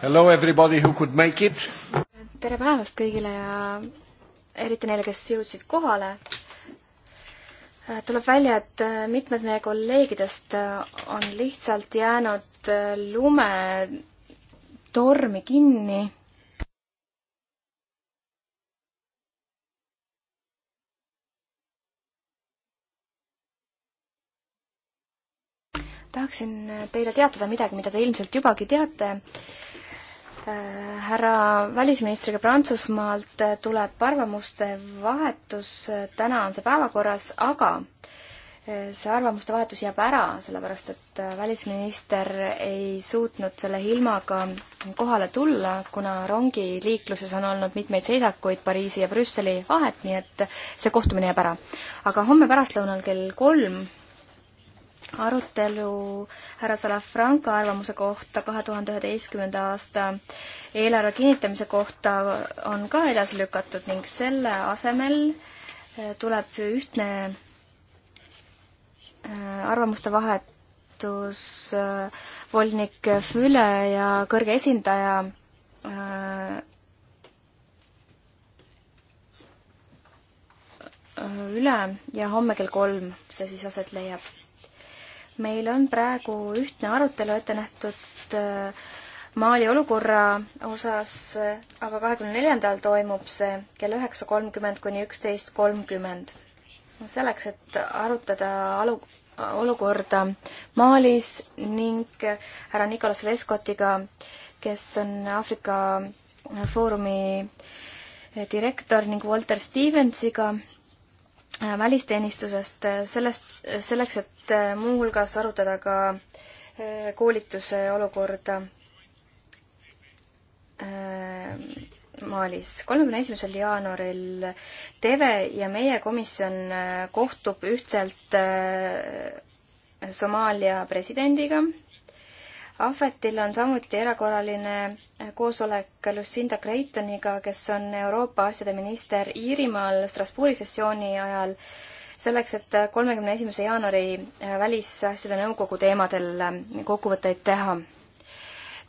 Hello everybody who could make it. tere päevast kõigile ja eriti neile, kes jõudsid kohale. tuleb välja, et mitmed meie kolleegidest on lihtsalt jäänud lumetormi kinni tahaksin teile teatada midagi, mida te ilmselt jubagi teate. härra välisministriga Prantsusmaalt tuleb arvamuste vahetus, täna on see päevakorras, aga see arvamuste vahetus jääb ära, sellepärast et välisminister ei suutnud selle ilmaga kohale tulla, kuna rongiliikluses on olnud mitmeid seisakuid Pariisi ja Brüsseli vahet, nii et see kohtumine jääb ära. aga homme pärastlõunal kell kolm arutelu härra Salafranca arvamuse kohta kahe tuhande üheteistkümnenda aasta eelarve kinnitamise kohta on ka edasi lükatud ning selle asemel eh, tuleb ühtne eh, arvamuste vahetus eh, volinik Füle ja kõrge esindaja üle ja homme kell kolm see siis aset leiab meil on praegu ühtne arutelu ette nähtud äh, Mali olukorra osas, aga kahekümne neljandal toimub see kell üheksa kolmkümmend kuni üksteist kolmkümmend. selleks, et arutada alu, olukorda Malis ning härra Nicolas Veskotiga, kes on Aafrika Foorumi direktor ning Walter Stevensiga, Äh, välisteenistusest, äh, sellest, äh, selleks, et muuhulgas arutada ka koolituse olukorda Malis. kolmekümne esimesel jaanuaril TV ja meie komisjon kohtub ühtselt Somaalia presidendiga. Ahvetil on samuti erakorraline koosolek Lucinda Creightoniga, kes on Euroopa asjade minister Iirimaal Strasbourgi sessiooni ajal, selleks, et kolmekümne esimese jaanuari välisasjade nõukogu teemadel kokkuvõtteid teha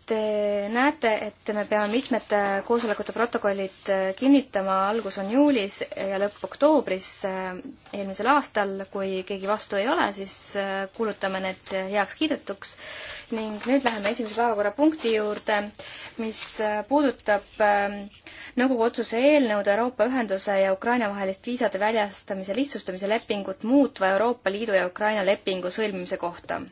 Te näete, et me peame mitmete koosolekute protokollid äh, kinnitama, algus on juulis ja lõpp oktoobris äh, eelmisel aastal. kui keegi vastu ei ole, siis äh, kuulutame need heaks kiidetuks. ning nüüd läheme esimese päevakorrapunkti juurde, mis puudutab ähm, nõukogu otsuse eelnõud Euroopa Ühenduse ja Ukraina vahelist viisade väljastamise lihtsustamise lepingut muutva Euroopa Liidu ja Ukraina lepingu sõlmimise kohta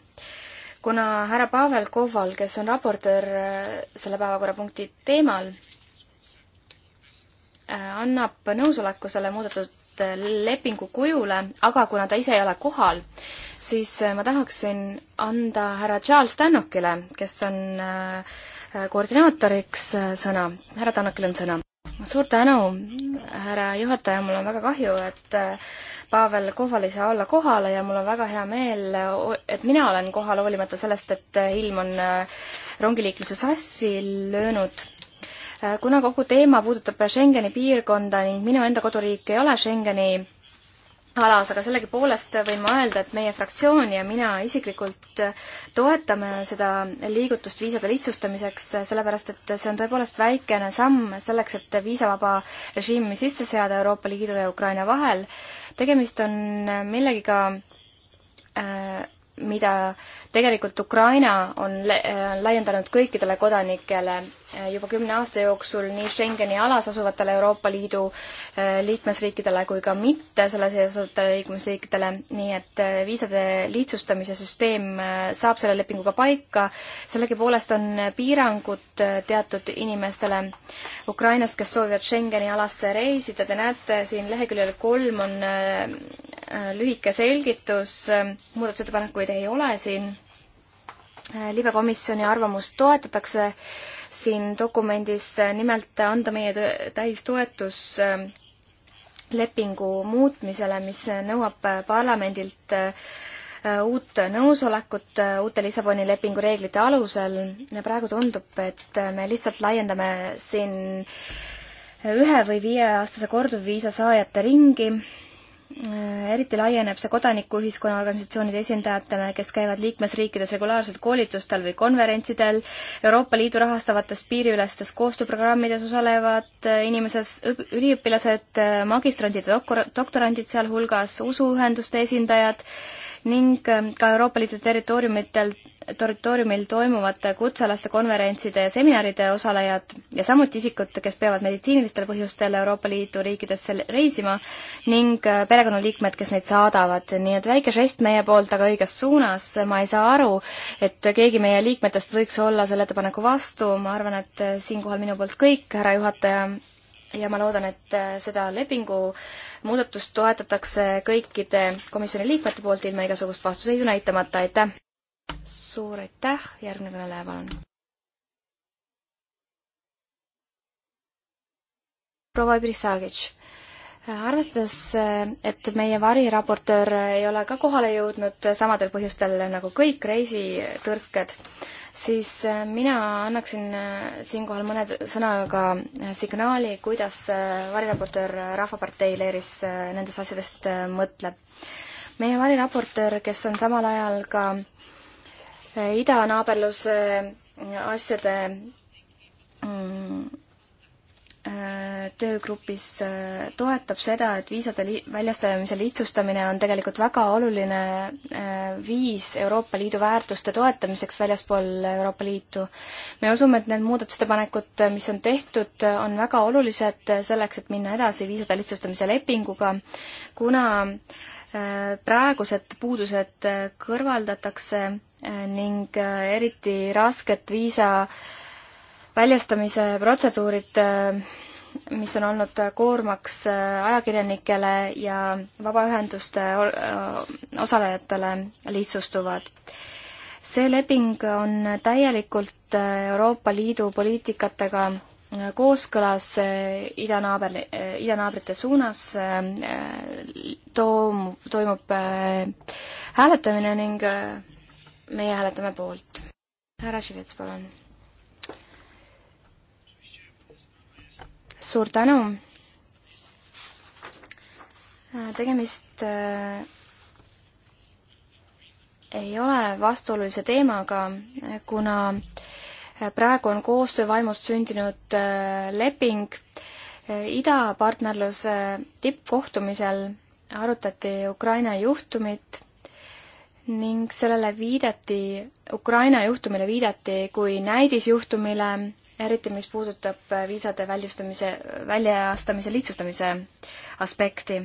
kuna härra Pavel Koval, kes on raportöör äh, selle päevakorrapunkti teemal, äh, annab nõusoleku selle muudetud äh, lepingu kujule, aga kuna ta ise ei ole kohal, siis ma tahaksin anda härra Charles Tannokile, kes on koordinaatoriks, sõna. härra Tannokil on sõna suur tänu, härra juhataja, mul on väga kahju, et äh, Pavel Kohval ei saa olla kohal ja mul on väga hea meel, et mina olen kohal, hoolimata sellest, et äh, ilm on äh, rongiliikluse sassi löönud. kuna kogu teema puudutab Schengeni piirkonda ning minu enda koduriik ei ole Schengeni alas, aga sellegipoolest võin ma öelda, et meie fraktsioon ja mina isiklikult toetame seda liigutust viisade lihtsustamiseks, sellepärast et see on tõepoolest väikene samm selleks, et viisavaba režiimi sisse seada Euroopa Liidu ja Ukraina vahel. tegemist on millegiga äh, mida tegelikult Ukraina on laiendanud kõikidele kodanikele eh, juba kümne aasta jooksul nii Schengeni alas asuvatele Euroopa Liidu eh, liikmesriikidele kui ka mitte selle sees asuvatele liikmesriikidele, nii et eh, viisade lihtsustamise süsteem saab selle lepinguga paika. sellegipoolest on piirangud teatud inimestele Ukrainast, kes soovivad Schengeni alasse reisida, te näete siin leheküljel kolm on lühike selgitus, muudatusettepanekuid ei ole siin. libekomisjoni arvamust toetatakse siin dokumendis, nimelt anda meie täistoetus ähm, lepingu muutmisele, mis nõuab parlamendilt äh, uut nõusolekut äh, uute Lissaboni lepingu reeglite alusel. praegu tundub, et äh, me lihtsalt laiendame siin ühe või viieaastase korduvviisa saajate ringi Äh, eriti laieneb see kodanikuühiskonna organisatsioonide esindajatele, kes käivad liikmesriikides regulaarselt koolitustel või konverentsidel, Euroopa Liidu rahastavates piiriülestes koostööprogrammides osalevad äh, inimeses, üliõpilased, äh, magistrandid, doktorandid sealhulgas, usuühenduste esindajad ning ka Euroopa Liidu territooriumitel territooriumil toimuvate kutsealaste konverentside ja seminaride osalejad ja samuti isikud, kes peavad meditsiinilistel põhjustel Euroopa Liidu riikidesse reisima ning äh, perekonnaliikmed, kes neid saadavad. nii et väike žest meie poolt, aga õiges suunas. ma ei saa aru, et keegi meie liikmetest võiks olla selle ettepaneku vastu. ma arvan, et äh, siinkohal minu poolt kõik, härra juhataja ja ma loodan, et äh, seda lepingu muudatust toetatakse kõikide komisjoni liikmete poolt ilma igasugust vastuseisu näitamata, aitäh! suur aitäh, järgmine kõneleja, palun. proua Ibrisagitš arvestades, et meie variraportöör ei ole ka kohale jõudnud samadel põhjustel nagu kõik reisitõrked, siis mina annaksin siinkohal mõne sõnaga signaali, kuidas variraportöör Rahvapartei leeris nendest asjadest mõtleb. meie variraportöör, kes on samal ajal ka idanaaberluse äh, asjade mm, äh, töögrupis äh, toetab seda, et viisade li-, väljastamise lihtsustamine on tegelikult väga oluline viis Euroopa Liidu väärtuste toetamiseks väljaspool Euroopa Liitu. me usume, et need muudatusettepanekud, mis on tehtud, on väga olulised selleks, et minna edasi viisade lihtsustamise lepinguga, kuna praegused puudused kõrvaldatakse ning äh, eriti rasket viisa väljastamise protseduurid, äh, mis on olnud koormaks äh, ajakirjanikele ja vabaühenduste osalejatele, lihtsustuvad. see leping on täielikult Euroopa Liidu poliitikatega kooskõlas idanaaber, idanaabrite suunas toom-, toimub hääletamine ning meie hääletame poolt. härra Šivets, palun. suur tänu. Äh, tegemist äh, ei ole vastuolulise teemaga, kuna äh, praegu on koostöövaimust sündinud leping. idapartnerluse tippkohtumisel arutati Ukraina juhtumit ning sellele viidati, Ukraina juhtumile viidati kui näidisjuhtumile, eriti mis puudutab viisade väljustamise, väljaastamise lihtsustamise aspekti.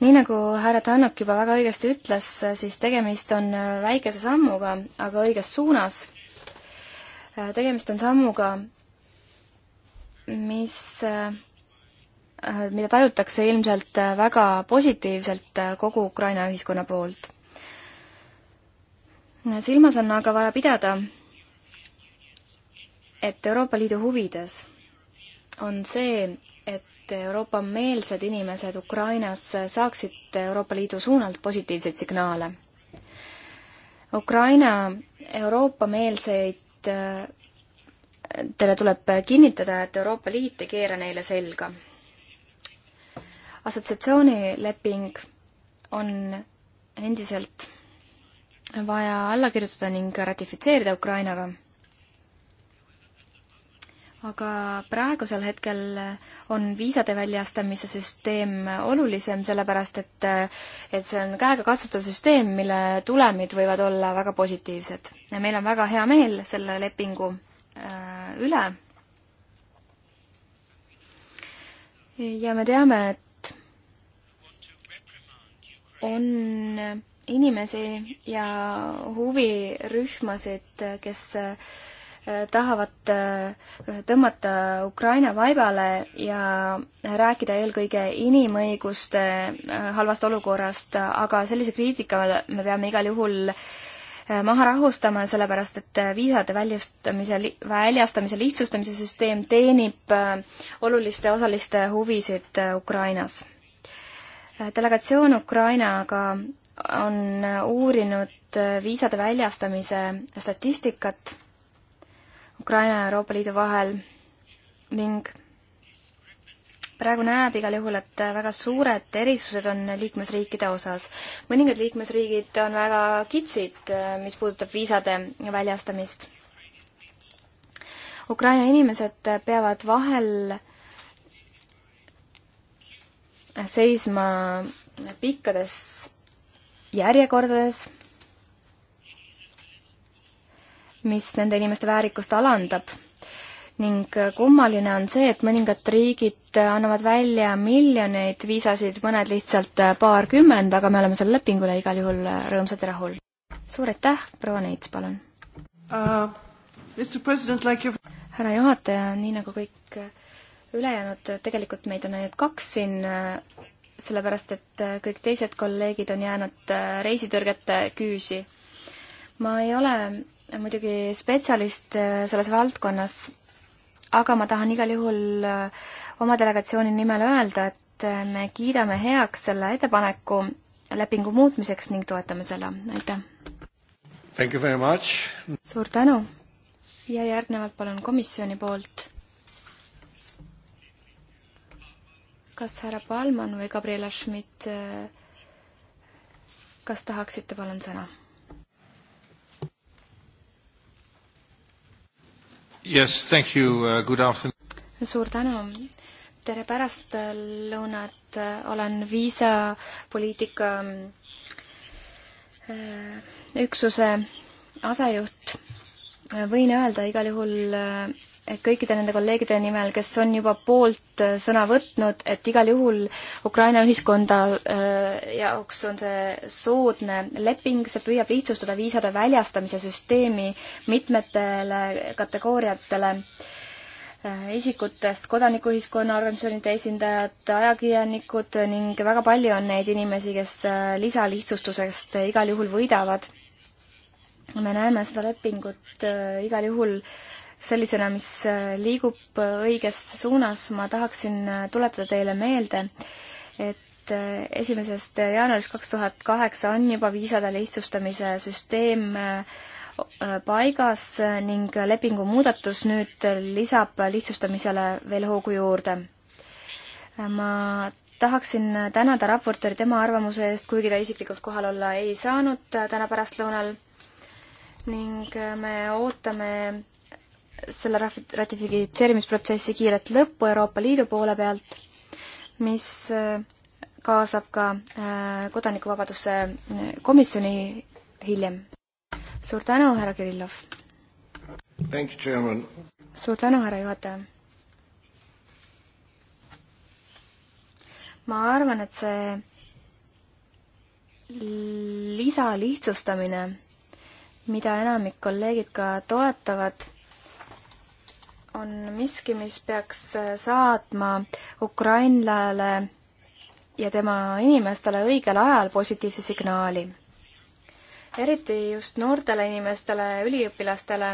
nii nagu härra Tannok juba väga õigesti ütles, siis tegemist on väikese sammuga, aga õiges suunas. tegemist on sammuga, mis, mida tajutakse ilmselt väga positiivselt kogu Ukraina ühiskonna poolt silmas on aga vaja pidada, et Euroopa Liidu huvides on see, et Euroopa-meelsed inimesed Ukrainas saaksid Euroopa Liidu suunalt positiivseid signaale. Ukraina Euroopa-meelseid Teile tuleb kinnitada, et Euroopa Liit ei keera neile selga. assotsiatsioonileping on endiselt vaja alla kirjutada ning ratifitseerida Ukrainaga. aga praegusel hetkel on viisade väljastamise süsteem olulisem, sellepärast et, et see on käegakatsutav süsteem, mille tulemid võivad olla väga positiivsed. ja meil on väga hea meel selle lepingu äh, üle. ja me teame, et on inimesi ja huvirühmasid, kes eh, tahavad eh, tõmmata Ukraina vaibale ja rääkida eelkõige inimõiguste eh, halvast olukorrast, aga sellise kriitika me peame igal juhul maha rahustama, sellepärast et viisade väljastamise, väljastamise lihtsustamise süsteem teenib oluliste osaliste huvisid Ukrainas. delegatsioon Ukrainaga on uurinud viisade väljastamise statistikat Ukraina ja Euroopa Liidu vahel ning praegu näeb igal juhul, et väga suured erisused on liikmesriikide osas. mõningad liikmesriigid on väga kitsid, mis puudutab viisade väljastamist. Ukraina inimesed peavad vahel seisma pikkades järjekordades, mis nende inimeste väärikust alandab. ning kummaline on see, et mõningad riigid annavad välja miljoneid viisasid, mõned lihtsalt paarkümmend, aga me oleme selle lepingule igal juhul rõõmsad ja rahul. suur aitäh, proua Neits, palun uh,! Like härra juhataja, nii nagu kõik ülejäänud, tegelikult meid on ainult kaks siin sellepärast et äh, kõik teised kolleegid on jäänud äh, reisitõrgete küüsi. ma ei ole muidugi spetsialist äh, selles valdkonnas, aga ma tahan igal juhul oma delegatsiooni nimel öelda, et me kiidame heaks selle ettepaneku lepingu muutmiseks ning toetame selle, aitäh! suur tänu ja järgnevalt palun komisjoni poolt kas härra Palman või Gabriela Schmidt, äh, kas tahaksite palun sõna? Yes, thank you. Uh, good afternoon. Suur tänu. Tere pärastlõunat. Olen viisapoliitika mm, äh, üksuse asejuht. Võin öelda igal juhul äh, kõikide nende kolleegide nimel, kes on juba poolt äh, sõna võtnud, et igal juhul Ukraina ühiskonda äh, jaoks on see soodne leping, see püüab lihtsustada viisade väljastamise süsteemi mitmetele kategooriatele äh, isikutest kodanikuühiskonna organisatsioonide esindajad, ajakirjanikud ning väga palju on neid inimesi, kes lisalihtsustusest igal juhul võidavad. me näeme seda lepingut igal juhul äh, sellisena, mis äh, liigub äh, õiges suunas, ma tahaksin äh, tuletada teile meelde, et esimesest jaanuarist kaks tuhat kaheksa on juba viisade lihtsustamise süsteem paigas ning lepingu muudatus nüüd lisab lihtsustamisele veel hoogu juurde. ma tahaksin tänada raportööri tema arvamuse eest, kuigi ta isiklikult kohal olla ei saanud täna pärastlõunal ning me ootame selle ratifitseerimisprotsessi kiiret lõppu Euroopa Liidu poole pealt, mis äh, kaasab ka äh, kodanikuvabaduse äh, komisjoni hiljem. suur tänu, härra Kirillov! suur tänu, härra juhataja! ma arvan, et see lisalihtsustamine, mida enamik kolleegid ka toetavad on miski, mis peaks saatma ukrainlale ja tema inimestele õigel ajal positiivse signaali. eriti just noortele inimestele, üliõpilastele,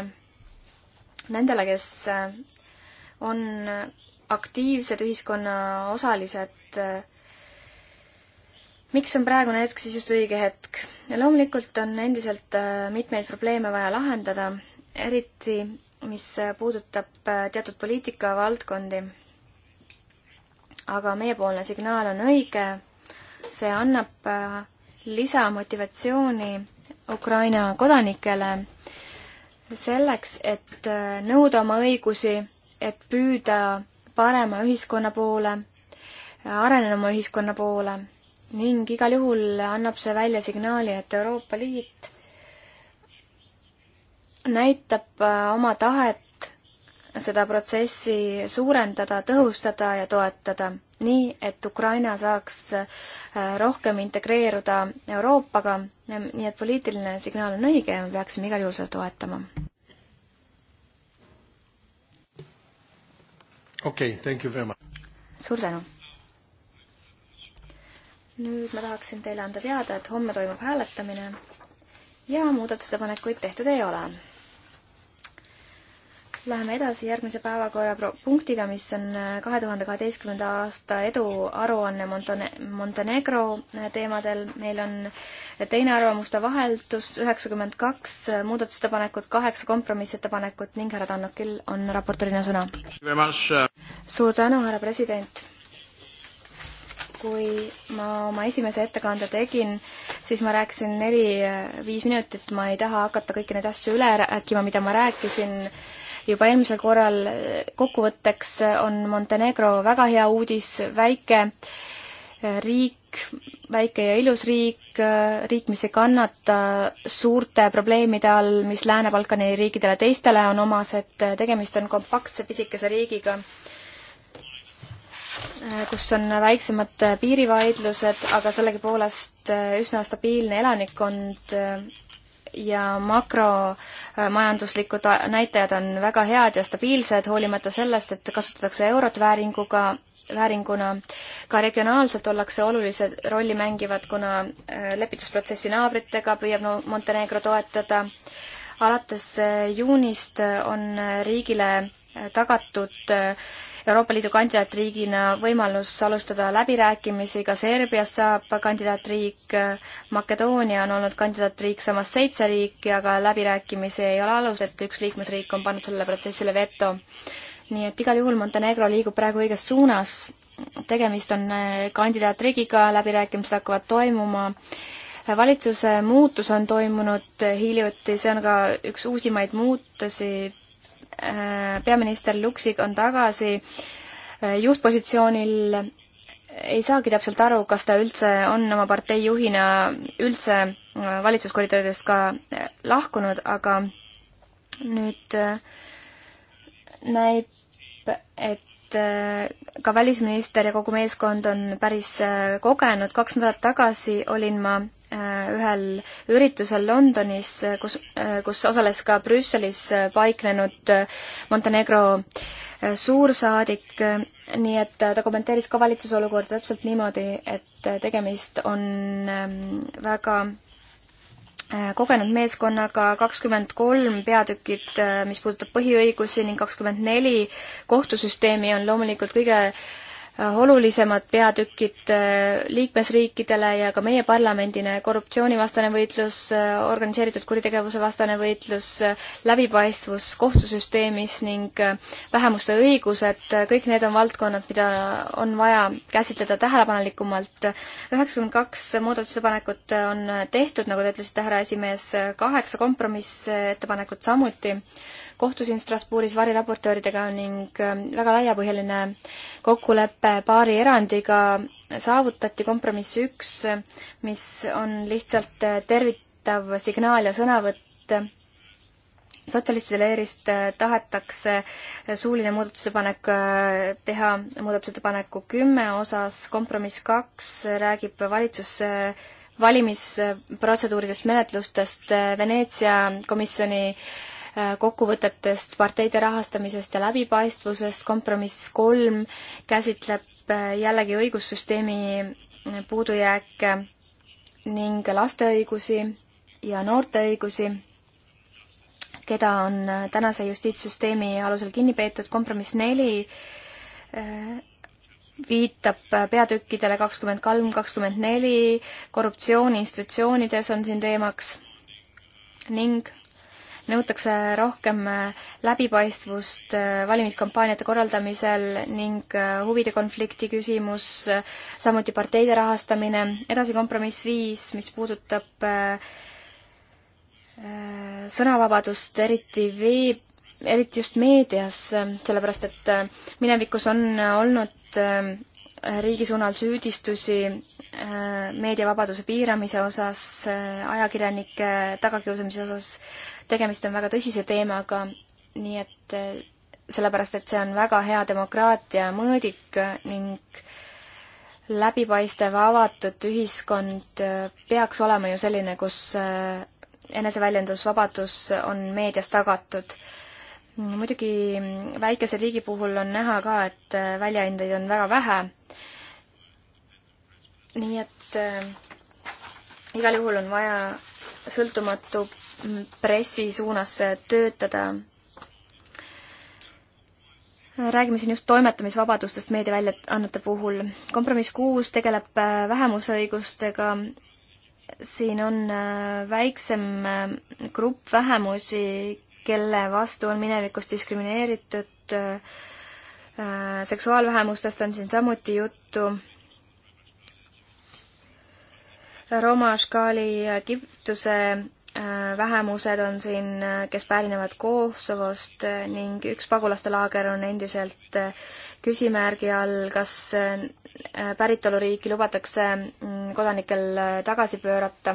nendele, kes on aktiivsed ühiskonna osalised. miks on praegune hetk siis just õige hetk? ja loomulikult on endiselt äh, mitmeid probleeme vaja lahendada, eriti mis puudutab äh, teatud poliitikavaldkondi. aga meiepoolne signaal on õige, see annab äh, lisamotivatsiooni Ukraina kodanikele selleks, et äh, nõuda oma õigusi, et püüda parema ühiskonna poole, arenenuma ühiskonna poole ning igal juhul annab see välja signaali, et Euroopa Liit näitab äh, oma tahet seda protsessi suurendada, tõhustada ja toetada, nii et Ukraina saaks äh, rohkem integreeruda Euroopaga, nii et poliitiline signaal on õige ja me peaksime igal juhul seda toetama. okei okay,, thank you very much. suur tänu. nüüd ma tahaksin teile anda teada, et homme toimub hääletamine ja muudatusettepanekuid tehtud ei ole Läheme edasi järgmise päevakorrapunktiga, mis on äh, kahe tuhande kaheteistkümnenda aasta eduaruanne Montone-, Montenegro äh, teemadel. meil on äh, teine arvamuste vaheldus, üheksakümmend kaks muudatusettepanekut, kaheksa kompromissettepanekut ning härra Tannokil on raportorina sõna. Uh, suur tänu, härra president! kui ma oma esimese ettekande tegin, siis ma rääkisin neli-viis minutit, ma ei taha hakata kõiki neid asju üle rääkima, mida ma rääkisin juba eelmisel korral. kokkuvõtteks on Montenegro väga hea uudis, väike riik, väike ja ilus riik, riik, mis ei kannata suurte probleemide all, mis Lääne-Balkani riikidele teistele on omased, tegemist on kompaktse pisikese riigiga, kus on väiksemad piirivaidlused, aga sellegipoolest üsna stabiilne elanikkond ja makromajanduslikud näitajad on väga head ja stabiilsed, hoolimata sellest, et kasutatakse eurot vääringuga, vääringuna. ka regionaalselt ollakse olulise rolli mängivad, kuna äh, lepitusprotsessi naabritega püüab Montenegro toetada. alates äh, juunist äh, on riigile tagatud Euroopa Liidu kandidaatriigina võimalus alustada läbirääkimisi, ka Serbiast saab kandidaatriik, Makedoonia on olnud kandidaatriik, samas seitse riiki, aga läbirääkimisi ei ole alustatud, üks liikmesriik on pannud sellele protsessile veto. nii et igal juhul Montenegro liigub praegu õiges suunas, tegemist on eh, kandidaatriigiga, läbirääkimised hakkavad toimuma, valitsuse muutus on toimunud hiljuti, see on ka üks uusimaid muutusi Äh, peaminister Luksik on tagasi äh, juhtpositsioonil, ei saagi täpselt aru, kas ta üldse on oma partei juhina üldse äh, valitsuskoridoridest ka lahkunud, aga nüüd näib, et ka välisminister ja kogu meeskond on päris kogenud. kaks nädalat tagasi olin ma Äh, ühel üritusel Londonis, äh, kus, äh, kus osales ka Brüsselis paiknenud Montenegro suursaadik, nii et ta kommenteeris ka valitsuse olukorda täpselt niimoodi, et tegemist on ähm, väga kogenud meeskonnaga, kakskümmend kolm peatükid, mis puudutab põhiõigusi ning kakskümmend neli kohtusüsteemi on loomulikult kõige olulisemad peatükid äh, liikmesriikidele ja ka meie parlamendina, korruptsioonivastane võitlus, äh, organiseeritud kuritegevuse vastane võitlus, äh, läbipaistvus kohtusüsteemis ning vähemuste õigused, kõik need on valdkonnad, mida on vaja käsitleda tähelepanelikumalt. üheksakümmend kaks muudatusettepanekut on tehtud, nagu te ütlesite, härra esimees, kaheksa kompromissettepanekut samuti kohtusin Strasbourgis variraportööridega ning ähm, väga laiapõhjaline kokkulepe paari erandiga saavutati kompromiss üks, mis on lihtsalt äh, tervitav signaal ja sõnavõtt sotsialistide leerist äh, tahetakse äh, suuline muudatusettepanek teha muudatusettepaneku kümme osas, kompromiss kaks räägib valitsus valimisprotseduuridest, menetlustest, Veneetsia komisjoni äh, kokkuvõtetest, parteide rahastamisest ja läbipaistvusest, kompromiss kolm käsitleb äh, jällegi õigussüsteemi äh, puudujääke ning laste õigusi ja noorte õigusi, keda on äh, tänase justiitssüsteemi alusel kinni peetud, kompromiss neli viitab peatükkidele kakskümmend kolm, kakskümmend neli, korruptsioon institutsioonides on siin teemaks ning nõutakse rohkem äh, läbipaistvust äh, valimiskampaaniate korraldamisel ning äh, huvide konflikti küsimus, samuti parteide rahastamine, edasi kompromiss viis, mis puudutab sõnavabadust, eriti veeb, eriti just meedias, sellepärast et minevikus on olnud riigi suunal süüdistusi meediavabaduse piiramise osas, ajakirjanike tagakiusamise osas, tegemist on väga tõsise teemaga, nii et eh, sellepärast, et see on väga hea demokraatia mõõdik ning läbipaistev avatud ühiskond eh, peaks olema ju selline, kus eh, eneseväljendusvabadus on meedias tagatud. muidugi väikese riigi puhul on näha ka, et väljaandeid on väga vähe. nii et igal juhul on vaja sõltumatu pressi suunas töötada. räägime siin just toimetamisvabadustest meediaväljaannete puhul. kompromiss kuus tegeleb äh, vähemusõigustega, siin on äh, väiksem äh, grupp vähemusi, kelle vastu on minevikus diskrimineeritud, seksuaalvähemustest on siin samuti juttu Roma škaali Egiptuse Äh, vähemused on siin, äh, kes pärinevad Kosovost äh, ning üks pagulaste laager on endiselt küsimärgi all, kas päritoluriiki lubatakse mm, kodanikel tagasi pöörata,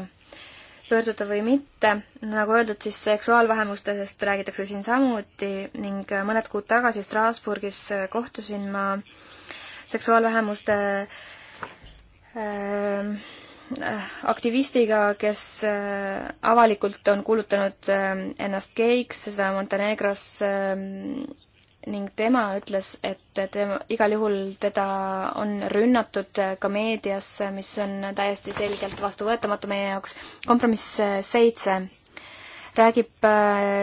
pöörduda või mitte. nagu öeldud, siis seksuaalvähemustest räägitakse siin samuti ning mõned kuud tagasi Strasbourgis kohtusin ma seksuaalvähemuste äh, aktivistiga, kes äh, avalikult on kuulutanud äh, ennast geiks, seda Montenegros, ähm, ning tema ütles, et tema, igal juhul teda on rünnatud äh, ka meedias, mis on täiesti selgelt vastuvõetamatu meie jaoks. kompromiss seitse räägib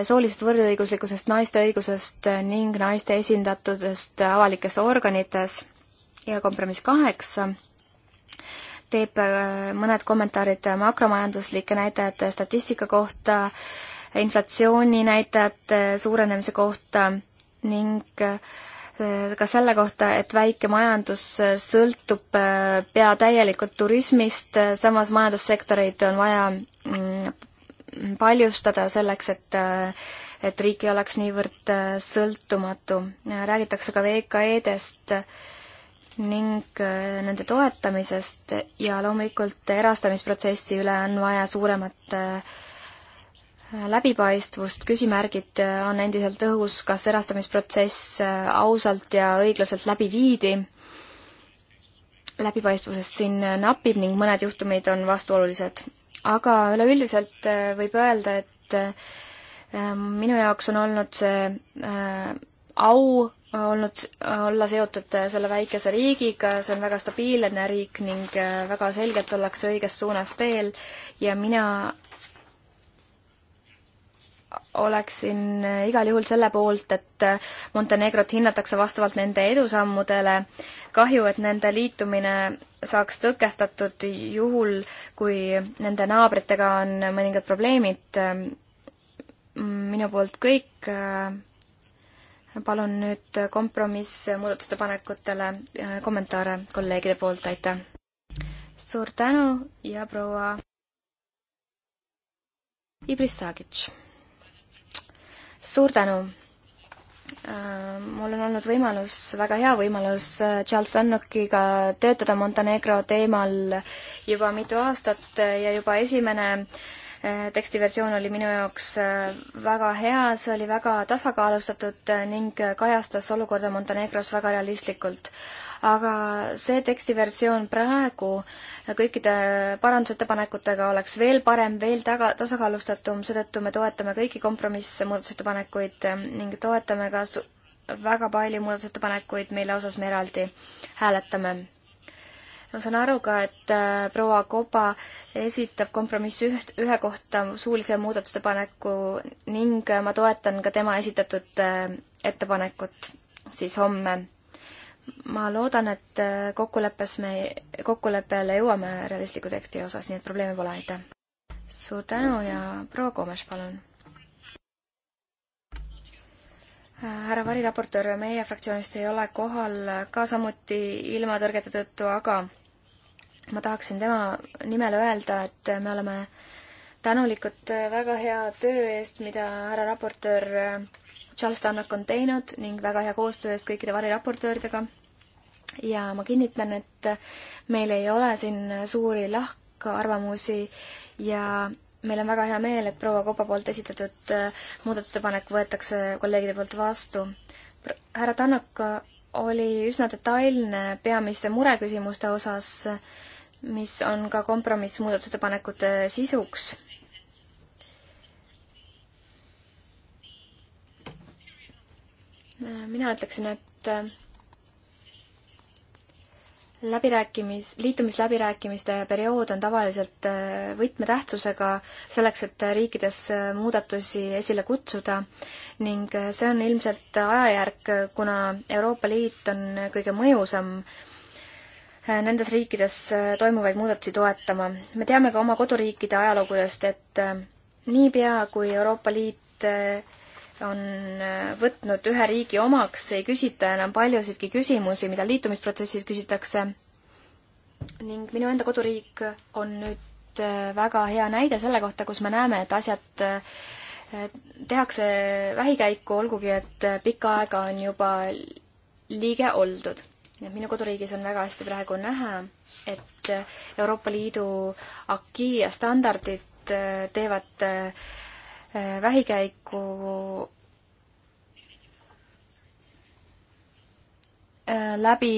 soolisest võrdõiguslikkusest, naiste õigusest ning naiste esindatusest avalikes organites ja kompromiss kaheksa teeb äh, mõned kommentaarid makromajanduslike näitajate statistika kohta, inflatsiooninäitajate suurenemise kohta ning äh, ka selle kohta, et väike majandus sõltub äh, pea täielikult turismist, samas majandussektoreid on vaja mm, paljustada selleks, et et riik ei oleks niivõrd sõltumatu. räägitakse ka VKE-dest ning äh, nende toetamisest ja loomulikult erastamisprotsessi üle on vaja suuremat äh, läbipaistvust, küsimärgid äh, on endiselt õhus, kas erastamisprotsess ausalt ja õiglaselt läbi viidi, läbipaistvusest siin napib ning mõned juhtumid on vastuolulised. aga üleüldiselt võib öelda, et minu jaoks on olnud see au olnud, olla seotud selle väikese riigiga, see on väga stabiilne riik ning äh, väga selgelt ollakse õiges suunas teel ja mina oleksin äh, igal juhul selle poolt, et äh, Montenegrot hinnatakse vastavalt nende edusammudele. kahju, et nende liitumine saaks tõkestatud juhul, kui nende naabritega on mõningad probleemid. minu poolt kõik palun nüüd kompromiss muudatusettepanekutele äh, kommentaare kolleegide poolt, aitäh! suur tänu ja proua Ibris Sagic. suur tänu! Äh, mul on olnud võimalus, väga hea võimalus äh, Charles Lannockiga töötada Montenegro teemal juba mitu aastat ja juba esimene äh, Äh, tekstiversioon oli minu jaoks äh, väga hea, see oli väga tasakaalustatud äh, ning kajastas olukorda Montenegros väga realistlikult. aga see tekstiversioon praegu kõikide parandusettepanekutega oleks veel parem, veel taga, tasakaalustatum, seetõttu me toetame kõiki kompromisse, muudatusettepanekuid ning toetame ka väga palju muudatusettepanekuid, mille osas me eraldi hääletame ma saan aru ka, et äh, proua Koba esitab kompromissi üht, ühe kohta suulise muudatustepaneku ning äh, ma toetan ka tema esitatud äh, ettepanekut siis homme. ma loodan, et kokkuleppes me, kokkuleppele jõuame realistliku teksti osas, nii et probleemi pole, aitäh! suur tänu ja proua Komes, palun! härra variraportöör meie fraktsioonist ei ole kohal ka samuti ilma tõrgete tõttu, aga ma tahaksin tema nimel öelda, et me oleme tänulikud äh, väga hea töö eest, mida härra raportöör äh, Charles Tannak on teinud ning väga hea koostöö eest kõikide variraportööridega. ja ma kinnitan, et äh, meil ei ole siin suuri lahkarvamusi ja meil on väga hea meel, et proua Kopa poolt esitatud muudatusettepanek võetakse kolleegide poolt vastu. härra Tannak oli üsna detailne peamiste mureküsimuste osas mis on ka kompromissmuudatusettepanekute sisuks. mina ütleksin, et äh, läbirääkimis, liitumisläbirääkimiste periood on tavaliselt äh, võtmetähtsusega selleks, et riikides äh, muudatusi esile kutsuda ning see on ilmselt ajajärk, kuna Euroopa Liit on kõige mõjusam äh, Äh, nendes riikides äh, toimuvaid muudatusi toetama. me teame ka oma koduriikide ajalugudest, et äh, niipea, kui Euroopa Liit on võtnud ühe riigi omaks, ei küsita enam paljusidki küsimusi, mida liitumisprotsessis küsitakse. ning minu enda koduriik on nüüd väga hea näide selle kohta, kus me näeme, et asjad tehakse vähikäiku, olgugi et pikka aega on juba liige oldud nii et minu koduriigis on väga hästi praegu näha, et Euroopa Liidu aki ja standardid äh, teevad äh, vähikäiku äh, läbi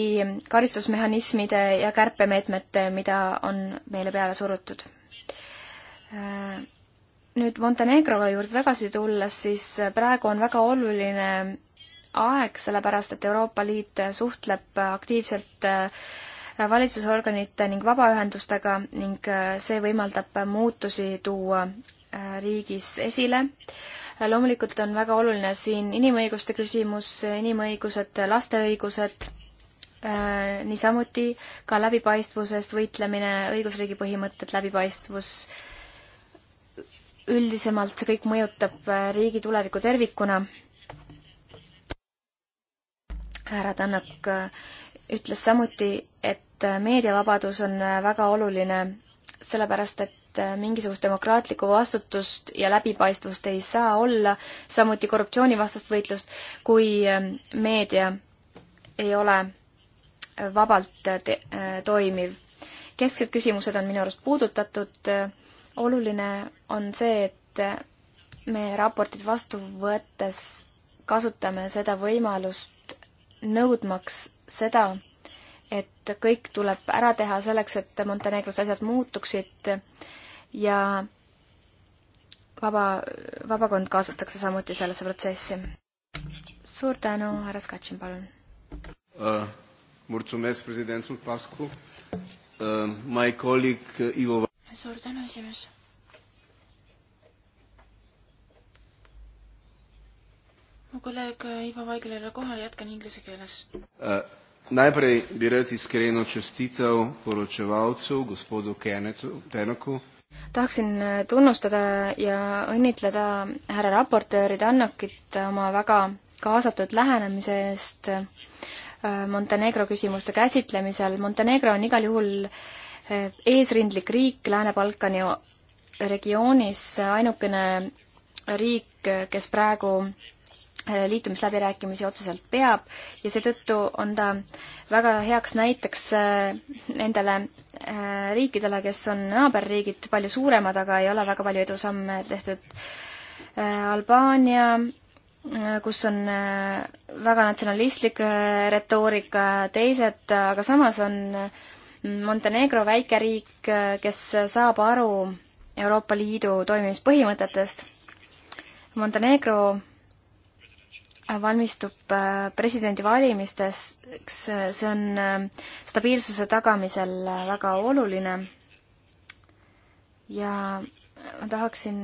karistusmehhanismide ja kärpemeetmete, mida on meile peale surutud. nüüd Montenegro juurde tagasi tulles, siis praegu on väga oluline aeg, sellepärast et Euroopa Liit suhtleb aktiivselt äh, valitsusorganite ning vabaühendustega ning äh, see võimaldab muutusi tuua äh, riigis esile. loomulikult on väga oluline siin inimõiguste küsimus, inimõigused, laste õigused, niisamuti ka läbipaistvusest võitlemine, õigusriigi põhimõtted, läbipaistvus, üldisemalt see kõik mõjutab riigi tulevikku tervikuna härra Tannak äh, ütles samuti, et äh, meediavabadus on äh, väga oluline, sellepärast et mingisugust demokraatlikku vastutust ja läbipaistvust ei saa olla, samuti korruptsioonivastast võitlust, kui meedia ei ole vabalt te-, toimiv. kesksed küsimused on minu arust puudutatud, oluline on see, et me raportit vastu võttes kasutame seda võimalust nõudmaks seda, et kõik tuleb ära teha selleks, et Montenegros asjad muutuksid ja vaba, vabakond kaasatakse samuti sellesse protsessi. suur tänu, härra Skatšin, palun uh,. Mulțumesc, presidentul Pascu uh,. My colleague uh, Ivo suur tänu, esimees mu kolleeg Ivo Vaigel ei ole kohal, jätkan inglise keeles uh,. Najprej bi rad iskreno čestitev poročevalcu, gospodu Kenetu, Tenoku. tahaksin äh, tunnustada ja õnnitleda härra raportööri Tannakit oma väga kaasatud lähenemise eest äh, Montenegro küsimuste käsitlemisel. Montenegro on igal juhul eesrindlik riik Lääne-Balkani regioonis, ainukene riik, kes praegu Äh, liitumisläbirääkimisi otseselt peab ja seetõttu on ta väga heaks näiteks äh, nendele äh, riikidele, kes on naaberriigid palju suuremad, aga ei ole väga palju edusamme tehtud. Albaania, kus on väga natsionalistlik retoorika, teised, aga samas on Montenegro väike riik, kes saab aru Euroopa Liidu toimimispõhimõtetest. Montenegro valmistub äh, presidendivalimisteks, see on äh, stabiilsuse tagamisel äh, väga oluline ja ma tahaksin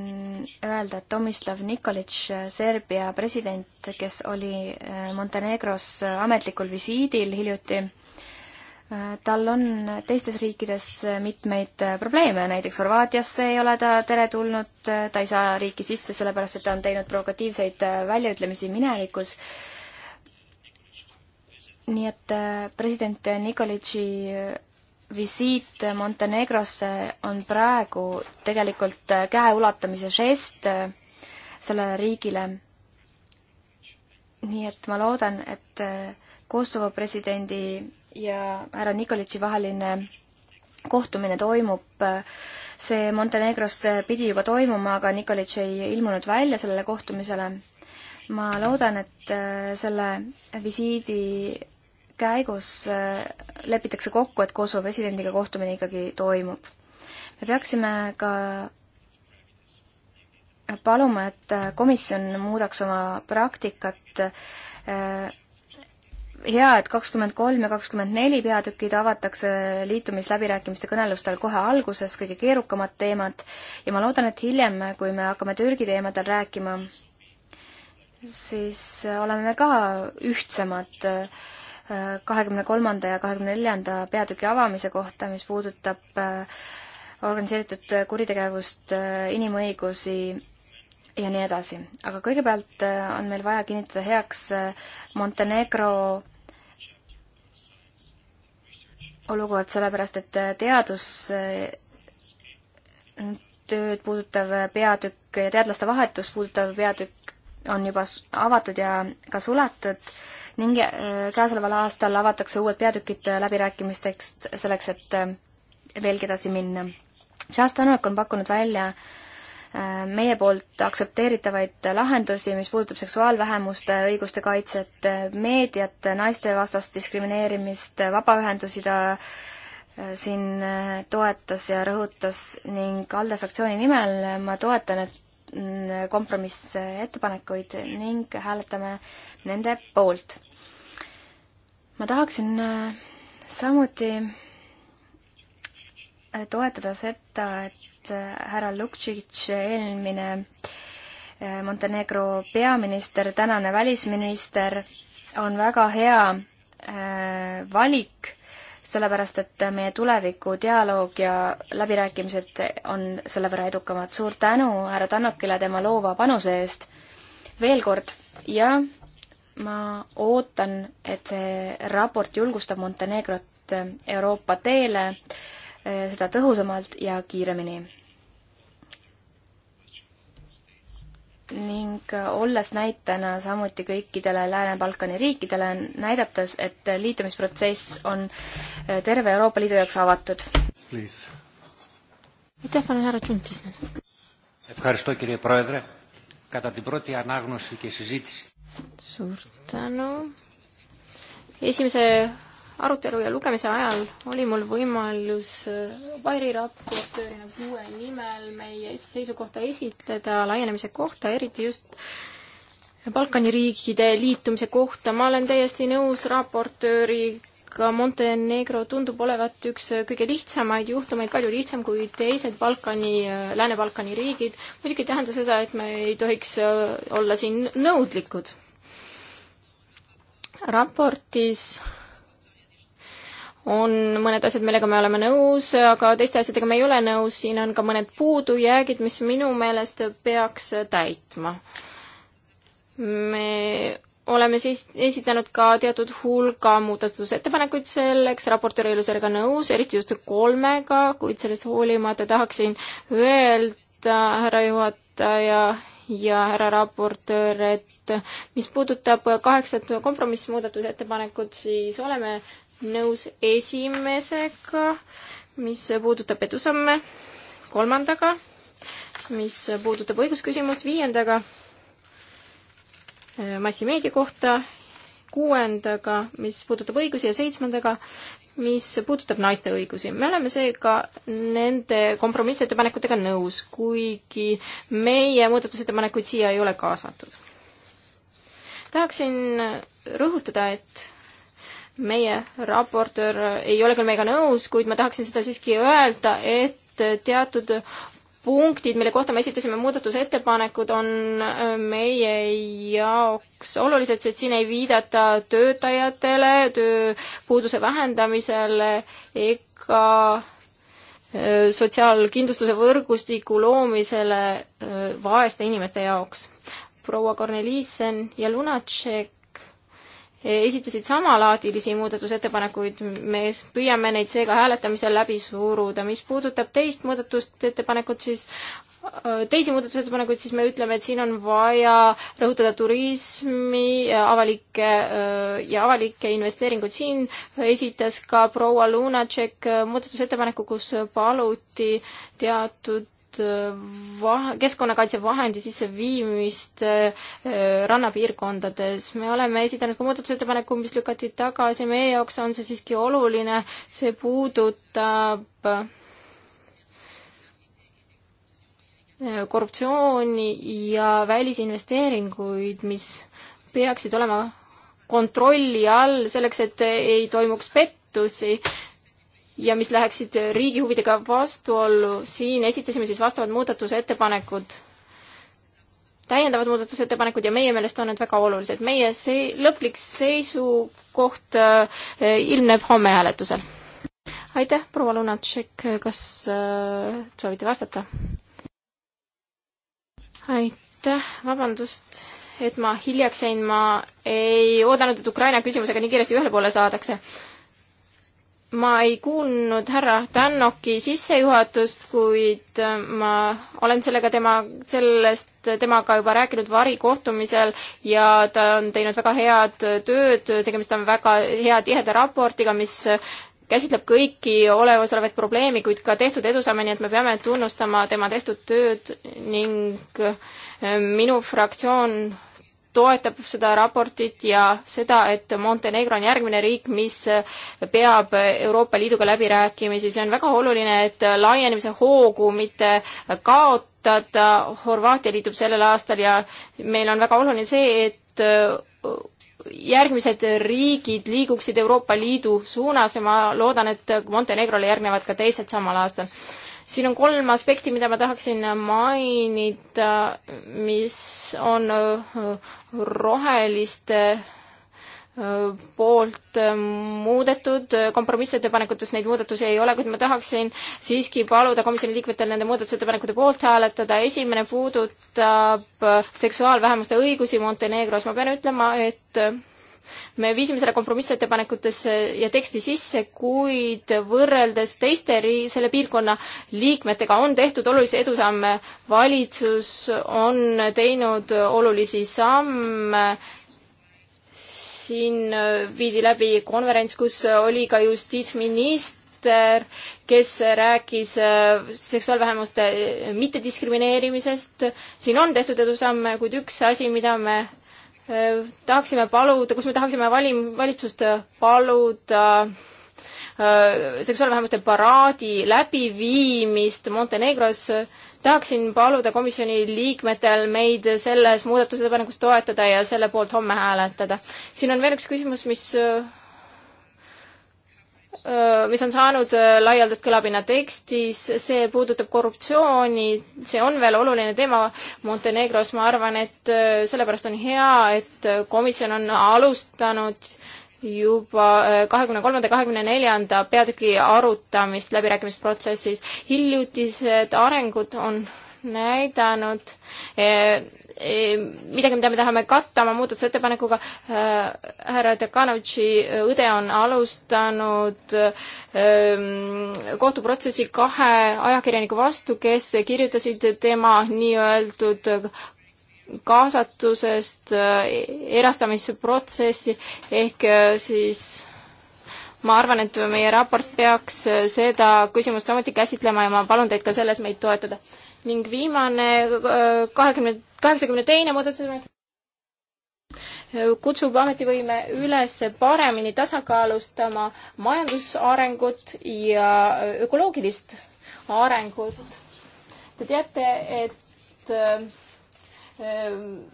öelda, et Tomislav Nikolic, Serbia president, kes oli Montenegros ametlikul visiidil hiljuti, tal on teistes riikides mitmeid probleeme, näiteks Horvaatiasse ei ole ta teretulnud, ta ei saa riiki sisse, sellepärast et ta on teinud provokatiivseid väljaütlemisi minevikus. nii et äh, president Nikolitši visiit Montenegrosse on praegu tegelikult äh, käeulatamise žest äh, sellele riigile. nii et ma loodan, et Kosovo presidendi ja härra Nikolitši vaheline kohtumine toimub. see Montenegros pidi juba toimuma, aga Nikolitš ei ilmunud välja sellele kohtumisele. ma loodan, et äh, selle visiidi käigus äh, lepitakse kokku, et Kosovo presidendiga kohtumine ikkagi toimub. me peaksime ka paluma, et äh, komisjon muudaks oma praktikat hea, et kakskümmend kolm ja kakskümmend neli peatükid avatakse liitumisläbirääkimiste kõnelustel kohe alguses, kõige keerukamad teemad, ja ma loodan, et hiljem, kui me hakkame Türgi teemadel rääkima, siis oleme me ka ühtsemad äh, kahekümne kolmanda ja kahekümne neljanda peatüki avamise kohta, mis puudutab äh, organiseeritud kuritegevust, äh, inimõigusi ja nii edasi. aga kõigepealt on meil vaja kinnitada heaks Montenegro olukord, sellepärast et äh, teadustööd äh, puudutav peatükk ja teadlaste vahetus puudutav peatükk on juba avatud ja ka suletud ning äh, käesoleval aastal avatakse uued peatükid läbirääkimisteks selleks, et veelgi edasi minna. Charles Tannock on pakkunud välja äh, meie poolt aktsepteeritavaid lahendusi, mis puudutab seksuaalvähemuste õiguste kaitset, meediat, naistevastast diskrimineerimist, vabaühendusi ta äh, siin äh, toetas ja rõhutas ning ALDE fraktsiooni nimel ma toetan, et mm, kompromissettepanekuid ning hääletame nende poolt. ma tahaksin äh, samuti toetada seda, et äh, härra Luktšitš, eelmine äh, Montenegro peaminister, tänane välisminister, on väga hea äh, valik, sellepärast et meie tuleviku dialoog ja läbirääkimised on selle võrra edukamad. suur tänu härra Tannokile tema loova panuse eest veel kord ja ma ootan, et see raport julgustab Montenegrot Euroopa teele äh, Eh, seda tõhusamalt ja kiiremini. ning eh, olles näitena samuti kõikidele Lääne-Balkani riikidele, näidates, et liitumisprotsess on eh, terve Euroopa Liidu jaoks avatud. aitäh, palun härra Tšuntis nüüd. suur tänu. esimese arutelu ja lugemise ajal oli mul võimalus äh, Vairi raportöörina kuue nimel meie seisukohta esitleda laienemise kohta, eriti just Balkani riikide liitumise kohta. ma olen täiesti nõus raportööriga, Montenegro tundub olevat üks äh, kõige lihtsamaid juhtumeid, palju lihtsam kui teised Balkani, äh, Lääne-Balkani riigid. muidugi ei tähenda seda, et me ei tohiks olla siin nõudlikud. raportis on mõned asjad, millega me oleme nõus, aga teiste asjadega me ei ole nõus, siin on ka mõned puudujäägid, mis minu meelest peaks täitma. me oleme siis esitanud ka teatud hulga muudatusettepanekuid selleks, raportöör ei ole sellega nõus, eriti just kolmega, kuid sellest hoolimata tahaksin öelda, härra juhataja, ja härra raportöör, et mis puudutab kaheksat kompromissmuudatusettepanekut, siis oleme nõus esimesega, mis puudutab edusamme, kolmandaga, mis puudutab õigusküsimust, viiendaga äh, massimeedia kohta, kuuendaga, mis puudutab õigusi ja seitsmendaga, mis puudutab naiste õigusi. me oleme seega nende kompromissettepanekutega nõus, kuigi meie muudatusettepanekuid siia ei ole kaasatud. tahaksin rõhutada, et meie raportöör ei ole küll meiega nõus, kuid ma tahaksin seda siiski öelda, et teatud punktid, mille kohta me esitasime muudatusettepanekud, on äh, meie jaoks olulised, sest siin ei viidata töötajatele, tööpuuduse vähendamisele ega äh, sotsiaalkindlustuse võrgustiku loomisele äh, vaeste inimeste jaoks. proua Korneliisen ja Lunatšek esitasid samalaadilisi muudatusettepanekuid, me püüame neid seega hääletamisel läbi suruda. mis puudutab teist muudatust ettepanekut, siis äh, teisi muudatusettepanekuid, siis me ütleme, et siin on vaja rõhutada turismi, äh, avalikke äh, ja avalikke investeeringuid. siin esitas ka proua Lunacek muudatusettepaneku, kus paluti teatud Äh, va-, keskkonnakaitsevahendi sisseviimist äh, äh, rannapiirkondades. me oleme esitanud ka muudatusettepaneku, mis lükati tagasi, meie jaoks on see siiski oluline, see puudutab korruptsiooni ja välisinvesteeringuid, mis peaksid olema kontrolli all selleks, et ei toimuks pettusi ja mis läheksid riigi huvidega vastuollu, siin esitasime siis vastavad muudatusettepanekud, täiendavad muudatusettepanekud ja meie meelest on need väga olulised. meie see lõplik seisukoht äh, ilmneb homme hääletusel. aitäh, proua Lunatšek, kas äh, soovite vastata? aitäh, vabandust et ma hiljaks jäin, ma ei oodanud, et Ukraina küsimusega nii kiiresti ühele poole saadakse ma ei kuulnud härra Tannoki sissejuhatust, kuid äh, ma olen sellega tema, sellest temaga juba rääkinud varikohtumisel ja ta on teinud väga head tööd, tegemist on väga hea tiheda raportiga, mis käsitleb kõiki olemasolevaid probleeme, kuid ka tehtud edusamme, nii et me peame tunnustama tema tehtud tööd ning äh, minu fraktsioon toetab seda raportit ja seda, et Montenegro on järgmine riik, mis peab Euroopa Liiduga läbirääkimisi, see on väga oluline, et laienemise hoogu mitte kaotada, Horvaatia liitub sellel aastal ja meil on väga oluline see, et järgmised riigid liiguksid Euroopa Liidu suunas ja ma loodan, et Montenegrole järgnevad ka teised samal aastal siin on kolm aspekti, mida ma tahaksin mainida, mis on äh, roheliste äh, poolt äh, muudetud, kompromissettepanekutes neid muudatusi ei ole, kuid ma tahaksin siiski paluda komisjoni liikmetel nende muudatusettepanekute poolt hääletada. esimene puudutab seksuaalvähemuste õigusi Montenegros. ma pean ütlema, et me viisime selle kompromissettepanekutesse ja teksti sisse, kuid võrreldes teiste ri-, selle piirkonna liikmetega on tehtud olulisi edusamme. valitsus on teinud olulisi samme siin viidi läbi konverents, kus oli ka justiitsminister, kes rääkis äh, seksuaalvähemuste mittediskrimineerimisest. siin on tehtud edusamme, kuid üks asi, mida me tahaksime paluda, kus me tahaksime valim-, valitsust paluda äh, seksuaalvähemuste paraadi läbiviimist Montenegros. tahaksin paluda komisjoni liikmetel meid selles muudatusettepanekus toetada ja selle poolt homme hääletada. siin on veel üks küsimus, mis äh, Äh, mis on saanud äh, laialdast kõlapinna tekstis, see puudutab korruptsiooni, see on veel oluline teema Montenegros, ma arvan, et äh, sellepärast on hea, et komisjon on alustanud juba kahekümne kolmanda, kahekümne neljanda peatüki arutamist läbirääkimisprotsessis. hiljutised arengud on näidanud eh, eh, midagi, mida me tahame katta oma muudatusettepanekuga. Eh, härra Dekanovitši õde on alustanud kohtuprotsessi kahe ajakirjaniku vastu, kes kirjutasid tema nii-öeldud kaasatusest erastamisprotsessi ehk siis ma arvan, et meie raport peaks seda küsimust samuti käsitlema ja ma palun teid ka selles meid toetada ning viimane kahekümne, kaheksakümne teine muudatusettepanek kutsub ametivõime üles paremini tasakaalustama majandusarengut ja ökoloogilist arengut. Te teate, et äh,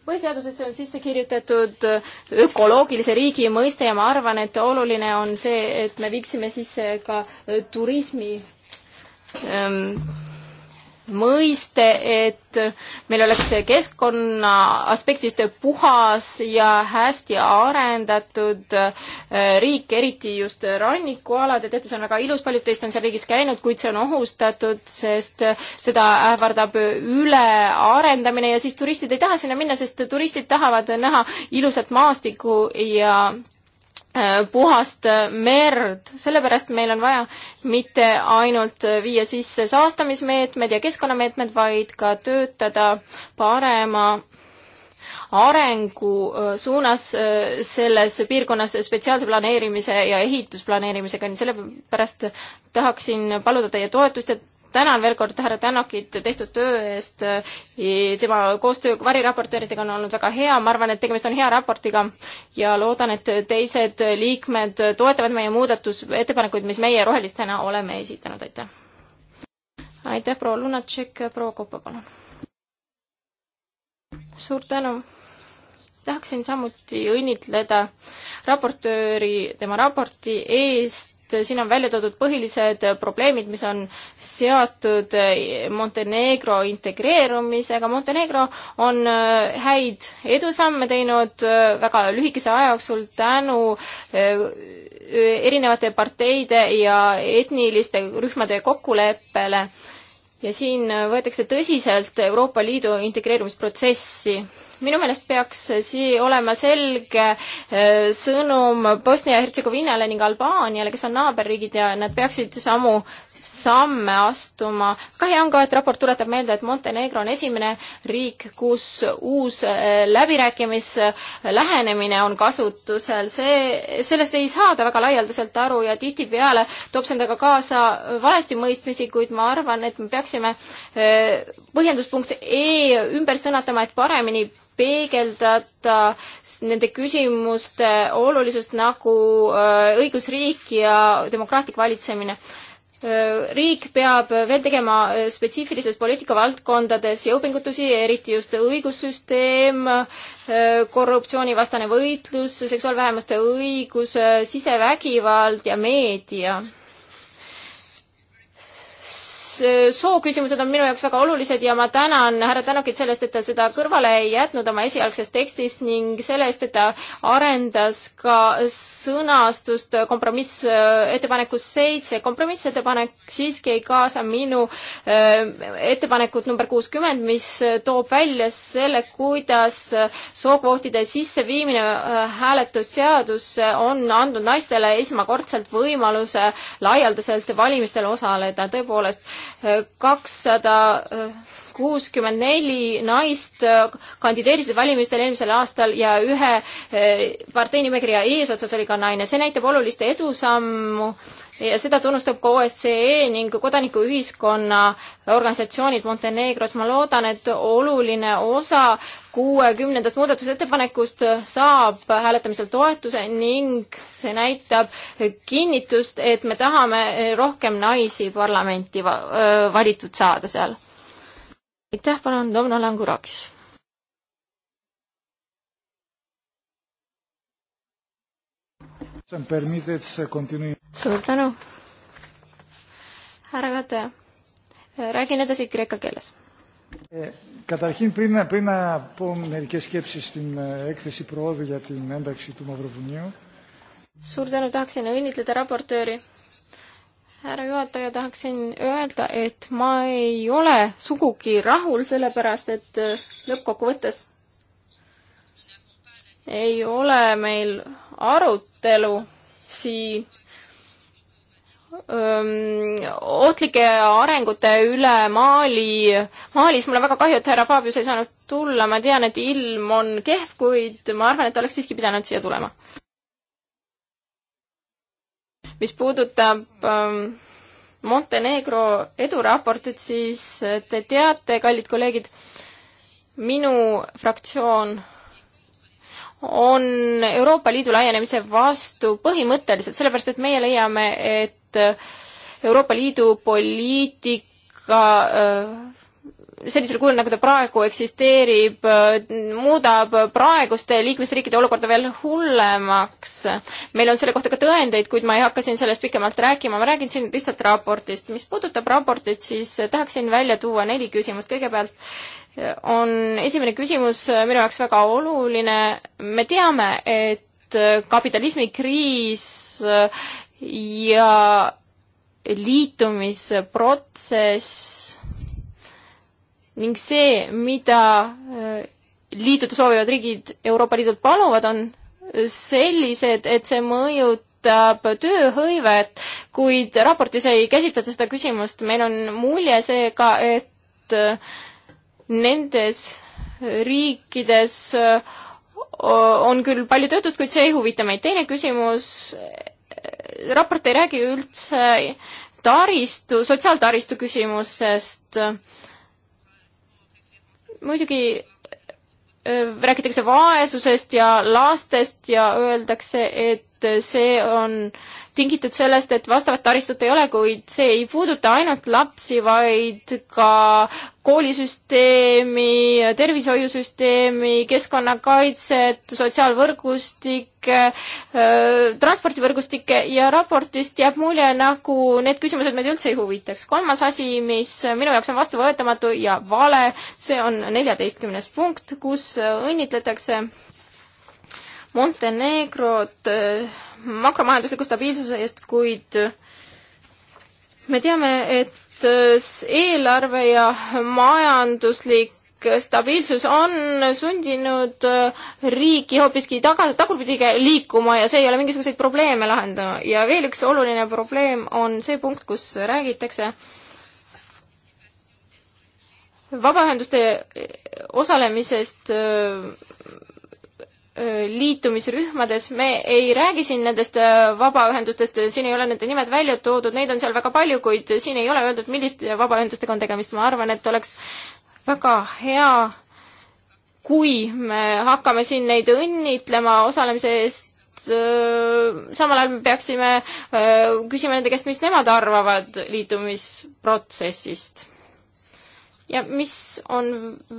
põhiseadusesse on sisse kirjutatud ökoloogilise riigi mõiste ja ma arvan, et oluline on see, et me viiksime sisse ka turismi ähm, mõiste, et meil oleks keskkonna aspektist puhas ja hästi arendatud äh, riik, eriti just rannikualad ja teate, see on väga ilus, paljud teist on seal riigis käinud, kuid see on ohustatud, sest seda ähvardab ülearendamine ja siis turistid ei taha sinna minna, sest turistid tahavad näha ilusat maastikku ja Äh, puhast merd, sellepärast meil on vaja mitte ainult viia sisse saastamismeetmed ja keskkonnameetmed, vaid ka töötada parema arengu äh, suunas äh, selles piirkonnas spetsiaalse planeerimise ja ehitusplaneerimisega, nii sellepärast tahaksin paluda teie toetust, et tänan veel kord härra Tänokit tehtud töö eest. tema koostöö variraportööridega on olnud väga hea, ma arvan, et tegemist on hea raportiga ja loodan, et teised liikmed toetavad meie muudatusettepanekuid, mis meie rohelistena oleme esitanud, aitäh. aitäh, proua Lunatšik, proua Koppa, palun. suur tänu tahaksin samuti õnnitleda raportööri tema raporti eest siin on välja toodud põhilised probleemid, mis on seotud Montenegro integreerumisega. Montenegro on äh, häid edusamme teinud äh, väga lühikese aja jooksul tänu äh, erinevate parteide ja etniliste rühmade kokkuleppele ja siin võetakse tõsiselt Euroopa Liidu integreerumisprotsessi minu meelest peaks sii-, olema selge äh, sõnum Bosnia-Hertsegoviinale ning Albaaniale, kes on naaberriigid ja nad peaksid samu samme astuma. ka hea on ka, et raport tuletab meelde, et Montenegro on esimene riik, kus uus äh, läbirääkimislähenemine äh, on kasutusel. see, sellest ei saada väga laialdaselt aru ja tihtipeale toob see endaga kaasa valesti mõistmisi, kuid ma arvan, et me peaksime põhjenduspunkt E ümber sõnatama, et paremini peegeldada nende küsimuste olulisust nagu äh, õigusriik ja demokraatlik valitsemine äh, riik peab veel tegema äh, spetsiifilistes poliitikavaldkondades jõupingutusi, eriti just õigussüsteem, korruptsioonivastane võitlus, seksuaalvähemuste õigus, sisevägivald ja meedia. Äh, sooküsimused on minu jaoks väga olulised ja ma tänan härra Tänakit sellest, et ta seda kõrvale ei jätnud oma esialgsest tekstist ning selle eest, et ta arendas ka sõnastust kompromissettepanekus seitse. kompromissettepanek siiski ei kaasa minu äh, ettepanekut number kuuskümmend, mis toob välja selle, kuidas sookvootide sisseviimine äh, hääletusseadusse on andnud naistele esmakordselt võimaluse laialdaselt valimistel osaleda. tõepoolest, kakssada 200 kuuskümmend neli naist äh, kandideerisid valimistel eelmisel aastal ja ühe äh, partei nimekirja eesotsas oli ka naine. see näitab olulist edusammu ja seda tunnustab ka OSCE ning kodanikuühiskonna organisatsioonid Montenegros. ma loodan, et oluline osa kuuekümnendast muudatusettepanekust saab hääletamisel toetuse ning see näitab kinnitust, et me tahame rohkem naisi parlamenti äh, valitud saada seal aitäh, palun, Domna Langurakis. suur tänu. härra juhataja, räägin edasi kreeka keeles. Καταρχήν πριν, πριν να πω μερικές σκέψεις στην έκθεση προόδου για την ένταξη του Μαυροβουνίου. Suur tänu, tahaksin õnnitleda raportööri härra juhataja, tahaksin öelda, et ma ei ole sugugi rahul, sellepärast et äh, lõppkokkuvõttes ei ole meil arutelu siin ähm, ohtlike arengute üle Mali, Malis, mul on väga kahju, et härra Fabius ei saanud tulla, ma tean, et ilm on kehv, kuid ma arvan, et ta oleks siiski pidanud siia tulema mis puudutab ähm, Montenegro eduraportit, siis äh, te teate, kallid kolleegid, minu fraktsioon on Euroopa Liidu laienemise vastu põhimõtteliselt, sellepärast et meie leiame, et äh, Euroopa Liidu poliitika äh, sellisel kujul, nagu ta praegu eksisteerib, muudab praeguste liikmesriikide olukorda veel hullemaks. meil on selle kohta ka tõendeid, kuid ma ei hakka siin sellest pikemalt rääkima, ma räägin siin lihtsalt raportist. mis puudutab raportit, siis tahaksin välja tuua neli küsimust. kõigepealt on esimene küsimus minu jaoks väga oluline. me teame, et kapitalismikriis ja liitumisprotsess ning see, mida äh, liituda soovivad riigid Euroopa Liidult paluvad, on sellised, et see mõjutab tööhõivet, kuid raportis ei käsitleta seda küsimust, meil on mulje seega, et äh, nendes riikides äh, on küll palju töötut, kuid see ei huvita meid. teine küsimus, raport ei räägi üldse taristu, sotsiaaltaristu küsimusest äh, muidugi räägitakse vaesusest ja lastest ja öeldakse, et see on tingitud sellest, et vastavat taristut ei ole, kuid see ei puuduta ainult lapsi, vaid ka koolisüsteemi, tervishoiusüsteemi, keskkonnakaitset, sotsiaalvõrgustikke, transpordivõrgustikke ja raportist jääb mulje, nagu need küsimused meid üldse ei huvitaks. kolmas asi, mis minu jaoks on vastuvõetamatu ja vale, see on neljateistkümnes punkt, kus õnnitletakse Montenegrot äh, makromajandusliku stabiilsuse eest, kuid me teame, et äh, eelarve ja majanduslik stabiilsus on sundinud äh, riiki hoopiski taga, tagurpidi liikuma ja see ei ole mingisuguseid probleeme lahendama. ja veel üks oluline probleem on see punkt, kus räägitakse vabaühenduste osalemisest liitumisrühmades, me ei räägi siin nendest vabaühendustest, siin ei ole nende nimed välja toodud, neid on seal väga palju, kuid siin ei ole öeldud, milliste vabaühendustega on tegemist, ma arvan, et oleks väga hea, kui me hakkame siin neid õnnitlema osalemise eest, samal ajal me peaksime küsima nende käest, mis nemad arvavad liitumisprotsessist ja mis on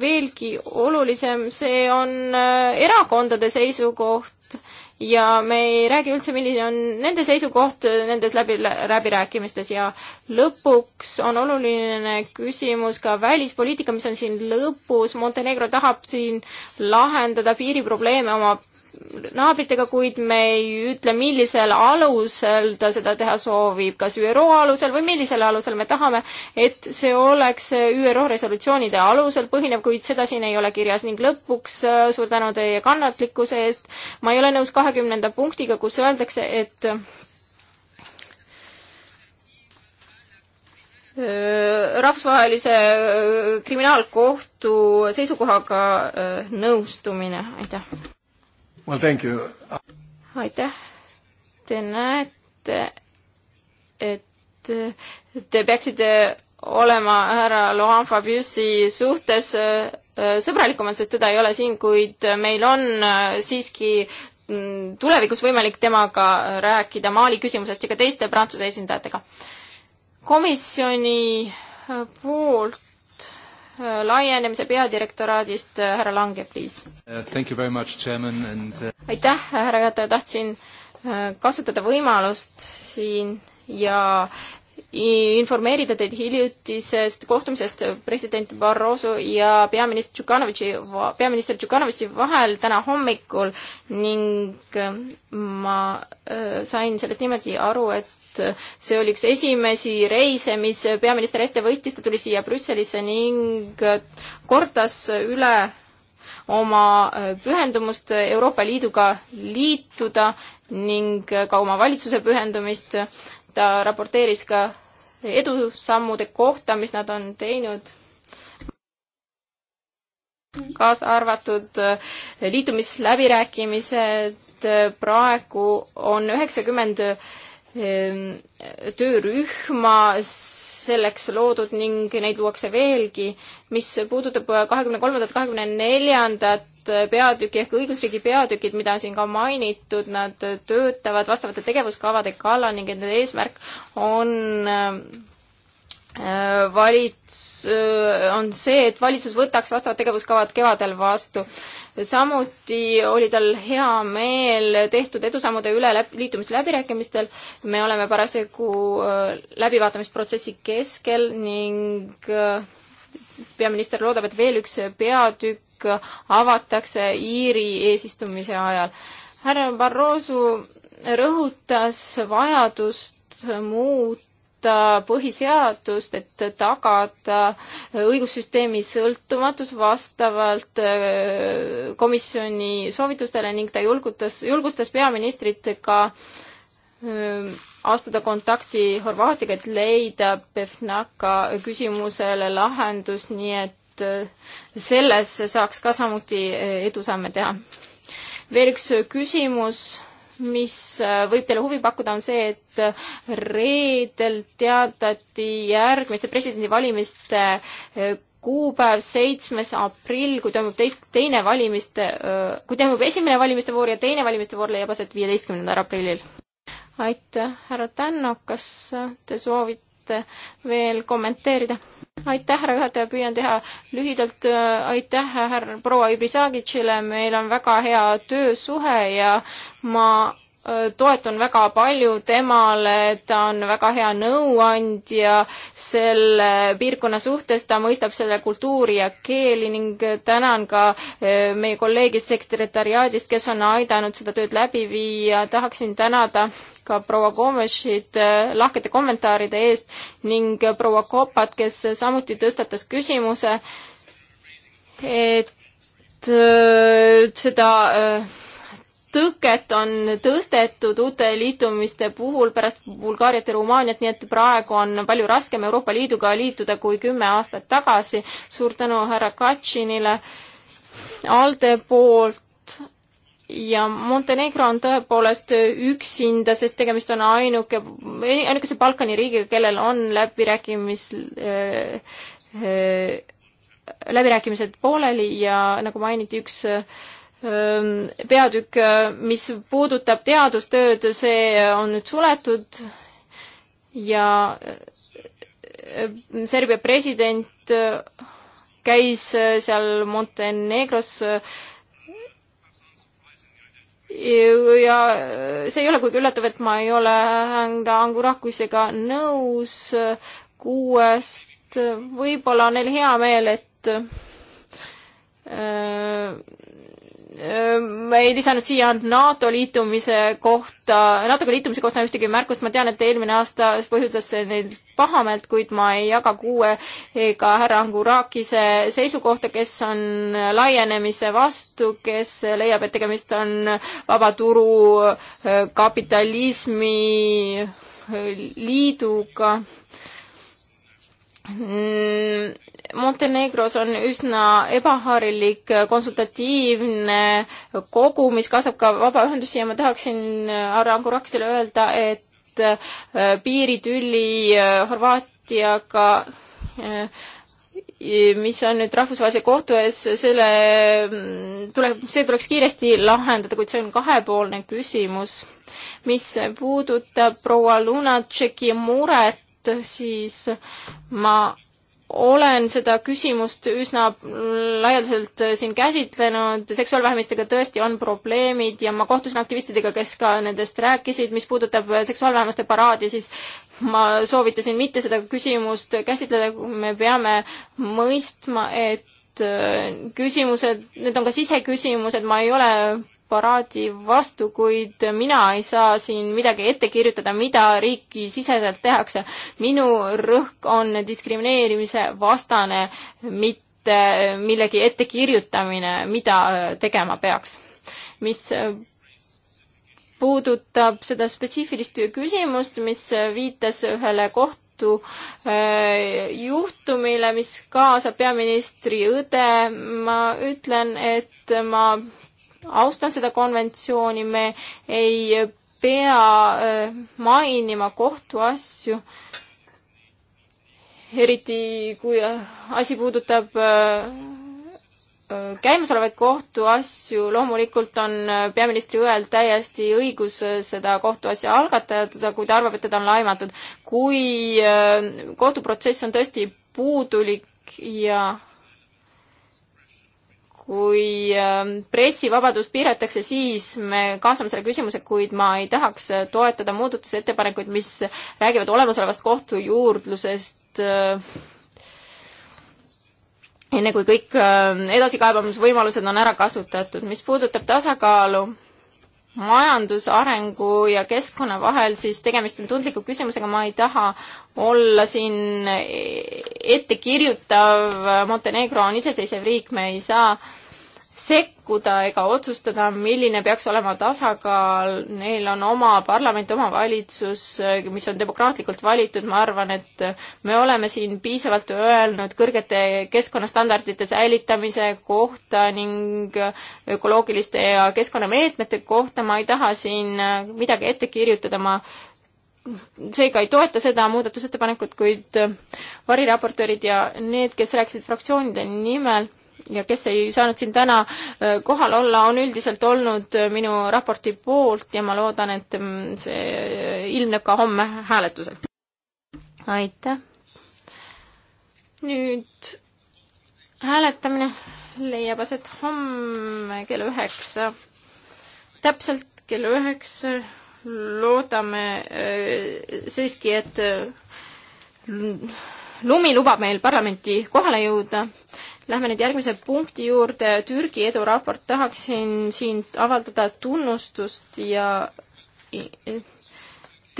veelgi olulisem, see on äh, erakondade seisukoht ja me ei räägi üldse, milline on nende seisukoht äh, nendes läbi, läbirääkimistes ja lõpuks on oluline küsimus ka välispoliitika, mis on siin lõpus, Montenegro tahab siin lahendada piiriprobleeme oma naabritega, kuid me ei ütle, millisel alusel ta seda teha soovib, kas ÜRO alusel või millisel alusel me tahame, et see oleks ÜRO resolutsioonide alusel põhinev, kuid seda siin ei ole kirjas ning lõpuks suur tänu teie kannatlikkuse eest. ma ei ole nõus kahekümnenda punktiga, kus öeldakse, et rahvusvahelise kriminaalkohtu seisukohaga nõustumine, aitäh well, thank you. aitäh. Te näete, et te peaksite olema härra Laurent Fabiusi suhtes äh, sõbralikumad, sest teda ei ole siin, kuid meil on äh, siiski mm, tulevikus võimalik temaga rääkida Mali küsimusest ja ka teiste Prantsuse esindajatega. komisjoni poolt laienemise peadirektoraadist, äh, härra Lange, please uh, uh,. aitäh, härra juhataja, tahtsin äh, kasutada võimalust siin ja informeerida teid hiljutisest kohtumisest president Barroso ja peaminister Tšukanovitši, peaminister Tšukanovitši vahel täna hommikul ning äh, ma sain sellest niimoodi aru, et see oli üks esimesi reise, mis peaminister ette võttis, ta tuli siia Brüsselisse ning kordas üle oma pühendumust Euroopa Liiduga liituda ning ka oma valitsuse pühendumist. ta raporteeris ka edusammude kohta, mis nad on teinud, kaasa arvatud äh, liitumisläbirääkimised. Äh, praegu on üheksakümmend 90 Ehm, töörühma selleks loodud ning neid luuakse veelgi. mis puudutab kahekümne kolmandat, kahekümne neljandat peatüki ehk õigusriigi peatükid, mida siin ka mainitud, nad töötavad vastavate tegevuskavade kallal ning nende eesmärk on ehm, Äh, valits-, äh, on see, et valitsus võtaks vastavad tegevuskavad kevadel vastu. samuti oli tal hea meel tehtud edusammude üle läb-, liitumisläbirääkimistel. me oleme parasjagu äh, läbivaatamisprotsessi keskel ning peaminister loodab, et veel üks peatükk avatakse Iiri eesistumise ajal. härra Barroso rõhutas vajadust muuta muuta põhiseadust, et tagada õigussüsteemi sõltumatus vastavalt äh, komisjoni soovitustele ning ta julgutas, julgustas peaministrit ka ähm, astuda kontakti Horvaatiaga, et leida Pevnaka küsimusele lahendus, nii et äh, selles saaks ka samuti äh, edusamme teha. veel üks küsimus mis äh, võib teile huvi pakkuda, on see, et äh, reedel teatati järgmiste presidendivalimiste äh, kuupäev, seitsmes aprill, kui toimub teist, teine valimiste, kui toimub esimene valimiste voor ja teine valimiste voor leiab aset viieteistkümnendal aprillil. aitäh, härra Tänno, kas te soovite veel kommenteerida? aitäh, härra juhataja, püüan teha lühidalt. aitäh härra proua Ibrisagitšile, meil on väga hea töösuhe ja ma Äh, toetun väga palju temale, ta on väga hea nõuandja selle piirkonna suhtes, ta mõistab selle kultuuri ja keeli ning tänan ka äh, meie kolleegi sekretariaadist, kes on aidanud seda tööd läbi viia, tahaksin tänada ka proua Komesit äh, lahkete kommentaaride eest ning proua Kopat, kes samuti tõstatas küsimuse, et seda tõket on tõstetud uute liitumiste puhul pärast Bulgaariat ja Rumaaniat, nii et praegu on palju raskem Euroopa Liiduga liituda kui kümme aastat tagasi. suur tänu härra Katšinile ALDE poolt ja Montenegro on tõepoolest üksinda, sest tegemist on ainuke, ainukese Balkani riigiga, kellel on läbirääkimis äh, äh, läbirääkimised pooleli ja nagu mainiti, üks äh, peatükk, mis puudutab teadustööd, see on nüüd suletud ja Serbia president käis seal Montenegros ja see ei ole kuigi üllatav, et ma ei ole Angu Rahkusega nõus kuuest, võib-olla on neil hea meel, et ma ei lisanud siia NATO liitumise kohta, NATO-ga liitumise kohta ühtegi märkust, ma tean, et eelmine aasta põhjustas see neil pahameelt, kuid ma ei jaga kuue ega härra Angurakise seisukohta, kes on laienemise vastu, kes leiab, et tegemist on vabaturu kapitalismi liiduga Mm, Montenegros on üsna ebaharilik konsultatiivne kogu, mis kasvab ka vabaühendusi ja ma tahaksin äh, härra Angurakisele öelda, et äh, piiritüli äh, Horvaatiaga mis on nüüd rahvusvahelise kohtu ees, selle mm, tuleb, see tuleks kiiresti lahendada, kuid see on kahepoolne küsimus. mis puudutab proua Lunatšeki muret siis ma olen seda küsimust üsna laialdaselt siin käsitlenud, seksuaalvähemistega tõesti on probleemid ja ma kohtusin aktivistidega, kes ka nendest rääkisid, mis puudutab seksuaalvähemuste paraadi, siis ma soovitasin mitte seda küsimust käsitleda, me peame mõistma, et küsimused, need on ka siseküsimused, ma ei ole paraadi vastu, kuid mina ei saa siin midagi ette kirjutada, mida riikisiseselt tehakse. minu rõhk on diskrimineerimise vastane, mitte millegi ettekirjutamine, mida tegema peaks. mis puudutab seda spetsiifilist küsimust, mis viitas ühele koht-, Tartu äh, juhtumile, mis kaasab peaministri õde, ma ütlen, et ma austan seda konventsiooni, me ei pea äh, mainima kohtuasju, eriti kui äh, asi puudutab äh, käimasolevaid kohtuasju, loomulikult on peaministri õel täiesti õigus seda kohtuasja algatada, kui ta arvab, et teda on laimatud. kui kohtuprotsess on tõesti puudulik ja kui ähm, pressivabadust piiratakse, siis me kaasame selle küsimuse, kuid ma ei tahaks äh, toetada muudatusettepanekuid, mis räägivad olemasolevast kohtujuurdlusest äh, enne kui kõik äh, edasikaebamisvõimalused on ära kasutatud. mis puudutab tasakaalu majandusarengu ja keskkonna vahel, siis tegemist on tundliku küsimusega, ma ei taha olla siin e-, ettekirjutav, Montenegro on iseseisev riik, me ei saa äh, sekkuda ega otsustada, milline peaks olema tasakaal, neil on oma parlament, oma valitsus, mis on demokraatlikult valitud, ma arvan, et me oleme siin piisavalt öelnud kõrgete keskkonnastandardite säilitamise kohta ning ökoloogiliste ja keskkonnameetmete kohta, ma ei taha siin midagi ette kirjutada, ma seega ei toeta seda muudatusettepanekut, kuid variraportöörid ja need, kes rääkisid fraktsioonide nimel ja kes ei saanud siin täna äh, kohal olla, on üldiselt olnud äh, minu raporti poolt ja ma loodan, et mm, see äh, ilmneb ka homme hääletusel. aitäh. nüüd hääletamine leiab aset homme kell üheksa. täpselt kell üheksa loodame siiski, et lumi lubab meil parlamenti kohale jõuda Lähme nüüd järgmise punkti juurde, Türgi eduraport, tahaksin siin avaldada tunnustust ja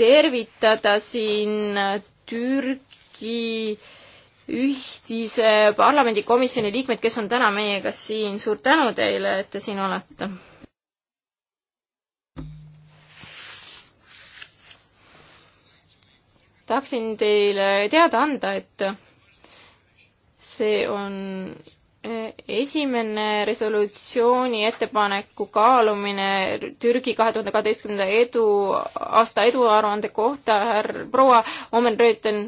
tervitada siin Türgi ühtise parlamendikomisjoni liikmed, kes on täna meiega siin, suur tänu teile, et te siin olete. tahaksin teile teada anda, et see on eh, esimene resolutsiooni ettepaneku kaalumine Türgi kahe tuhande kaheteistkümnenda edu, aasta eduaruande kohta, härra proua Omen Rööten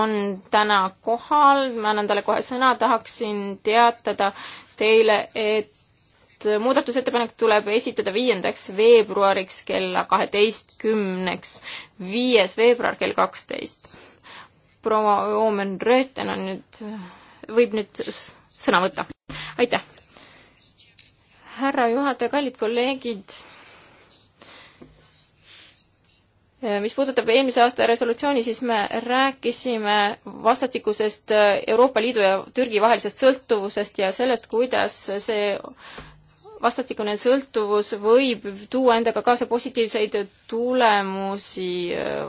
on täna kohal, ma annan talle kohe sõna, tahaksin teatada teile, et muudatusettepanek tuleb esitada viiendaks veebruariks kella kaheteistkümneks, viies veebruar kell kaksteist proua Oomen Rööten on nüüd, võib nüüd sõna võtta. aitäh! härra juhataja, kallid kolleegid, mis puudutab eelmise aasta resolutsiooni, siis me rääkisime vastastikusest Euroopa Liidu ja Türgi vahelisest sõltuvusest ja sellest, kuidas see vastastikune sõltuvus võib tuua endaga kaasa positiivseid tulemusi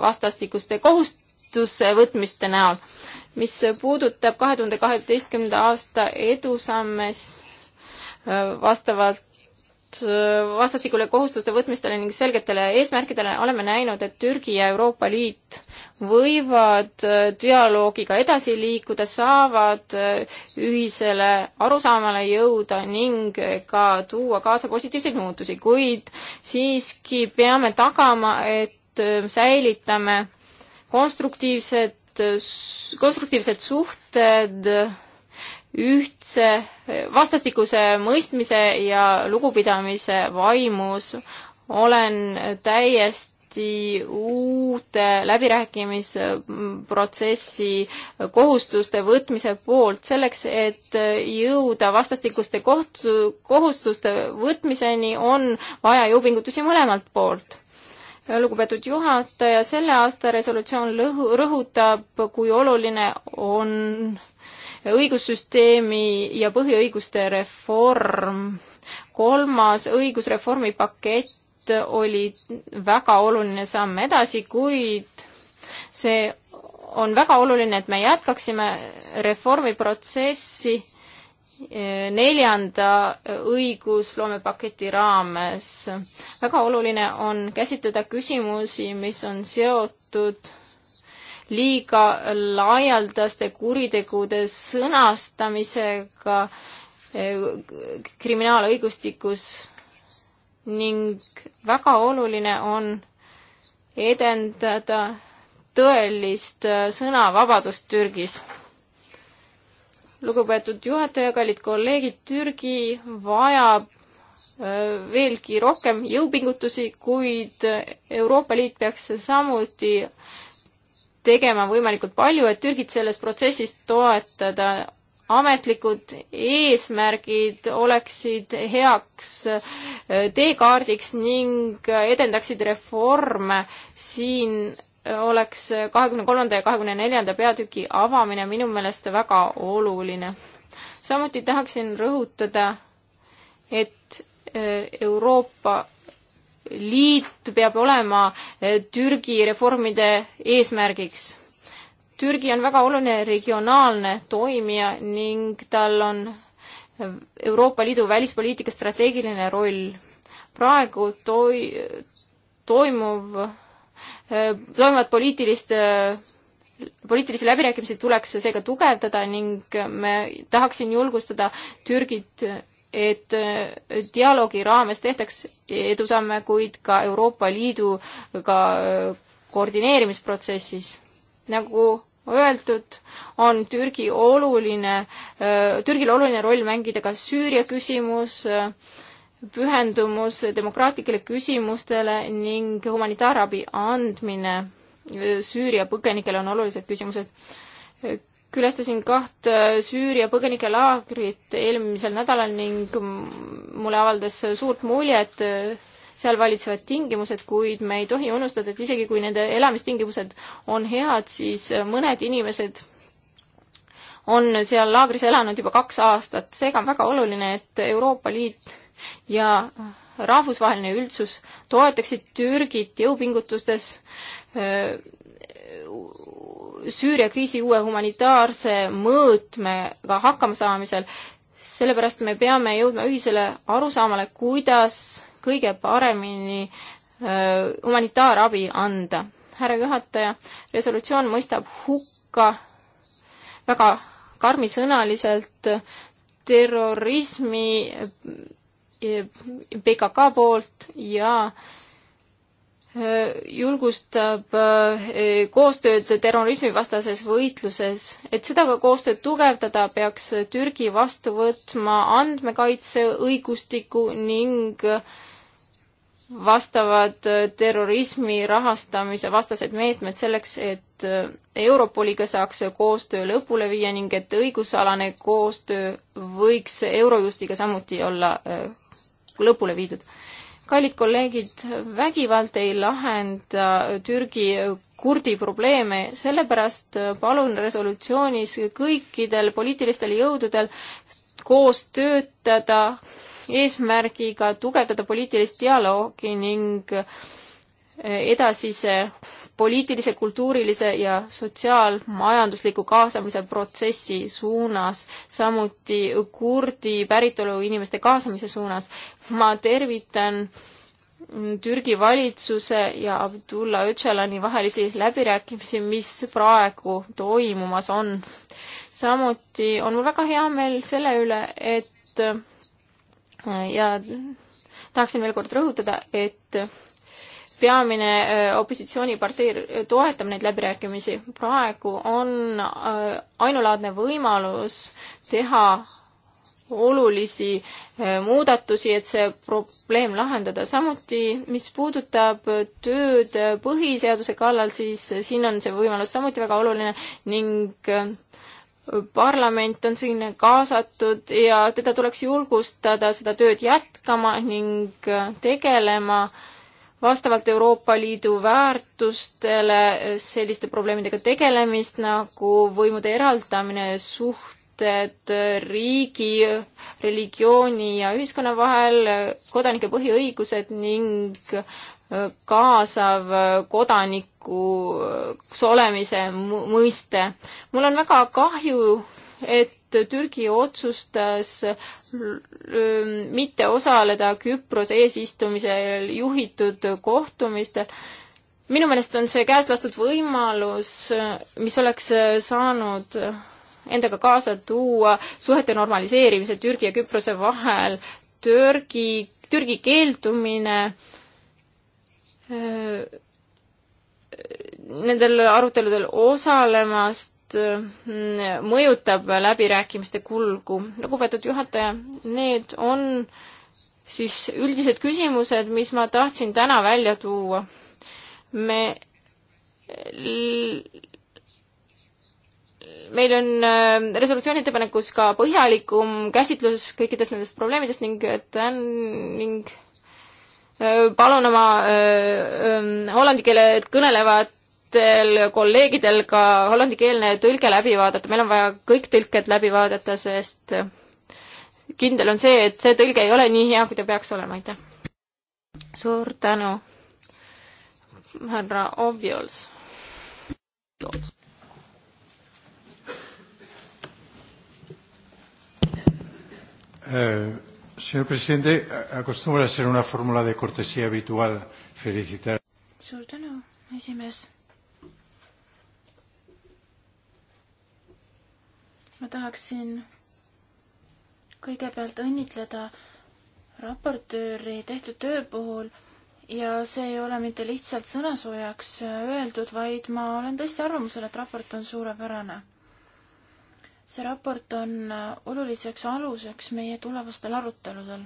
vastastikuste kohust-, koristuste näol. mis puudutab kahe tuhande kaheteistkümnenda aasta edusammes äh, vastavalt äh, vastastikule kohustuste võtmistele ning selgetele eesmärkidele oleme näinud, et Türgi ja Euroopa Liit võivad äh, dialoogiga edasi liikuda, saavad ühisele arusaamale jõuda ning ka tuua kaasa positiivseid muutusi, kuid siiski peame tagama, et säilitame konstruktiivsed, konstruktiivsed suhted, ühtse vastastikuse mõistmise ja lugupidamise vaimus olen täiesti uute läbirääkimisprotsessi kohustuste võtmise poolt, selleks et jõuda vastastikuste koht-, kohustuste võtmiseni, on vaja jõupingutusi mõlemalt poolt lugupeetud juhataja, selle aasta resolutsioon lõhu, rõhutab, kui oluline on õigussüsteemi ja põhiõiguste reform. kolmas õigusreformi pakett oli väga oluline samm edasi, kuid see on väga oluline, et me jätkaksime reformiprotsessi neljanda õigusloomepaketi raames. väga oluline on käsitleda küsimusi, mis on seotud liiga laialdaste kuritegude sõnastamisega eh, kriminaalõigustikus ning väga oluline on edendada tõelist eh, sõnavabadust Türgis lugupeetud juhataja, kallid kolleegid, Türgi vajab äh, veelgi rohkem jõupingutusi, kuid Euroopa Liit peaks samuti tegema võimalikult palju, et Türgit selles protsessis toetada. ametlikud eesmärgid oleksid heaks äh, teekaardiks ning edendaksid reforme. siin oleks kahekümne kolmanda ja kahekümne neljanda peatüki avamine minu meelest väga oluline. samuti tahaksin rõhutada, et äh, Euroopa Liit peab olema äh, Türgi reformide eesmärgiks. Türgi on väga oluline regionaalne toimija ning tal on äh, Euroopa Liidu välispoliitika strateegiline roll. praegu toi-, toimuv toimuvat poliitilist poliitilisi läbirääkimisi tuleks seega tugevdada ning me tahaksin julgustada Türgit, et dialoogi raames tehtaks edusamme, kuid ka Euroopa Liiduga koordineerimisprotsessis. nagu öeldud, on Türgi oluline, Türgil oluline roll mängida ka Süüria küsimus äh,, pühendumus demokraatlikele küsimustele ning humanitaarabi andmine Süüria põgenikele on olulised küsimused. külastasin kaht Süüria põgenikelaagrit eelmisel nädalal ning mulle avaldas suurt muljet seal valitsevad tingimused, kuid me ei tohi unustada, et isegi kui nende elamistingimused on head, siis mõned inimesed on seal laagris elanud juba kaks aastat, seega on väga oluline, et Euroopa Liit ja rahvusvaheline üldsus toetaksid Türgit jõupingutustes Süüria kriisi uue humanitaarse mõõtmega hakkamasaamisel, sellepärast me peame jõudma ühisele arusaamale, kuidas kõige paremini humanitaarabi anda. härra juhataja, resolutsioon mõistab hukka väga karmisõnaliselt terrorismi PKK poolt ja äh, julgustab äh, koostööd terrorismivastases võitluses. et seda ka koostööd tugevdada, peaks Türgi vastu võtma andmekaitseõigustiku ning äh, vastavad äh, terrorismi rahastamise vastased meetmed selleks, et äh, Europoliga saaks koostöö lõpule viia ning et õigusalane koostöö võiks Eurojustiga samuti olla äh, lõpule viidud. kallid kolleegid, vägivald ei lahenda Türgi kurdi probleeme, sellepärast palun resolutsioonis kõikidel poliitilistel jõududel koos töötada eesmärgiga tugevdada poliitilist dialoogi ning eh, edasise poliitilise, kultuurilise ja sotsiaalmajandusliku kaasamise protsessi suunas, samuti kurdi päritolu inimeste kaasamise suunas. ma tervitan Türgi valitsuse ja Abdullah Öcalani vahelisi läbirääkimisi, mis praegu toimumas on. samuti on mul väga hea meel selle üle, et ja tahaksin veel kord rõhutada, et peamine äh, opositsioonipartei toetab neid läbirääkimisi. praegu on äh, ainulaadne võimalus teha olulisi äh, muudatusi, et see probleem lahendada. samuti, mis puudutab tööd põhiseaduse kallal, siis siin on see võimalus samuti väga oluline ning parlament on siin kaasatud ja teda tuleks julgustada seda tööd jätkama ning tegelema vastavalt Euroopa Liidu väärtustele selliste probleemidega tegelemist nagu võimude eraldamine, suhted riigi, religiooni ja ühiskonna vahel, kodanike põhiõigused ning kaasav kodanik kodanikuks äh, olemise mõiste. mul on väga kahju, et Türgi otsustas äh, mitte osaleda Küprose eesistumisel juhitud kohtumistel. minu meelest on see käest lastud võimalus, äh, mis oleks saanud endaga kaasa tuua suhete normaliseerimise Türgi ja Küprose vahel. Türgi, Türgi keeldumine öö, nendel aruteludel osalemast, mm, mõjutab läbirääkimiste kulgu. lugupeetud juhataja, need on siis üldised küsimused, mis ma tahtsin täna välja tuua. me meil on äh, resolutsiooni ettepanekus ka põhjalikum käsitlus kõikidest nendest probleemidest ning tän-, äh, ning Äh, palun oma äh, ähm, hollandi keele kõnelevatel kolleegidel ka hollandikeelne tõlge läbi vaadata, meil on vaja kõik tõlked läbi vaadata, sest kindel on see, et see tõlge ei ole nii hea, kui ta peaks olema, aitäh. suur tänu, härra Obiols. Uh, äh, Señor presidente, acostumbra ser una fórmula de cortesía habitual felicitar. suur tänu, esimees. ma tahaksin kõigepealt õnnitleda raportööri tehtud töö puhul ja see ei ole mitte lihtsalt sõnasoojaks öeldud, vaid ma olen tõesti arvamusel, et raport on suurepärane see raport on äh, oluliseks aluseks meie tulevastel aruteludel.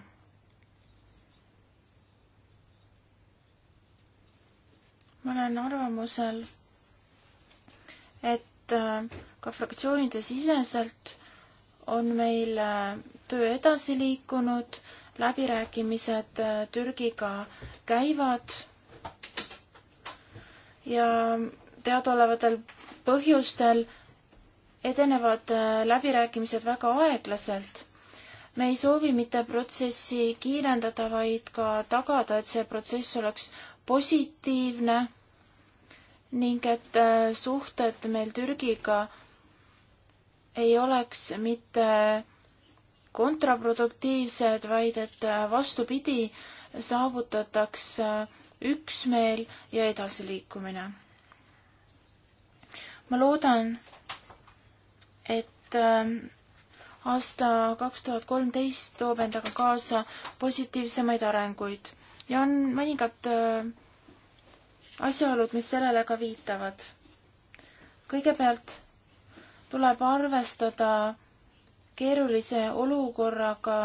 ma olen arvamusel, et äh, ka fraktsioonide siseselt on meil äh, töö edasi liikunud, läbirääkimised Türgiga käivad ja teadaolevatel põhjustel edenevad äh, läbirääkimised väga aeglaselt. me ei soovi mitte protsessi kiirendada, vaid ka tagada, et see protsess oleks positiivne ning et äh, suhted meil Türgiga ei oleks mitte kontraproduktiivsed, vaid et äh, vastupidi, saavutataks üksmeel ja edasiliikumine. ma loodan, et ähm, aasta kaks tuhat kolmteist toob endaga kaasa positiivsemaid arenguid ja on mõningad äh, asjaolud, mis sellele ka viitavad. kõigepealt tuleb arvestada keerulise olukorraga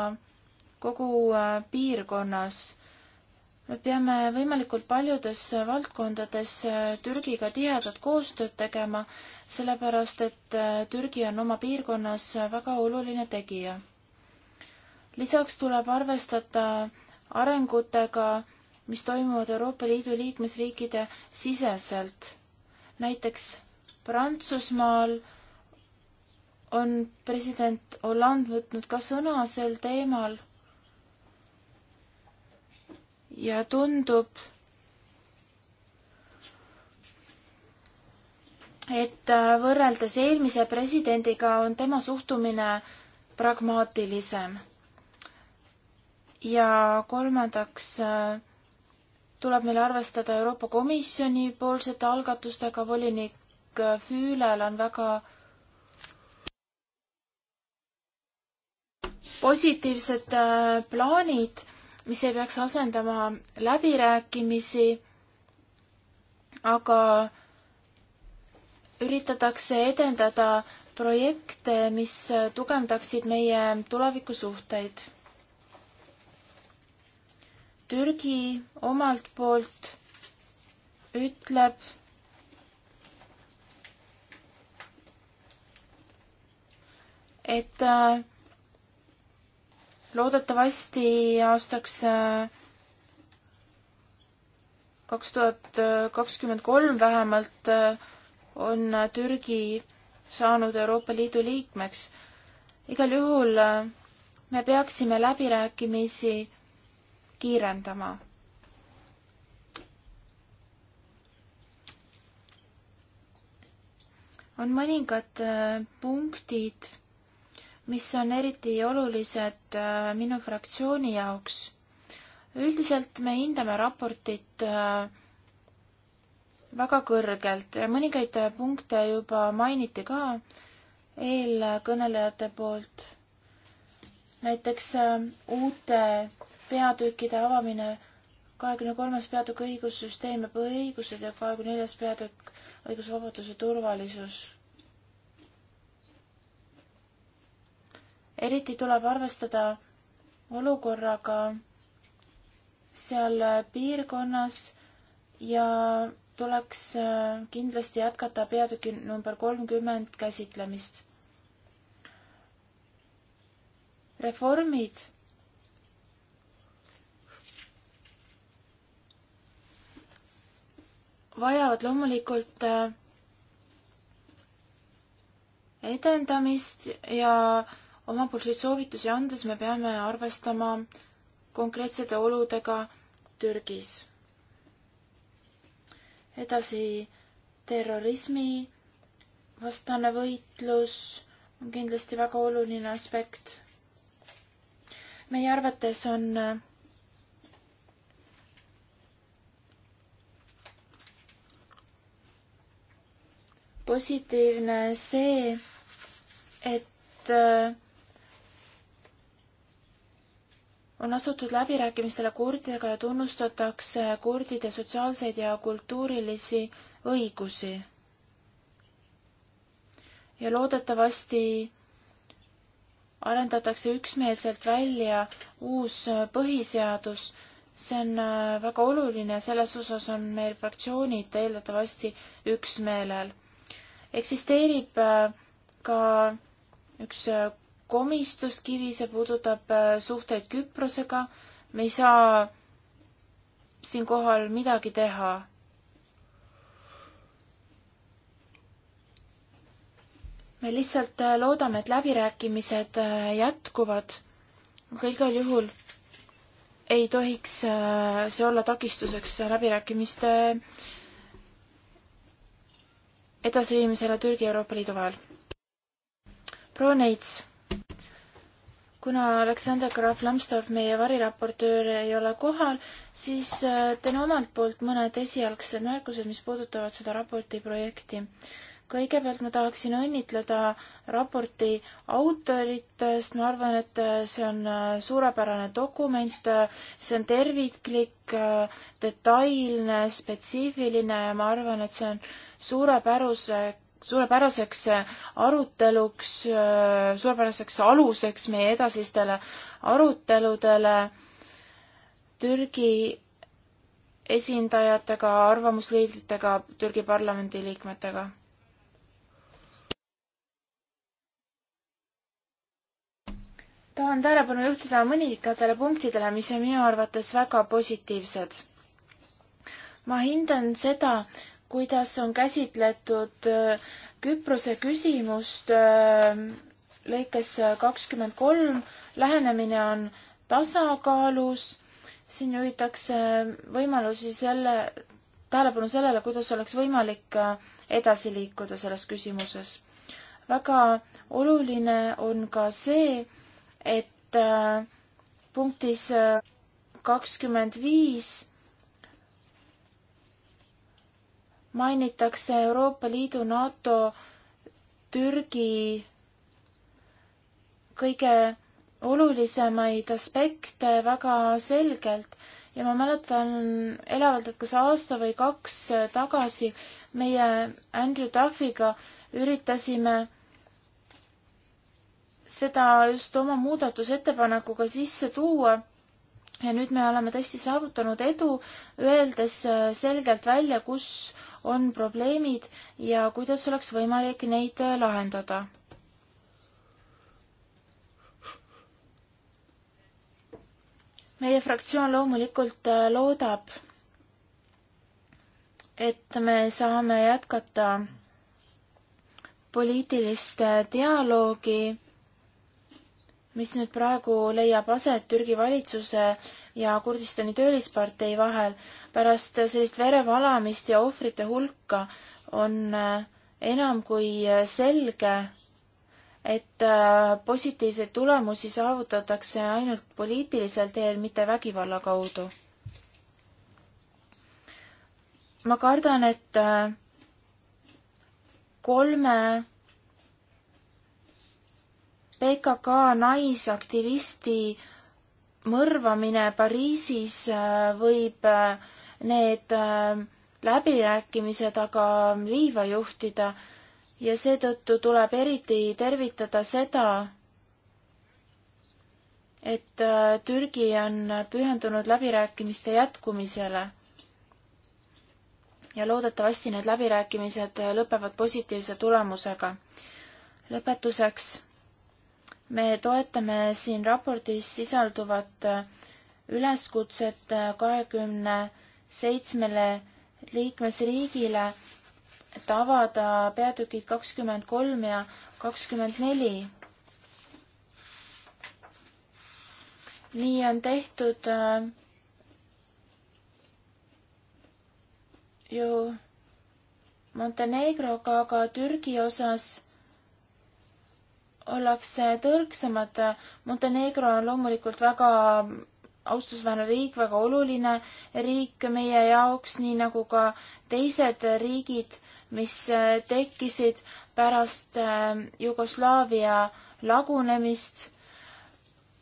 kogu äh, piirkonnas me peame võimalikult paljudes valdkondades äh, Türgiga tihedat koostööd tegema, sellepärast et äh, Türgi on oma piirkonnas väga oluline tegija. lisaks tuleb arvestada arengutega, mis toimuvad Euroopa Liidu liikmesriikide siseselt. näiteks Prantsusmaal on president Hollande võtnud ka sõna sel teemal ja tundub, et äh, võrreldes eelmise presidendiga on tema suhtumine pragmaatilisem. ja kolmandaks äh, tuleb meil arvestada Euroopa Komisjoni poolsete algatustega, volinik äh, Füülel on väga positiivsed plaanid mis ei peaks asendama läbirääkimisi, aga üritatakse edendada projekte, mis tugevdaksid meie tulevikusuhteid. Türgi omalt poolt ütleb, et äh, loodetavasti aastaks äh, kaks tuhat äh, kakskümmend kolm vähemalt äh, on Türgi saanud Euroopa Liidu liikmeks. igal juhul me peaksime läbirääkimisi kiirendama. on mõningad punktid mis on eriti olulised äh, minu fraktsiooni jaoks. üldiselt me hindame raportit äh, väga kõrgelt ja mõningaid punkte juba mainiti ka eelkõnelejate poolt. näiteks äh, uute peatükkide avamine, kahekümne kolmas peatükk õigussüsteem ja põhiõigused ja kahekümne neljas peatükk õigusvabadus ja turvalisus eriti tuleb arvestada olukorraga seal piirkonnas ja tuleks äh, kindlasti jätkata peatüki number kolmkümmend käsitlemist. reformid vajavad loomulikult äh, edendamist ja omapoolseid soovitusi andes me peame arvestama konkreetsete oludega Türgis. edasi terrorismi vastane võitlus on kindlasti väga oluline aspekt. meie arvates on positiivne see, et on asutud läbirääkimistele kurdidega ja tunnustatakse kurdide sotsiaalseid ja kultuurilisi õigusi. ja loodetavasti arendatakse üksmeelselt välja uus põhiseadus, see on äh, väga oluline, selles osas on meil fraktsioonid eeldatavasti üksmeelel. eksisteerib äh, ka üks äh, komistuskivi, see puudutab äh, suhteid Küprosega. me ei saa siinkohal midagi teha. me lihtsalt äh, loodame, et läbirääkimised äh, jätkuvad, aga igal juhul ei tohiks see olla takistuseks läbirääkimiste edasiviimisele Türgi ja Euroopa Liidu vahel. proua Neits kuna Aleksander Graf Lambsdorff, meie variraportöör, ei ole kohal, siis äh, teen omalt poolt mõned esialgsed märkused, mis puudutavad seda raporti projekti. kõigepealt ma tahaksin õnnitleda raporti autorit, sest ma arvan, et äh, see on äh, suurepärane dokument, see on terviklik, detailne, spetsiifiline ja ma arvan, et see on suurepärase suurepäraseks äh, aruteluks, äh, suurepäraseks aluseks meie edasistele aruteludele Türgi esindajatega, arvamusliidritega, Türgi parlamendi liikmetega. tahan tähelepanu juhtida mõningatele punktidele, mis on minu arvates väga positiivsed. ma hindan seda, kuidas on käsitletud äh, Küprose küsimust äh, lõikes kakskümmend kolm, lähenemine on tasakaalus, siin juhitakse võimalusi selle, tähelepanu sellele, kuidas oleks võimalik äh, edasi liikuda selles küsimuses. väga oluline on ka see, et punktis kakskümmend viis mainitakse Euroopa Liidu, NATO, Türgi kõige olulisemaid aspekte väga selgelt ja ma mäletan elavalt, et kas aasta või kaks tagasi meie Andrew Duffiga üritasime seda just oma muudatusettepanekuga sisse tuua ja nüüd me oleme tõesti saavutanud edu, öeldes äh, selgelt välja, kus on probleemid ja kuidas oleks võimalik neid äh, lahendada. meie fraktsioon loomulikult äh, loodab, et me saame jätkata poliitilist dialoogi mis nüüd praegu leiab aset Türgi valitsuse ja Kurdistani töölispartei vahel. pärast sellist verevalamist ja ohvrite hulka on äh, enam kui äh, selge, et äh, positiivseid tulemusi saavutatakse ainult poliitilisel teel, mitte vägivalla kaudu. ma kardan, et kolme PKK naisaktivisti mõrvamine Pariisis äh, võib äh, need äh, läbirääkimised aga liiva juhtida ja seetõttu tuleb eriti tervitada seda, et Türgi on pühendunud läbirääkimiste jätkumisele. ja loodetavasti need läbirääkimised lõpevad positiivse tulemusega. lõpetuseks me toetame siin raportis sisalduvat äh, üleskutset äh, kahekümne seitsmele liikmesriigile, et avada peatükid kakskümmend kolm ja kakskümmend neli. nii on tehtud äh, ju Montenegroga, aga Türgi osas ollakse tõrksamad. Montenegro on loomulikult väga austusväärne riik, väga oluline riik meie jaoks, nii nagu ka teised riigid, mis äh, tekkisid pärast äh, Jugoslaavia lagunemist.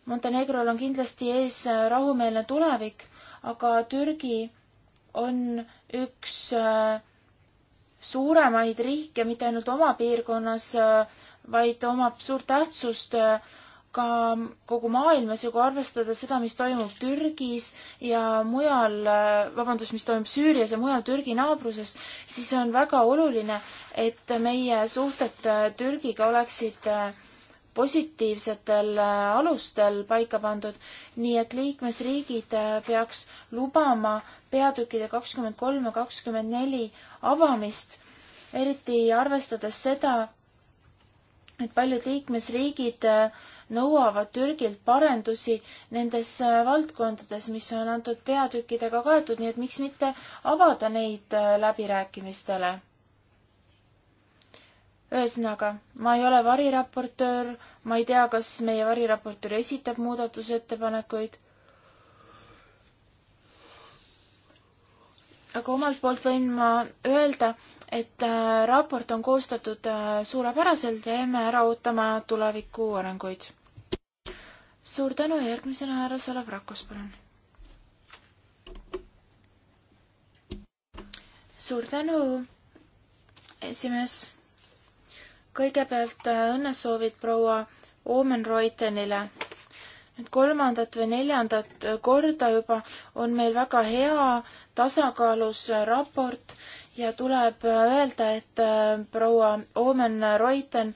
Montenegrol on kindlasti ees äh, rahumeelne tulevik, aga Türgi on üks suuremaid riike mitte ainult oma piirkonnas äh, vaid omab suurt tähtsust äh, ka kogu maailmas ja kui arvestada seda, mis toimub Türgis ja mujal, äh, vabandust, mis toimub Süürias ja mujal Türgi naabruses, siis on väga oluline, et meie suhted äh, Türgiga oleksid positiivsetel alustel paika pandud, nii et liikmesriigid peaks lubama peatükkide kakskümmend kolm ja kakskümmend neli avamist, eriti arvestades seda, et paljud liikmesriigid äh, nõuavad Türgilt parendusi nendes äh, valdkondades, mis on antud peatükkidega kaetud, nii et miks mitte avada neid äh, läbirääkimistele. ühesõnaga, ma ei ole variraportöör, ma ei tea, kas meie variraportöör esitab muudatusettepanekuid aga omalt poolt võin ma öelda, et äh, raport on koostatud äh, suurepäraselt ja jääme ära ootama tuleviku arenguid. suur tänu ja järgmisena härra Salavrakos, palun. suur tänu, esimees. kõigepealt äh, õnnesoovid proua Omen Reutenile et kolmandat või neljandat korda juba on meil väga hea tasakaalus raport ja tuleb öelda, et äh, proua Omen Reuten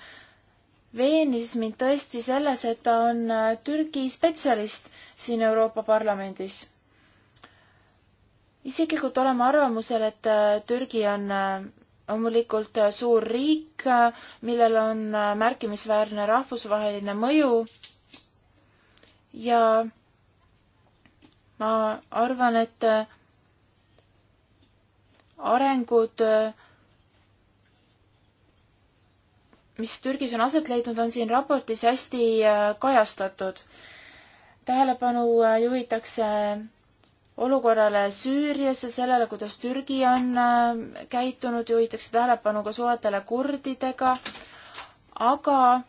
veenis mind tõesti selles, et ta on äh, Türgi spetsialist siin Euroopa Parlamendis. isiklikult oleme arvamusel, et äh, Türgi on loomulikult suur riik, millel on märkimisväärne rahvusvaheline mõju ja ma arvan, et äh, arengud, äh, mis Türgis on aset leidnud, on siin raportis hästi äh, kajastatud. tähelepanu juhitakse olukorrale Süürias ja sellele, kuidas Türgi on käitunud, juhitakse tähelepanu ka suhetele kurdidega, aga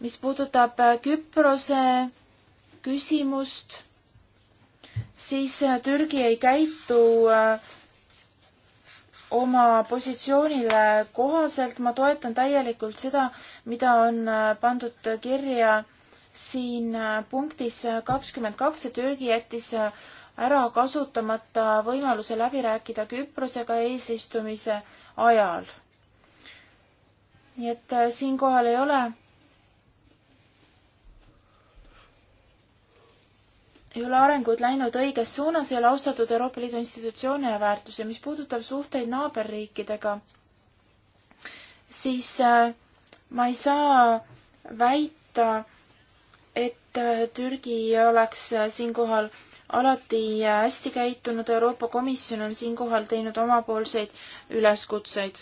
mis puudutab äh, Küprose küsimust, siis äh, Türgi ei käitu äh, oma positsioonile kohaselt, ma toetan täielikult seda, mida on pandud kirja siin punktis kakskümmend kaks ja Türgi jättis ära kasutamata võimaluse läbi rääkida Küprosega eesistumise ajal. nii et siinkohal ei ole ei ole arengud läinud õiges suunas, ei ole austatud Euroopa Liidu institutsioone ja väärtusi. mis puudutab suhteid naaberriikidega, siis äh, ma ei saa väita, et äh, Türgi oleks äh, siinkohal alati hästi käitunud, Euroopa Komisjon on siinkohal teinud omapoolseid üleskutseid.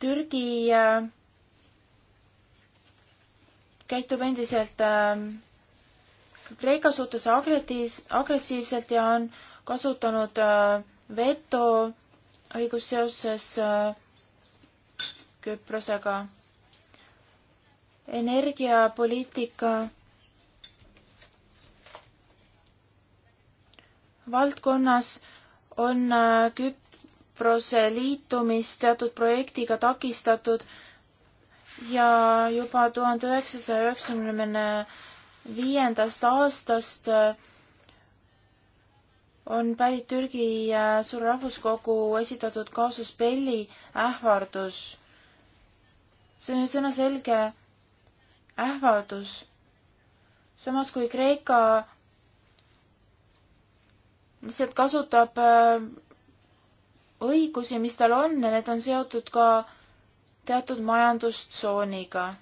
Türgi äh, käitub endiselt äh, Kreeka suhtes agressiivselt ja on kasutanud äh, veto õigus seoses äh, Küprosega. energiapoliitika valdkonnas on äh, Küprose liitumist teatud projektiga takistatud äh, ja juba tuhande üheksasaja üheksakümne viiendast aastast äh, on pärit Türgi äh, Suurrahvuskogu esitatud kaasus Belli ähvardus. see on ju sõnaselge ähvardus. samas kui Kreeka lihtsalt kasutab äh, õigusi, mis tal on ja need on seotud ka äh, teatud majandustsooniga.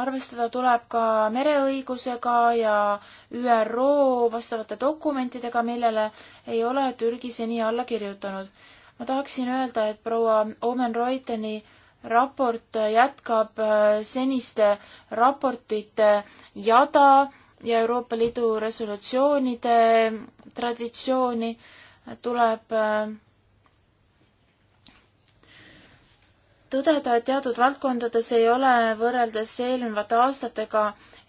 arvestada tuleb ka mereõigusega ja ÜRO vastavate dokumentidega, millele ei ole Türgi seni alla kirjutanud. ma tahaksin öelda, et proua Omen Reuteni raport jätkab äh, seniste raportite jada ja Euroopa Liidu resolutsioonide traditsiooni tuleb äh, tõdeda, et teatud valdkondades ei ole võrreldes eelnevate aastatega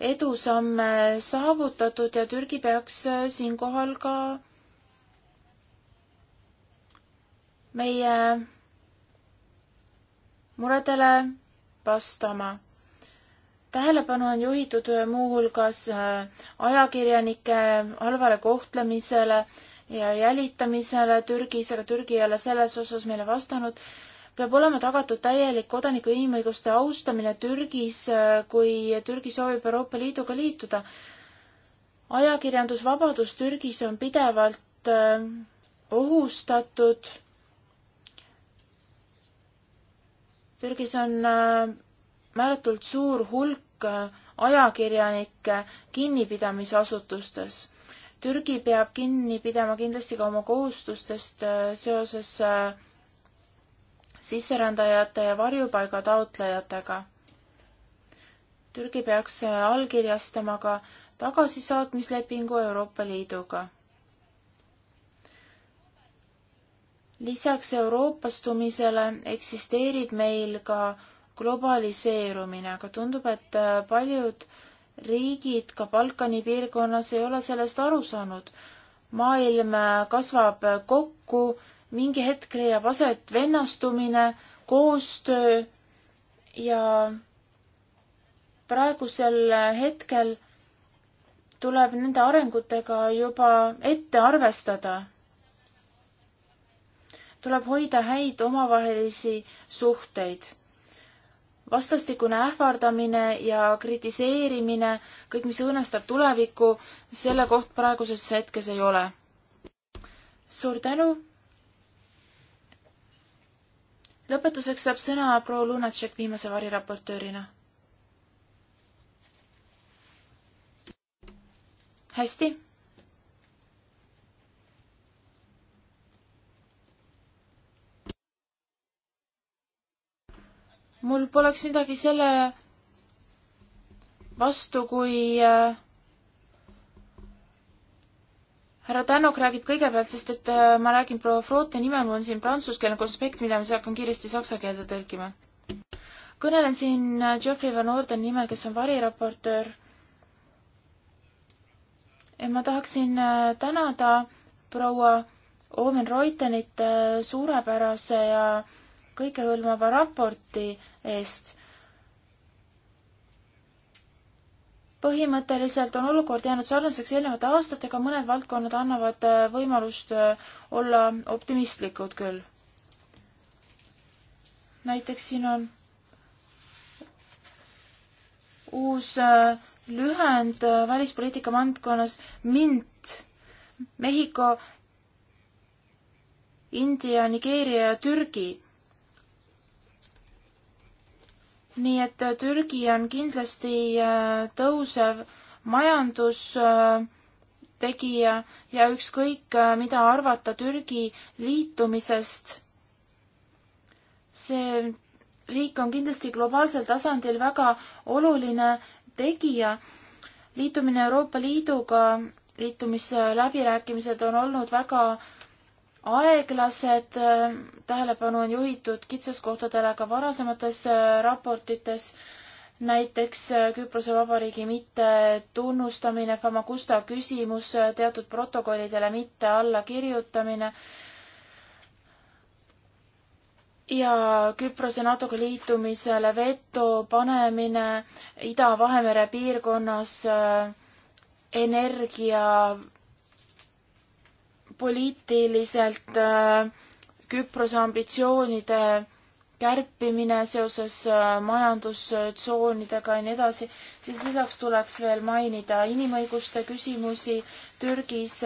edusamme saavutatud ja Türgi peaks äh, siinkohal ka meie muredele vastama. tähelepanu on juhitud äh, muuhulgas äh, ajakirjanike halvale kohtlemisele ja jälitamisele Türgis, aga Türgi ei ole selles osas meile vastanud peab olema tagatud täielik kodaniku inimõiguste austamine Türgis, kui Türgi soovib Euroopa Liiduga liituda. ajakirjandusvabadus Türgis on pidevalt äh, ohustatud. Türgis on äh, määratult suur hulk äh, ajakirjanikke kinnipidamisasutustes Türgi peab kinni pidama kindlasti ka oma kohustustest seoses äh, sisserändajate ja varjupaiga taotlejatega. Türgi peaks allkirjastama ka tagasisaatmislepingu Euroopa Liiduga. lisaks euroopastumisele eksisteerib meil ka globaliseerumine, aga tundub, et paljud riigid ka Balkani piirkonnas ei ole sellest aru saanud. maailm kasvab kokku mingi hetk leiab aset vennastumine, koostöö ja praegusel hetkel tuleb nende arengutega juba ette arvestada. tuleb hoida häid omavahelisi suhteid. vastastikune ähvardamine ja kritiseerimine, kõik, mis õõnestab tulevikku, selle koht praeguses hetkes ei ole. suur tänu lõpetuseks saab sõna proua Lunatšek viimase variraportöörina. hästi. mul poleks midagi selle vastu, kui äh, härra Tänok räägib kõigepealt, sest et äh, ma räägin proua Froote nimel, mul on siin prantsuskeelne konspekt, mida ma siis hakkan kiiresti saksa keelde tõlkima. kõnelen siin äh, Geoffrey Van Orden nimel, kes on variraportöör. ma tahaksin äh, tänada proua Omen Reutenit suurepärase ja kõikehõlmava raporti eest põhimõtteliselt on olukord jäänud sarnaseks eelnevate aastatega, mõned valdkonnad annavad äh, võimalust äh, olla optimistlikud küll. näiteks siin on uus äh, lühend välispoliitika mandkonnas MINT, Mehhiko, India, Nigeeria ja Türgi nii et äh, Türgi on kindlasti äh, tõusev majandustegija äh, ja ükskõik, mida arvata Türgi liitumisest, see riik on kindlasti globaalsel tasandil väga oluline tegija. liitumine Euroopa Liiduga, liitumisläbirääkimised on olnud väga äh, aeglased, äh, tähelepanu on juhitud kitsaskohtadele ka varasemates äh, raportites, näiteks äh, Küprose Vabariigi mittetunnustamine, Famagusta küsimus, teatud protokollidele mitte allakirjutamine ja Küprose NATO-ga liitumisele veto panemine Ida-Vahemere piirkonnas energia poliitiliselt äh, Küprose ambitsioonide kärpimine seoses äh, majandustsoonidega ja nii edasi, siis lisaks tuleks veel mainida inimõiguste küsimusi Türgis,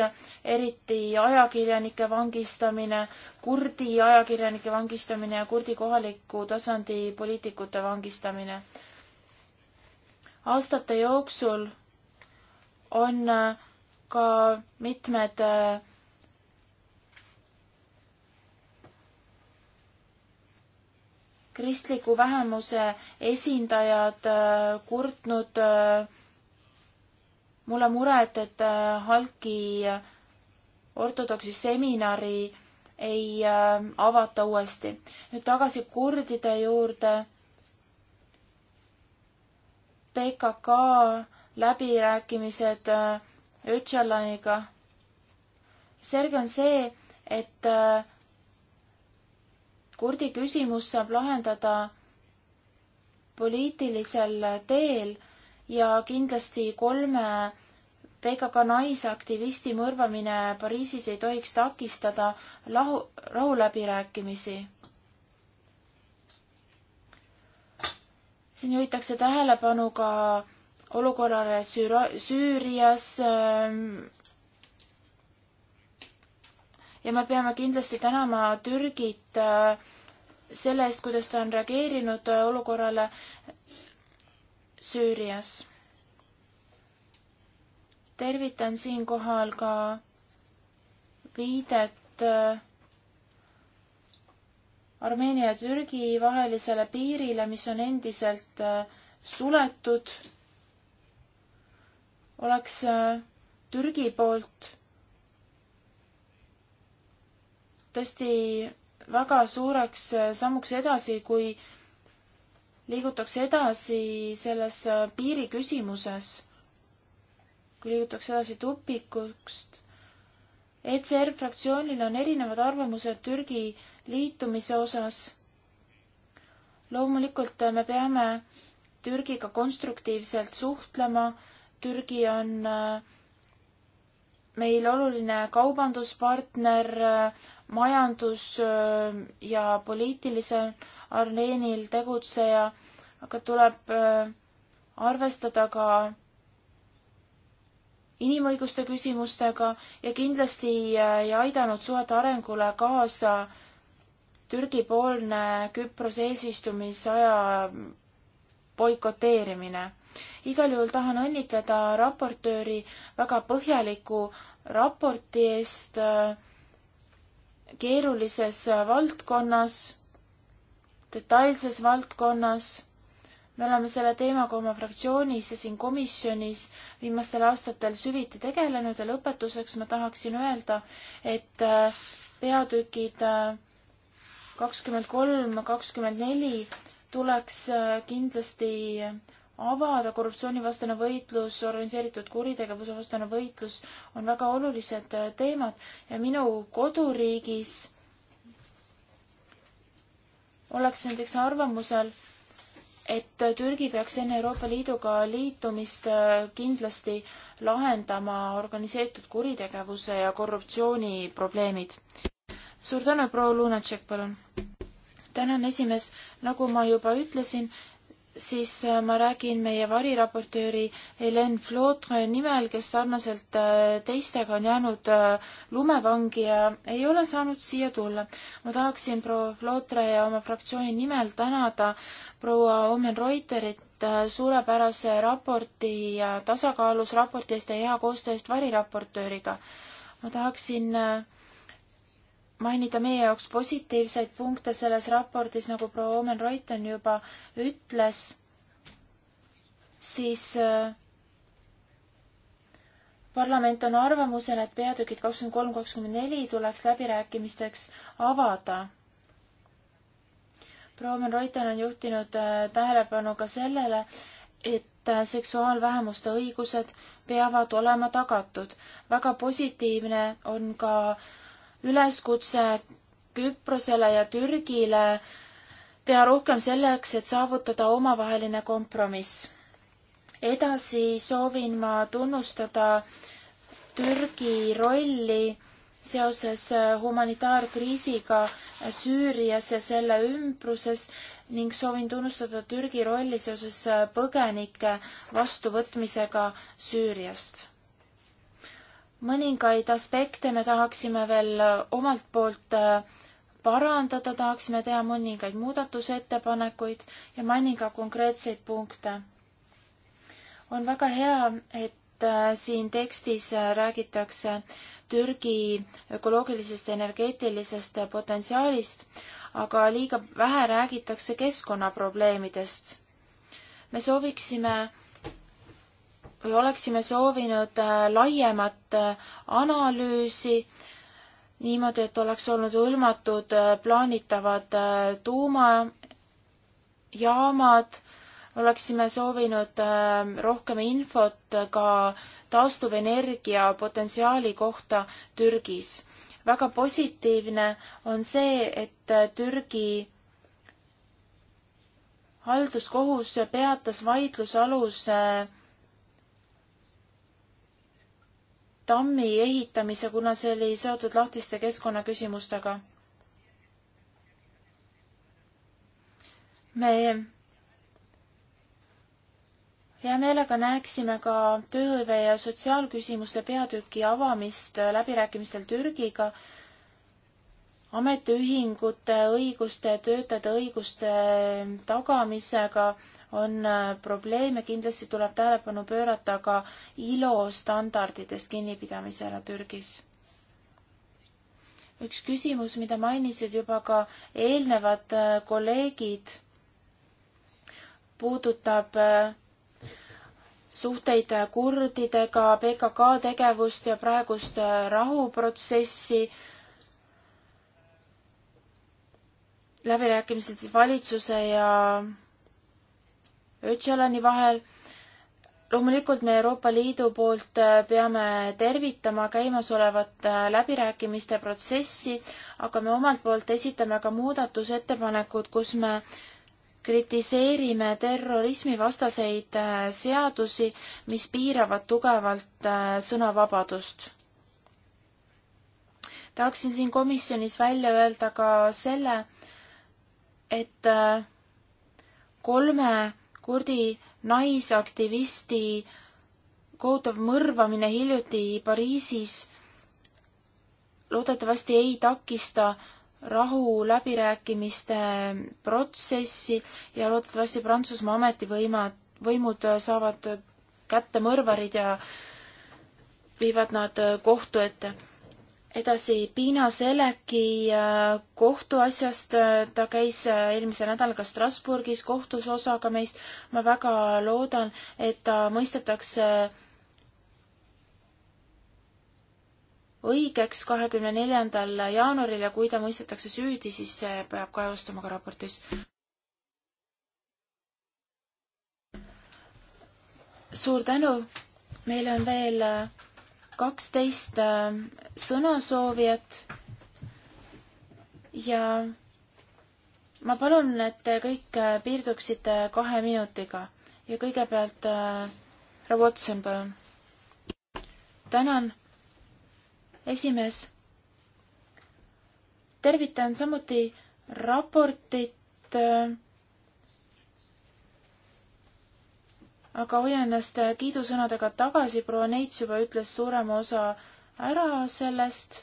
eriti ajakirjanike vangistamine, kurdi ajakirjanike vangistamine ja kurdi kohaliku tasandi poliitikute vangistamine. aastate jooksul on äh, ka mitmed äh, kristliku vähemuse esindajad äh, kurtnud äh, mulle muret, et äh, Halki ortodoksi seminari ei avata uuesti. nüüd tagasi kurdide juurde. PKK läbirääkimised Öcalaniga. selge on see, et äh, kurdi küsimus saab lahendada poliitilisel teel ja kindlasti kolme PKK naisaktivisti mõrvamine Pariisis ei tohiks takistada lahu, rahuläbirääkimisi. siin juhitakse tähelepanu ka olukorrale Süürias, ähm, ja me peame kindlasti tänama Türgit äh, selle eest, kuidas ta on reageerinud äh, olukorrale Süürias. tervitan siinkohal ka viidet äh, Armeenia ja Türgi vahelisele piirile, mis on endiselt suletud, oleks Türgi poolt tõesti väga suureks äh, sammuks edasi, kui liigutakse edasi selles äh, piiri küsimuses, kui liigutakse edasi tupikust. ECR fraktsioonil on erinevad arvamused Türgi liitumise osas. loomulikult äh, me peame Türgiga konstruktiivselt suhtlema. Türgi on meil oluline kaubanduspartner, majandus- ja poliitilisel areenil tegutseja, aga tuleb arvestada ka inimõiguste küsimustega ja kindlasti ei aidanud suhete arengule kaasa Türgi-poolne Küprose eesistumisaja boikoteerimine. igal juhul tahan õnnitleda raportööri väga põhjaliku raporti eest äh, keerulises valdkonnas, detailses valdkonnas. me oleme selle teemaga oma fraktsioonis ja siin komisjonis viimastel aastatel süviti tegelenud ja lõpetuseks ma tahaksin öelda, et äh, peatükid äh, kakskümmend kolm, kakskümmend neli tuleks äh, kindlasti avada korruptsioonivastane võitlus, organiseeritud kuritegevuse vastane võitlus on väga olulised äh, teemad ja minu koduriigis oleks näiteks arvamusel, et äh, Türgi peaks enne Euroopa Liiduga liitumist äh, kindlasti lahendama organiseeritud kuritegevuse ja korruptsiooni probleemid. suur tänu, proua Lunatšek, palun! tänan, esimees, nagu ma juba ütlesin, siis äh, ma räägin meie variraportööri Helen Flotre nimel, kes sarnaselt äh, teistega on jäänud äh, lumevangi ja ei ole saanud siia tulla. ma tahaksin proua Flotre ja oma fraktsiooni nimel tänada proua Omen Reuterit suurepärase raporti ja tasakaalus raporti eest ja hea koostöö eest variraportööriga. ma tahaksin äh, mainida meie jaoks positiivseid punkte selles raportis, nagu proua Omen Reuten juba ütles, siis äh, parlament on arvamusel, et peatükid kakskümmend kolm, kakskümmend neli tuleks läbirääkimisteks avada. proua Omen Reuten on juhtinud äh, tähelepanu ka sellele, et äh, seksuaalvähemuste õigused peavad olema tagatud. väga positiivne on ka äh, üleskutse Küprosele ja Türgile teha rohkem selleks, et saavutada omavaheline kompromiss. edasi soovin ma tunnustada Türgi rolli seoses äh, humanitaarkriisiga Süürias ja selle ümbruses ning soovin tunnustada Türgi rolli seoses äh, põgenike vastuvõtmisega Süüriast mõningaid aspekte me tahaksime veel omalt poolt äh, parandada, tahaksime teha mõningaid muudatusettepanekuid ja mõninga konkreetseid punkte. on väga hea, et äh, siin tekstis äh, räägitakse Türgi ökoloogilisest energeetilisest potentsiaalist, aga liiga vähe räägitakse keskkonnaprobleemidest. me sooviksime oleksime soovinud äh, laiemat äh, analüüsi niimoodi, et oleks olnud hõlmatud äh, plaanitavad tuumajaamad, oleksime soovinud rohkem infot ka taastuvenergia potentsiaali kohta Türgis. väga positiivne on see, et Türgi halduskohus peatas vaidlusaluse äh, tammi ehitamise, kuna see oli seotud lahtiste keskkonnaküsimustega. me hea meelega näeksime ka tööhõive ja sotsiaalküsimuste peatüki avamist läbirääkimistel Türgiga, ametiühingute õiguste ja töötajate õiguste tagamisega on äh, probleeme, kindlasti tuleb tähelepanu pöörata ka ILO standarditest kinnipidamisele Türgis. üks küsimus, mida mainisid juba ka eelnevad äh, kolleegid, puudutab äh, suhteid kurdidega, PKK tegevust ja praegust rahuprotsessi läbirääkimised siis valitsuse ja Ötšalani vahel. loomulikult me Euroopa Liidu poolt äh, peame tervitama käimasolevat äh, läbirääkimiste protsessi, aga me omalt poolt esitame ka muudatusettepanekud, kus me kritiseerime terrorismivastaseid äh, seadusi, mis piiravad tugevalt sõnavabadust. tahaksin siin komisjonis välja öelda ka selle, et kolme kurdi naisaktivisti kohutav mõrvamine hiljuti Pariisis loodetavasti ei takista rahuläbirääkimiste protsessi ja loodetavasti Prantsusmaa ametivõimad, võimud saavad kätte mõrvarid ja viivad nad kohtu ette edasi Piina Seleki äh, kohtuasjast, äh, ta käis äh, eelmisel nädalal ka Strasbourgis kohtus osaga meist. ma väga loodan, et ta mõistetakse õigeks kahekümne neljandal jaanuaril ja kui ta mõistetakse süüdi, siis see peab kajastuma ka raportis. suur tänu, meil on veel kaksteist äh, sõnasoovijat ja ma palun, et te kõik äh, piirduksite kahe minutiga ja kõigepealt härra äh, Watson, palun. tänan, esimees. tervitan samuti raportit aga hoian ennast kiidusõnadega tagasi, proua Neits juba ütles suurema osa ära sellest.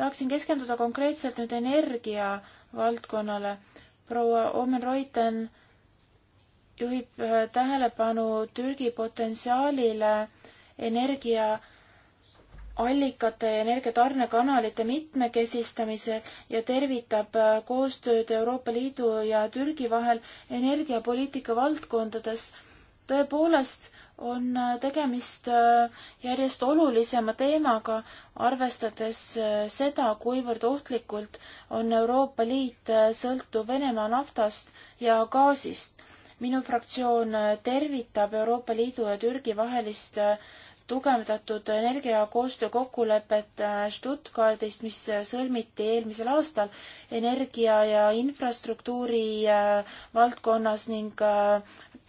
tahaksin keskenduda konkreetselt nüüd energia valdkonnale. proua Omen Reuten juhib äh, tähelepanu Türgi potentsiaalile energia allikate ja energiatarnekanalite mitmekesistamise ja tervitab äh, koostööd Euroopa Liidu ja Türgi vahel energiapoliitika valdkondades tõepoolest on äh, tegemist äh, järjest olulisema teemaga, arvestades äh, seda, kuivõrd ohtlikult on Euroopa Liit sõltuv Venemaa naftast ja gaasist. minu fraktsioon tervitab Euroopa Liidu ja Türgi vahelist tugevdatud energiakoostöö kokkulepet Stuttgardist, mis sõlmiti eelmisel aastal energia ja infrastruktuuri valdkonnas ning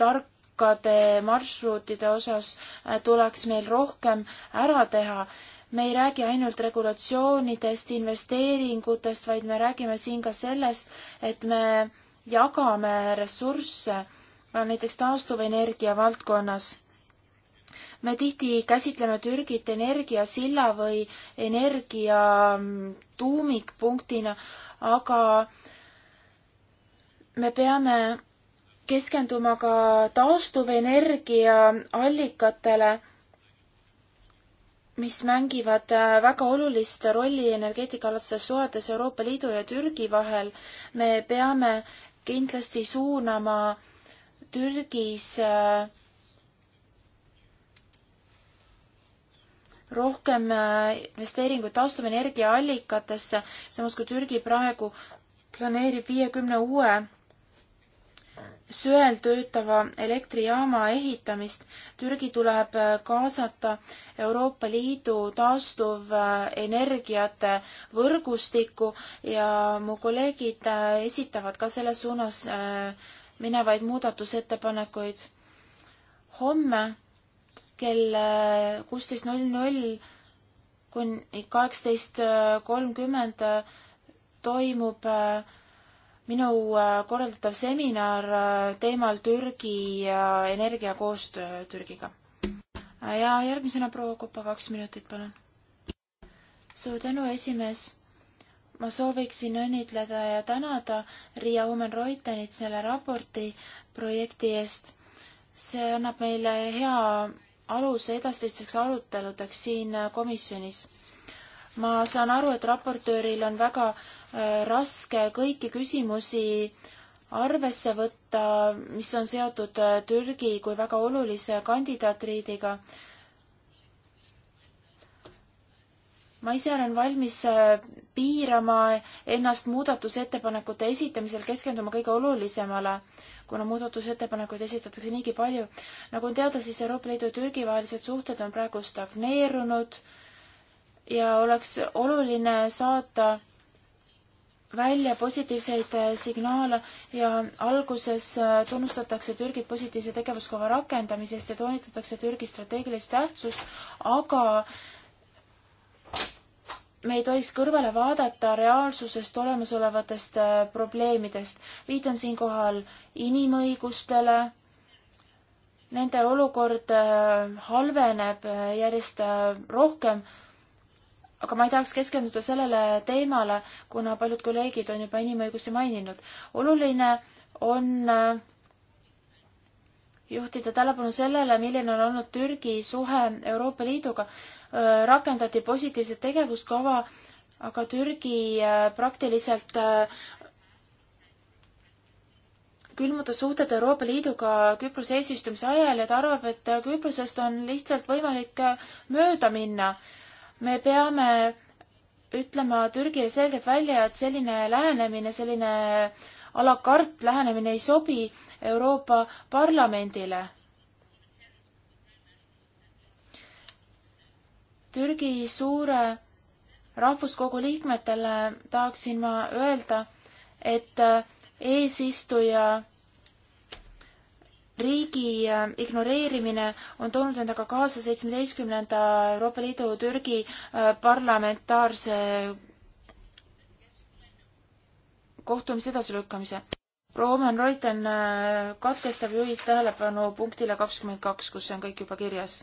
tark pikkade marsruutide osas äh, tuleks meil rohkem ära teha. me ei räägi ainult regulatsioonidest, investeeringutest, vaid me räägime siin ka sellest, et me jagame ressursse äh, näiteks taastuvenergia valdkonnas. me tihti käsitleme Türgit energiasilla või energia mm, tuumikpunktina, aga me peame keskenduma ka taastuvenergia allikatele, mis mängivad äh, väga olulist rolli energeetikaalastes suhetes Euroopa Liidu ja Türgi vahel. me peame kindlasti suunama Türgis äh, rohkem äh, investeeringuid taastuvenergia allikatesse, samas kui Türgi praegu planeerib viiekümne uue söel töötava elektrijaama ehitamist. Türgi tuleb äh, kaasata Euroopa Liidu taastuvenergiate võrgustikku ja mu kolleegid äh, esitavad ka selles suunas äh, minevaid muudatusettepanekuid. homme kell kuusteist null null kuni kaheksateist kolmkümmend toimub äh, minu äh, korraldatav seminar äh, teemal Türgi ja äh, energiakoostöö Türgiga. ja järgmisena proua Kopa, kaks minutit, palun. suur tänu, esimees. ma sooviksin õnnitleda ja tänada Riia Omen Reutenit selle raporti projekti eest. see annab meile hea aluse edasisteks aruteludeks siin komisjonis ma saan aru, et raportööril on väga äh, raske kõiki küsimusi arvesse võtta, mis on seotud äh, Türgi kui väga olulise kandidaatriidiga. ma ise olen valmis äh, piirama ennast muudatusettepanekute esitamisel, keskenduma kõige olulisemale, kuna muudatusettepanekuid esitatakse niigi palju. nagu on teada, siis Euroopa Liidu ja Türgi vahelised suhted on praegu stagneerunud äh, ja oleks oluline saata välja positiivseid äh, signaale ja alguses äh, tunnustatakse Türgit positiivse tegevuskava rakendamise eest ja toonitatakse Türgi strateegilist tähtsust, aga me ei tohiks kõrvale vaadata reaalsusest olemasolevatest äh, probleemidest. viitan siinkohal inimõigustele, nende olukord halveneb järjest rohkem aga ma ei tahaks keskenduda sellele teemale, kuna paljud kolleegid on juba inimõigusi maininud. oluline on äh, juhtida tähelepanu sellele, milline on olnud Türgi suhe Euroopa Liiduga. Äh, rakendati positiivset tegevuskava, aga Türgi äh, praktiliselt külmutas suhted Euroopa Liiduga Küprose eesistumise ajal ja ta arvab, et Küprosest on lihtsalt võimalik mööda minna me peame ütlema Türgile selgelt välja, et selline lähenemine, selline a la carte lähenemine ei sobi Euroopa Parlamendile. Türgi suure rahvuskogu liikmetele tahaksin ma öelda, et eesistuja riigi äh, ignoreerimine on toonud endaga kaasa seitsmeteistkümnenda Euroopa Liidu Türgi äh, parlamentaarse kohtumise edasilükkamise. Roman Reuten äh, katkestab ja juhib tähelepanu punktile kakskümmend kaks, kus see on kõik juba kirjas.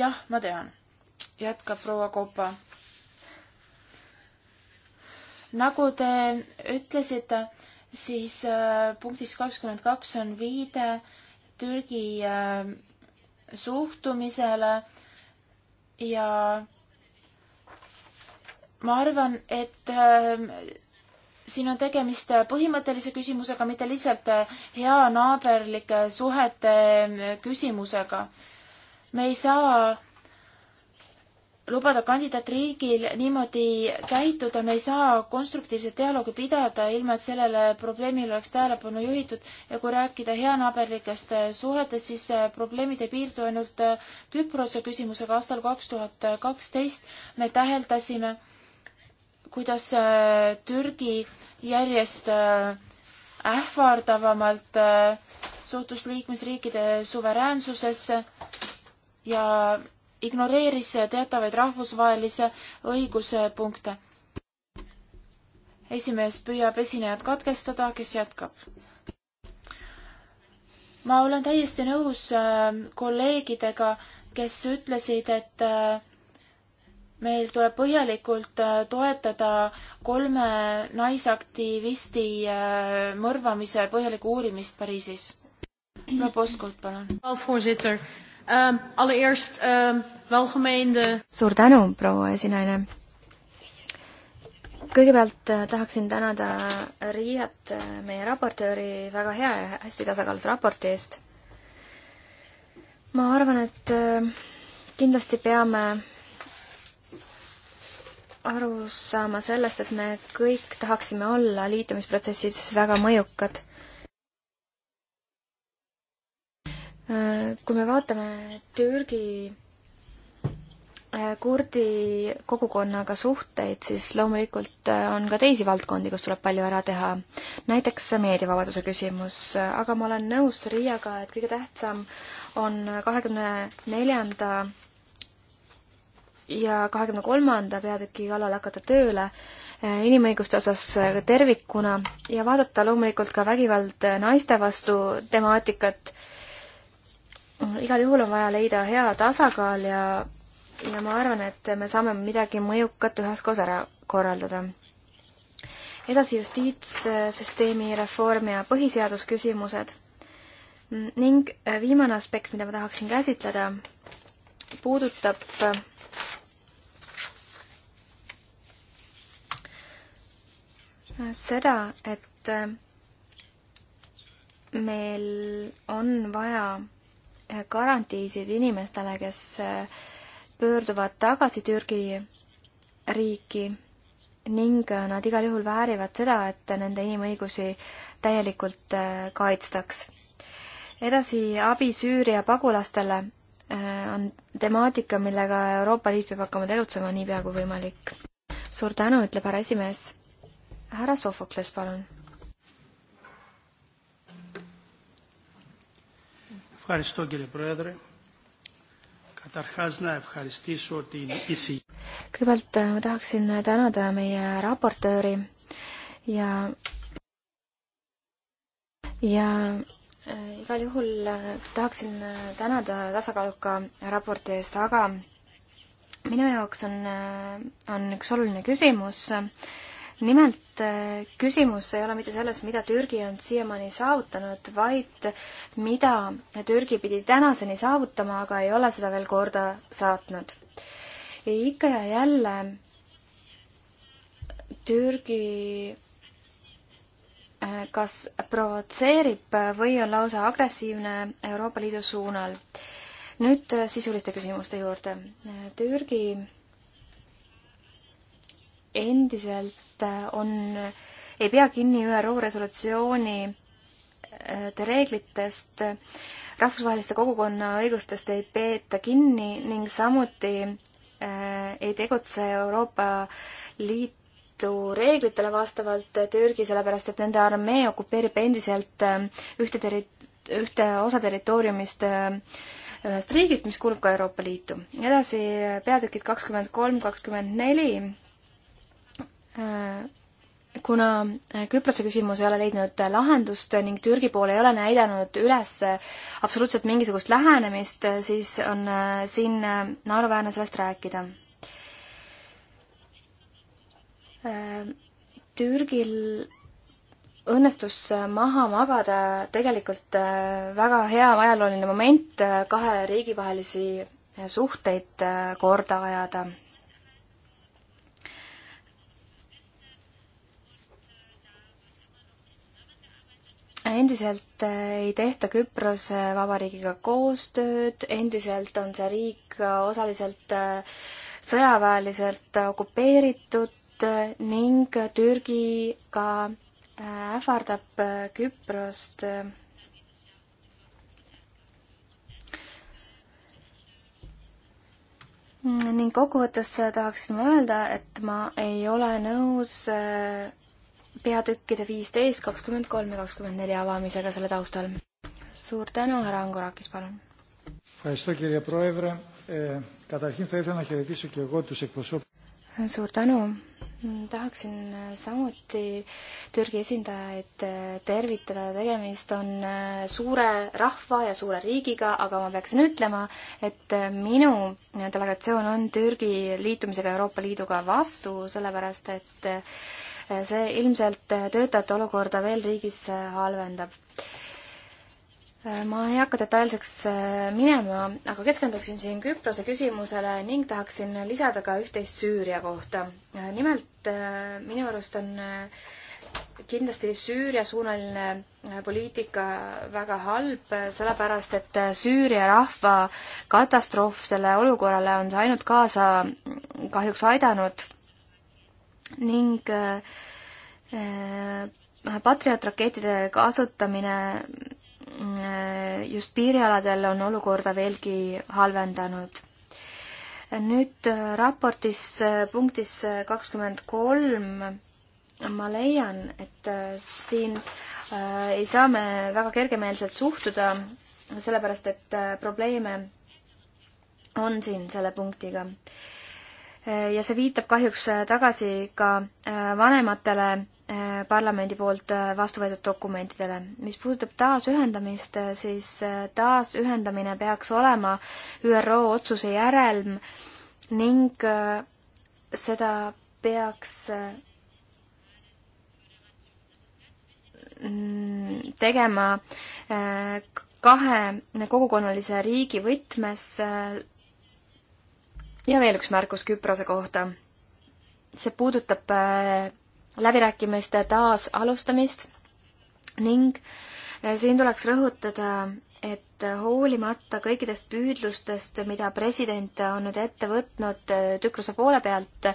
jah, ma tean, jätkab proua Kopa. nagu te ütlesite, siis äh, punktis kakskümmend kaks on viide Türgi äh, suhtumisele ja ma arvan, et äh, siin on tegemist äh, põhimõttelise küsimusega, mitte lihtsalt äh, heanaaberlike suhete äh, küsimusega. me ei saa lubada kandidaatriigil niimoodi käituda, me ei saa konstruktiivset dialoogi pidada, ilma et sellele probleemile oleks tähelepanu juhitud ja kui rääkida heanaberlikest suhetest, siis probleemid ei piirdu ainult äh, Küprose küsimusega. aastal kaks tuhat kaksteist me täheldasime, kuidas äh, Türgi järjest äh, ähvardavamalt suhtus liikmesriikide suveräänsusesse ja ignoreeris teatavaid rahvusvahelise õiguse punkte. esimees püüab esinejat katkestada, kes jätkab. ma olen täiesti nõus äh, kolleegidega, kes ütlesid, et äh, meil tuleb põhjalikult äh, toetada kolme naisaktivisti mõrvamise põhjalikku uurimist Pariisis. proua Poskult, palun um,. Allereerst um, welgemeende. suur tänu, proua esinaine. kõigepealt eh, tahaksin tänada Riiat, eh, meie raportööri, väga hea ja hästi tasakaalus raporti eest. ma arvan, et eh, kindlasti peame aru saama sellest, et me kõik tahaksime olla liitumisprotsessis väga mõjukad kui me vaatame Türgi äh, kurdi kogukonnaga suhteid, siis loomulikult äh, on ka teisi valdkondi, kus tuleb palju ära teha. näiteks meediavabaduse küsimus, aga ma olen nõus Riiaga, et kõige tähtsam on kahekümne neljanda ja kahekümne kolmanda peatüki kallal hakata tööle äh, inimõiguste osas tervikuna ja vaadata loomulikult ka vägivald naiste vastu temaatikat igal juhul on vaja leida hea tasakaal ja, ja ma arvan, et me saame midagi mõjukat üheskoos ära korraldada. edasi justiitssüsteemi reform ja põhiseadusküsimused. ning viimane aspekt, mida ma tahaksin käsitleda, puudutab seda, et meil on vaja garantiisid inimestele, kes äh, pöörduvad tagasi Türgi riiki ning äh, nad igal juhul väärivad seda, et nende inimõigusi täielikult äh, kaitstaks. edasi abi Süüria pagulastele on temaatika, millega Euroopa Liit peab hakkama tegutsema niipea kui võimalik. suur tänu, ütleb härra esimees. härra Sofokles, palun Ευχαριστώ κύριε Πρόεδρε. Καταρχάς να ευχαριστήσω την ECI. Kõigepealt ma tahaksin tänada meie raportööri ja, ja äh, igal juhul äh, tahaksin äh, tänada tasakaaluka raporti eest, aga minu jaoks on, on üks oluline küsimus äh, nimelt äh, küsimus ei ole mitte selles, mida Türgi on siiamaani saavutanud, vaid mida Türgi pidi tänaseni saavutama, aga ei ole seda veel korda saatnud. ikka ja jälle Türgi äh, kas provotseerib või on lausa agressiivne Euroopa Liidu suunal. nüüd äh, sisuliste küsimuste juurde. Türgi endiselt äh, on, ei pea kinni ÜRO resolutsiooni äh, reeglitest, rahvusvaheliste kogukonna õigustest ei peeta kinni ning samuti äh, ei tegutse Euroopa Liitu reeglitele vastavalt Türgi, sellepärast et nende armee okupeerib endiselt ühte terri-, ühte osa territooriumist ühest riigist, mis kuulub ka Euroopa Liitu. edasi peatükid kakskümmend kolm, kakskümmend neli Äh, kuna äh, Küprose küsimus ei ole leidnud äh, lahendust ning Türgi pool ei ole näidanud üles absoluutselt mingisugust lähenemist, siis on siin naeruväärne sellest rääkida. Türgil õnnestus maha magada tegelikult väga hea ajalooline moment kahe riigi vahelisi suhteid korda ajada endiselt eh, ei tehta Küprose vabariigiga koostööd, endiselt on see riik eh, osaliselt eh, sõjaväeliselt okupeeritud ning Türgi ka ähvardab Küprost ning kokkuvõttes tahaksin ma öelda, et ma ei ole nõus peatükkide viisteist, kakskümmend kolm ja kakskümmend neli avamisega selle taustal. suur tänu, härra Angorakis, palun. Eh, suur tänu. tahaksin samuti Türgi esindajaid eh, tervitada, tegemist on eh, suure rahva ja suure riigiga, aga ma peaksin ütlema, et minu delegatsioon on Türgi liitumisega Euroopa Liiduga vastu, sellepärast et äh, see ilmselt töötajate olukorda veel riigis halvendab. ma ei hakka detailseks äh, minema, aga keskenduksin siin Küprose küsimusele ning tahaksin lisada ka üht-teist Süüria kohta. Äh, nimelt äh, minu arust on kindlasti Süüria-suunaline poliitika väga halb, sellepärast et Süüria rahva katastroof selle olukorrale on ainult kaasa mm, kahjuks aidanud ning äh, äh, Patriot rakettide kasutamine äh, just piirialadel on olukorda veelgi halvendanud. nüüd raportis punktis kakskümmend kolm ma leian, et siin ei saa me väga kergemeelselt suhtuda, sellepärast et probleeme on siin selle punktiga Eh, ja see viitab kahjuks eh, tagasi ka eh, vanematele parlamendi poolt vastu võetud dokumentidele. mis puudutab taasühendamist, siis taasühendamine peaks olema ÜRO otsuse järelm ning seda peaks tegema kahe kogukonnalise riigi võtmes ja veel üks märkus Küprose kohta. see puudutab äh, läbirääkimiste taasalustamist ning äh, siin tuleks rõhutada, et hoolimata kõikidest püüdlustest, mida president on nüüd ette võtnud Tükrose äh, poole pealt,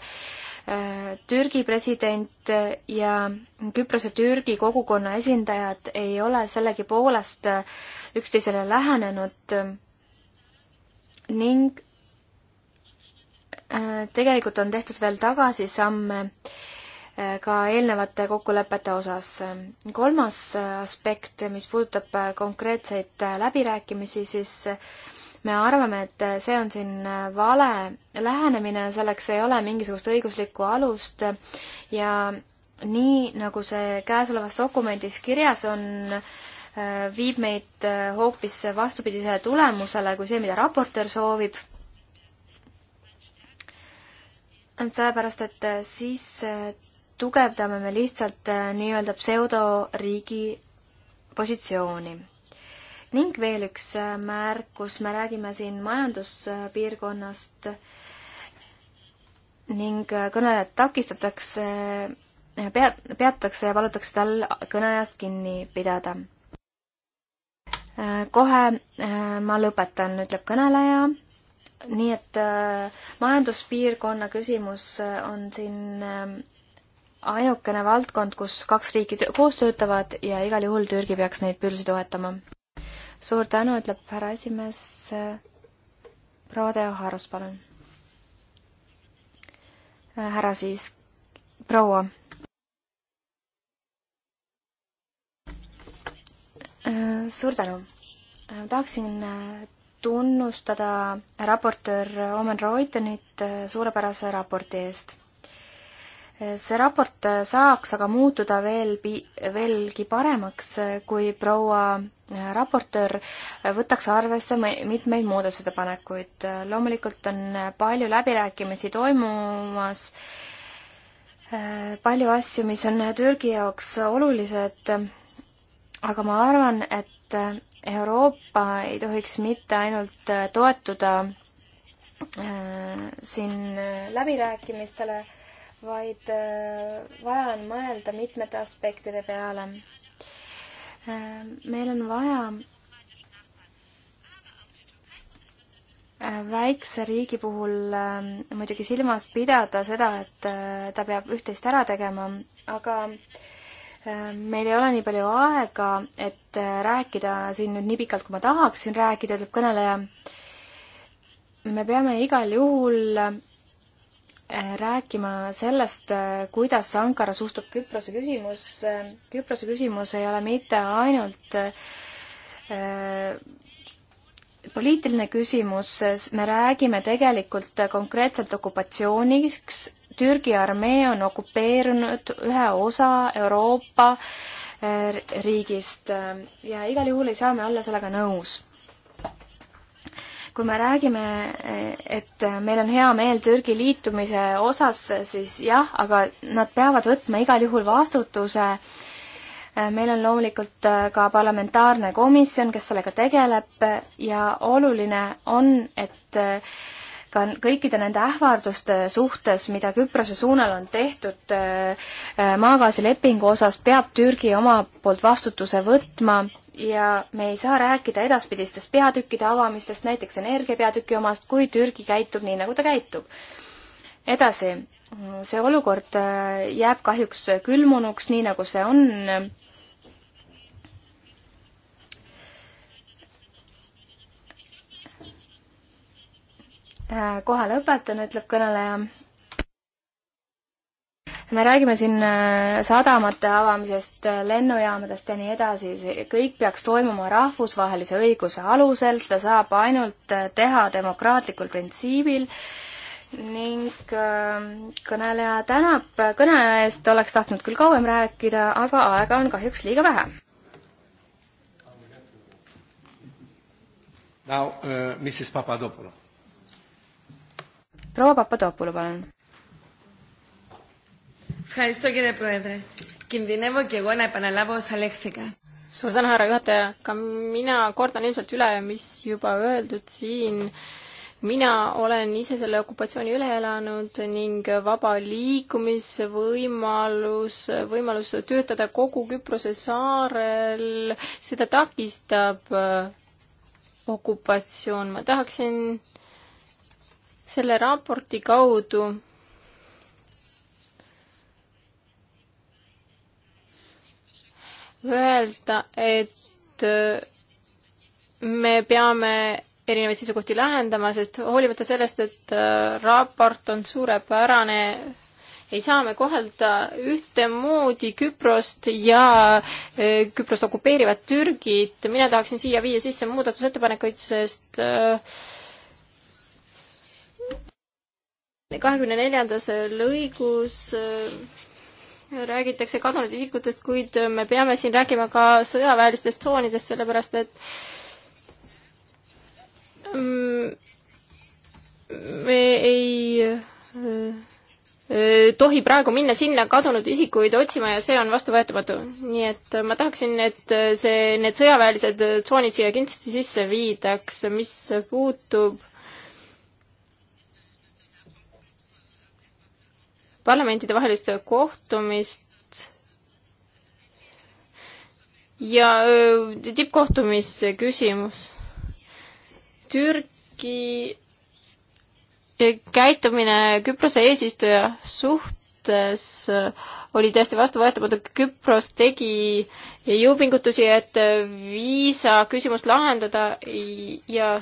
Türgi president ja Küprose Türgi kogukonna esindajad ei ole sellegipoolest üksteisele lähenenud ning Äh, tegelikult on tehtud veel tagasisamme äh, ka eelnevate kokkulepete osas. kolmas äh, aspekt, mis puudutab konkreetseid läbirääkimisi, siis me arvame, et see on siin vale lähenemine, selleks ei ole mingisugust õiguslikku alust ja nii, nagu see käesolevas dokumendis kirjas on, viib meid hoopis vastupidisele tulemusele kui see, mida raportöör soovib sellepärast, et äh, siis äh, tugevdame me lihtsalt äh, nii-öelda pseudoriigi positsiooni. ning veel üks märkus, me räägime siin majanduspiirkonnast ning kõnelejat takistatakse, pea, peatakse ja palutakse tal kõneajast kinni pidada. kohe ma lõpetan, ütleb kõneleja nii et äh, majanduspiirkonna küsimus äh, on siin äh, ainukene valdkond, kus kaks riiki koos töötavad ja igal juhul Türgi peaks neid pürsi toetama. suur tänu, ütleb härra esimees äh,. proua Teo Harus, palun äh,. härra siis, proua äh,. suur tänu äh, tahaksin äh, tunnustada raportöör Omen Reutenit äh, suurepärase raporti eest. Äh, see raport äh, saaks aga muutuda veel pi-, veelgi paremaks, kui proua raportöör võtaks arvesse mitmeid muudatusettepanekuid. loomulikult on palju läbirääkimisi toimumas, palju asju, mis on Türgi jaoks olulised, aga ma arvan, et Euroopa ei tohiks mitte ainult äh, toetuda äh, siin äh, läbirääkimistele, vaid vaja on mõelda mitmete aspektide peale. meil on vaja väikse riigi puhul muidugi silmas pidada seda, et ta peab üht-teist ära tegema, aga äh, Äh, meil ei ole nii palju aega, et äh, rääkida siin nüüd nii pikalt, kui ma tahaksin rääkida, ütleb kõneleja. me peame igal juhul äh, rääkima sellest, kuidas Ankara suhtub Küprose küsimusse. Küprose küsimus ei ole mitte ainult poliitiline küsimus, me räägime tegelikult konkreetselt okupatsiooniks Türgi armee on okupeerinud ühe osa Euroopa eh, riigist eh, ja igal juhul ei saa me olla sellega nõus kui me räägime, eh, et meil on hea meel Türgi liitumise osas, siis jah, aga nad peavad võtma igal juhul vastutuse. meil on loomulikult ka parlamentaarne komisjon, kes sellega tegeleb ja oluline on, et ka kõikide nende ähvarduste suhtes, mida Küprose suunal on tehtud äh, äh, maagaasilepingu osas, peab Türgi oma poolt vastutuse võtma ja me ei saa rääkida edaspidistest peatükkide avamistest, näiteks energiapeatüki omast, kui Türgi käitub nii, nagu ta käitub. edasi, see olukord äh, jääb kahjuks külmunuks, nii nagu see on Äh, kohe lõpetan, ütleb kõneleja. me räägime siin äh, sadamate avamisest, äh, lennujaamadest ja nii edasi, see kõik peaks toimuma rahvusvahelise õiguse alusel, seda saab ainult teha demokraatlikul printsiibil ning kõneleja tänab kõne eest, oleks tahtnud küll kauem rääkida, aga aega on kahjuks liiga vähe. Now uh, Mrs Papadopoulou proua Papadopoulou, palun. suur tänu, härra juhataja, ka mina kordan ilmselt üle, mis juba öeldud siin mina olen ise selle okupatsiooni üle elanud ning vaba liikumisvõimalus, võimalus töötada kogu Küprose saarel, seda takistab okupatsioon. ma tahaksin selle raporti kaudu öelda, et äh, me peame erinevaid seisukohti lähendama, sest hoolimata sellest, et äh, raport on suurepärane, ei saa me kohelda ühtemoodi Küprost ja äh, Küprost okupeerivat Türgit. mina tahaksin siia viia sisse muudatusettepanekuid, sest äh, kahekümne neljandas lõigus äh, räägitakse kadunud isikutest, kuid me peame siin rääkima ka sõjaväelistest tsoonidest, sellepärast et mm, me ei äh, äh, tohi praegu minna sinna kadunud isikuid otsima ja see on vastuvõetamatu. nii et ma tahaksin, et see, need sõjaväelised tsoonid siia kindlasti sisse viidaks, mis puutub parlamentide vahelist kohtumist ja tippkohtumise küsimus. Türgi eh, käitumine Küprose eesistuja suhtes oli täiesti vastuvõetamatu, Küpros tegi jõupingutusi, et viisa küsimust lahendada ja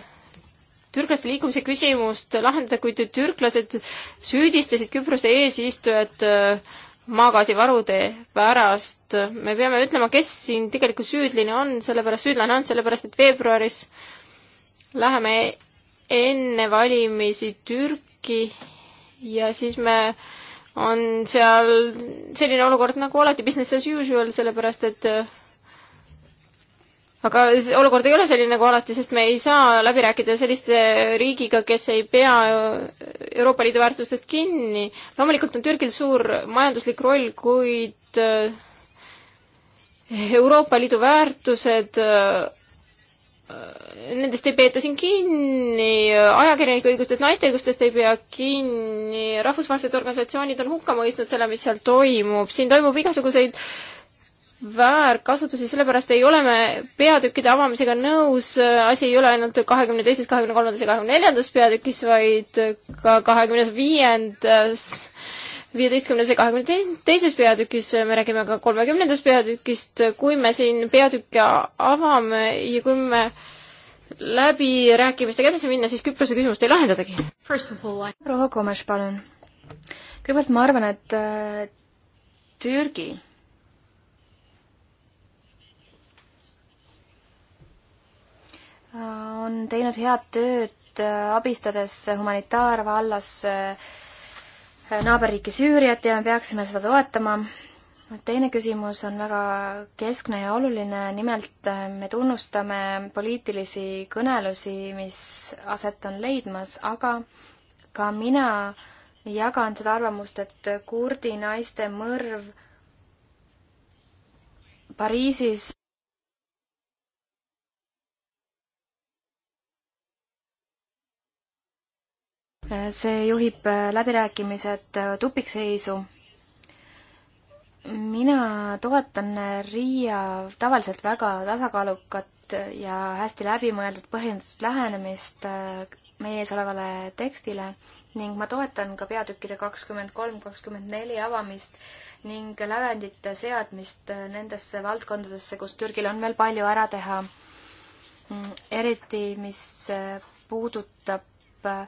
türklaste liikumise küsimust lahendada, kuid türklased süüdistasid Küprose eesistujat äh, maagaasivarude pärast. me peame ütlema, kes siin tegelikult süüdline on, sellepärast, süüdlane on, sellepärast et veebruaris läheme enne valimisi Türki ja siis me on seal selline olukord nagu alati business as usual, sellepärast et äh, aga olukord ei ole selline nagu alati, sest me ei saa läbi rääkida selliste riigiga, kes ei pea Euroopa Liidu väärtustest kinni. loomulikult on Türgil suur majanduslik roll, kuid eh, Euroopa Liidu väärtused eh, nendest ei peeta siin kinni, ajakirjanike õigustest, naiste õigustest ei pea kinni, rahvusvahelised organisatsioonid on hukka mõistnud selle, mis seal toimub, siin toimub igasuguseid väärkasutusi, sellepärast ei ole me peatükkide avamisega nõus, asi ei ole ainult kahekümne teises, kahekümne kolmandas ja kahekümne neljandas peatükis, vaid ka kahekümnes viiendas, viieteistkümnes ja kahekümne teises peatükis, me räägime ka kolmekümnendast peatükist, kui me siin peatükke avame ja kui me läbirääkimistega edasi minna, siis Küprose küsimust ei lahendadagi. proua Komes, palun. kõigepealt ma arvan, et äh, Türgi on teinud head tööd, äh, abistades humanitaarvallas äh, naaberriiki Süüriat ja me peaksime seda toetama. teine küsimus on väga keskne ja oluline, nimelt äh, me tunnustame poliitilisi kõnelusi, mis aset on leidmas, aga ka mina jagan seda arvamust, et kurdi naiste mõrv Pariisis see juhib äh, läbirääkimised äh, tupikseisu. mina toetan äh, Riia tavaliselt väga tasakaalukat ja hästi läbimõeldud põhjendatud lähenemist meie ees olevale tekstile ning ma toetan ka peatükkide kakskümmend kolm, kakskümmend neli avamist ning lävendite seadmist nendesse valdkondadesse, kus Türgil on veel palju ära teha. Mm, eriti, mis puudutab äh,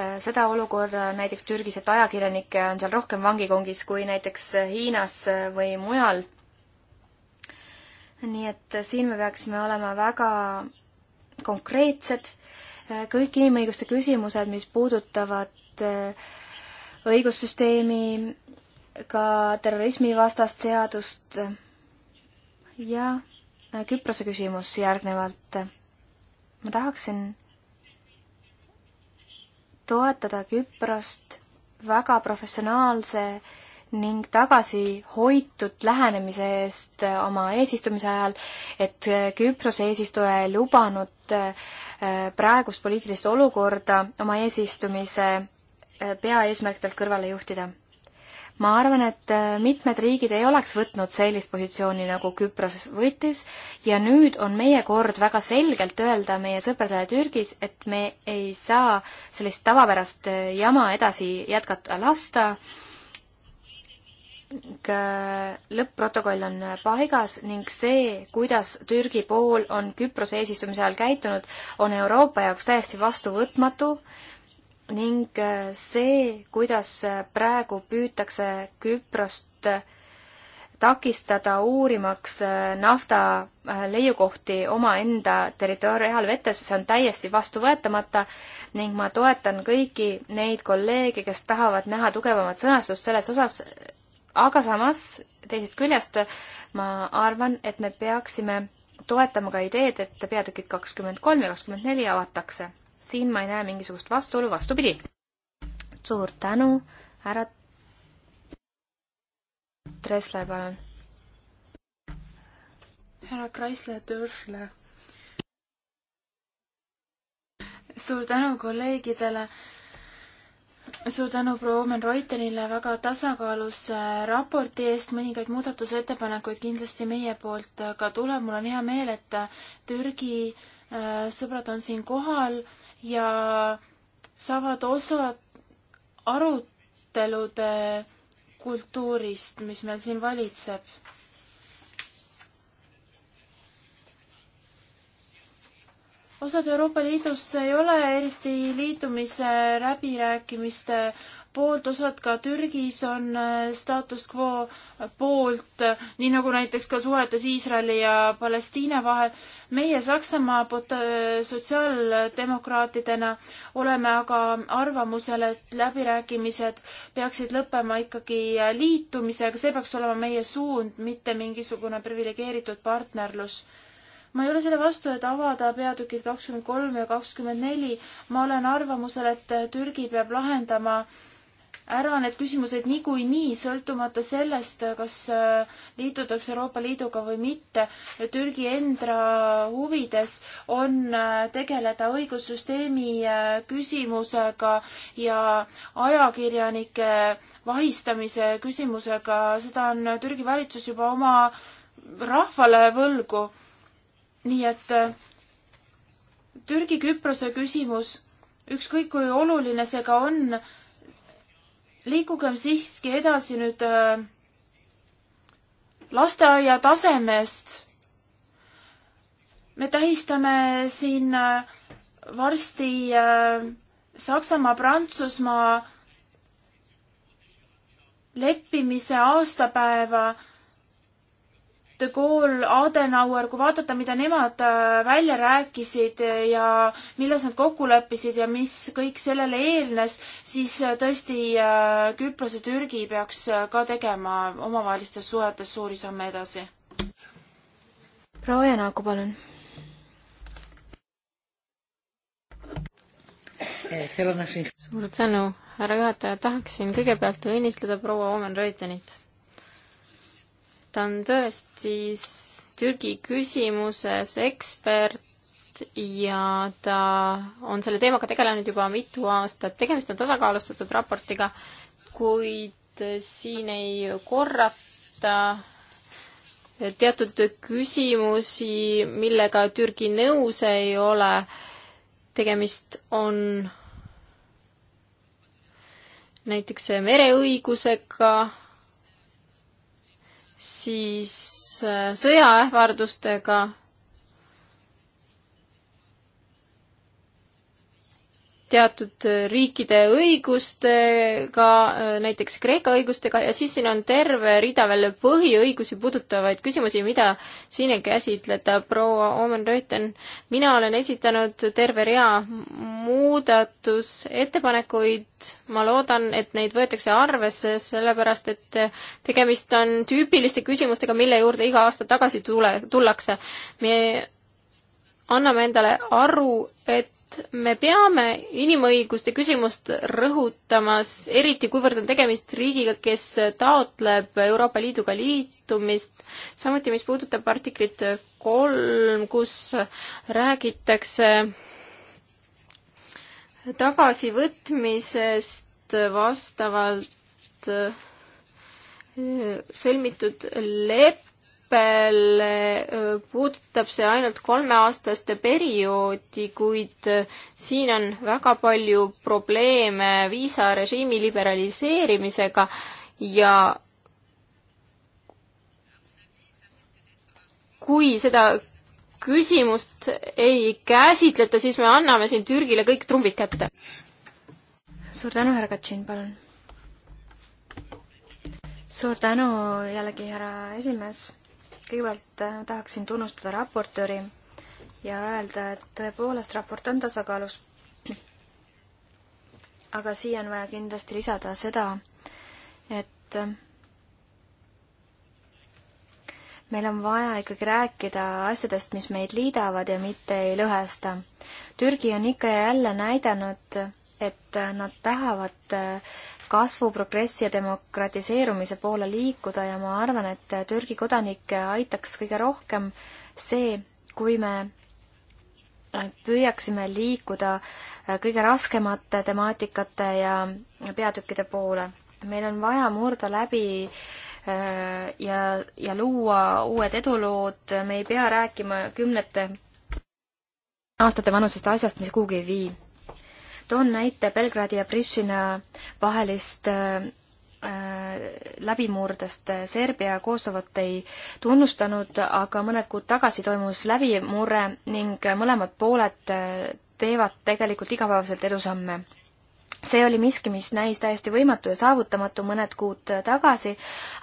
Äh, seda olukorda näiteks Türgis, et ajakirjanikke on seal rohkem vangikongis kui näiteks äh, Hiinas äh, või mujal. nii et siin me peaksime olema väga konkreetsed. kõik inimõiguste küsimused, mis puudutavad õigussüsteemi, ka terrorismivastast seadust ja Küprose küsimus järgnevalt. ma tahaksin toetada Küprost väga professionaalse ning tagasihoitud lähenemise eest äh, oma eesistumise ajal, et äh, Küprose eesistuja ei lubanud äh, praegust poliitilist olukorda oma eesistumise peaeesmärkidelt kõrvale juhtida ma arvan, et äh, mitmed riigid ei oleks võtnud sellist positsiooni, nagu Küpros võttis ja nüüd on meie kord väga selgelt öelda meie sõpradele Türgis, et me ei saa sellist tavapärast äh, jama edasi jätkata lasta äh, lõpp-protokoll on paigas ning see, kuidas Türgi pool on Küprose eesistumise ajal käitunud, on Euroopa jaoks täiesti vastuvõtmatu ning äh, see, kuidas äh, praegu püütakse Küprost äh, takistada uurimaks nafta leiukohti omaenda territoriaalvetes, see on täiesti vastuvõetamata ning ma toetan kõiki neid kolleege, kes tahavad näha tugevamat sõnastust selles osas, aga samas teisest küljest ma arvan, et me peaksime toetama ka ideed, et peatükid kakskümmend kolm ja kakskümmend neli avatakse siin ma ei näe mingisugust vastuolu, vastupidi. suur tänu, härra Dressler, palun. härra Kreisler, Dörfler. suur tänu kolleegidele suur tänu proua Omen Reutenile väga tasakaalus äh, raporti eest, mõningaid muudatusettepanekuid kindlasti meie poolt ka tuleb, mul on hea meel, et äh, Türgi äh, Äh, sõbrad on siin kohal ja saavad osa arutelude kultuurist, mis meil siin valitseb. osad Euroopa Liidus ei ole eriti liitumise läbirääkimiste poolt, osad ka Türgis on äh, status quo poolt, äh, nii nagu näiteks ka suhetes Iisraeli ja Palestiina vahel. meie Saksamaa pot-, äh, sotsiaaldemokraatidena oleme aga arvamusel, et läbirääkimised peaksid lõppema ikkagi liitumisega, see peaks olema meie suund, mitte mingisugune priviligeeritud partnerlus ma ei ole selle vastu, et avada peatükid kakskümmend kolm ja kakskümmend neli. ma olen arvamusel, et Türgi peab lahendama äh, ära need küsimused niikuinii, sõltumata sellest, kas äh, liitutakse Euroopa Liiduga või mitte. Türgi enda huvides on äh, tegeleda õigussüsteemi äh, küsimusega ja ajakirjanike vahistamise küsimusega, seda on Türgi valitsus juba oma rahvale võlgu. nii et Türgi-Küprose küsimus, ükskõik kui oluline see ka on, liigugem siiski edasi nüüd äh, lasteaia tasemest. me tähistame siin äh, varsti äh, Saksamaa, Prantsusmaa leppimise aastapäeva de Gaulle, Adenauer, kui vaadata, mida nemad äh, välja rääkisid ja milles nad kokku leppisid ja mis kõik sellele eelnes, siis äh, tõesti äh, Küpros ja Türgi peaks ka tegema omavahelistes suhetes suuri samme edasi. proua Janaku, palun. Eh, suur tänu, härra juhataja, tahaksin kõigepealt õnnitleda proua Omen Reutenit ta on tõesti Türgi küsimuses ekspert ja ta on selle teemaga tegelenud juba mitu aastat. tegemist on tasakaalustatud raportiga, kuid siin ei korrata teatud küsimusi, millega Türgi nõus ei ole. tegemist on näiteks mereõigusega siis äh, sõjaähvardustega teatud äh, riikide õigustega, äh, näiteks Kreeka õigustega ja siis siin on terve rida veel põhiõigusi puudutavaid küsimusi, mida siin ei käsitleta. proua Omen Reuten, mina olen esitanud terve rea muudatusettepanekuid, ma loodan, et neid võetakse arvesse, sellepärast et tegemist on tüüpiliste küsimustega, mille juurde iga aasta tagasi tule, tullakse. me anname endale aru, et me peame inimõiguste küsimust rõhutamas, eriti kuivõrd on tegemist riigiga, kes taotleb Euroopa Liiduga liitumist, samuti mis puudutab artiklit kolm, kus räägitakse tagasivõtmisest vastavalt eh, sõlmitud lep-, õppele puudutab see ainult kolmeaastaste perioodi, kuid siin on väga palju probleeme viisarežiimi liberaliseerimisega ja kui seda küsimust ei käsitleta, siis me anname siin Türgile kõik trumbid kätte. suur tänu, härra Katšin, palun. suur tänu jällegi, härra esimees kõigepealt äh, tahaksin tunnustada raportööri ja öelda, et tõepoolest raport on tasakaalus. aga siia on vaja kindlasti lisada seda, et äh, meil on vaja ikkagi rääkida asjadest, mis meid liidavad ja mitte ei lõhesta. Türgi on ikka ja jälle näidanud, et nad tahavad äh, kasvu, progressi ja demokratiseerumise poole liikuda ja ma arvan, et äh, Türgi kodanikke aitaks kõige rohkem see, kui me äh, püüaksime liikuda kõige raskemate temaatikate ja peatükkide poole. meil on vaja murda läbi ja, ja luua uued edulood, me ei pea rääkima kümnete aastate vanusest asjast, mis kuhugi ei vii toon näite Belgradi ja Prishina vahelist äh, läbimurdest. Serbia Kosovot ei tunnustanud, aga mõned kuud tagasi toimus läbimurre ning mõlemad pooled äh, teevad tegelikult igapäevaselt edusamme. see oli miski, mis näis täiesti võimatu ja saavutamatu mõned kuud tagasi,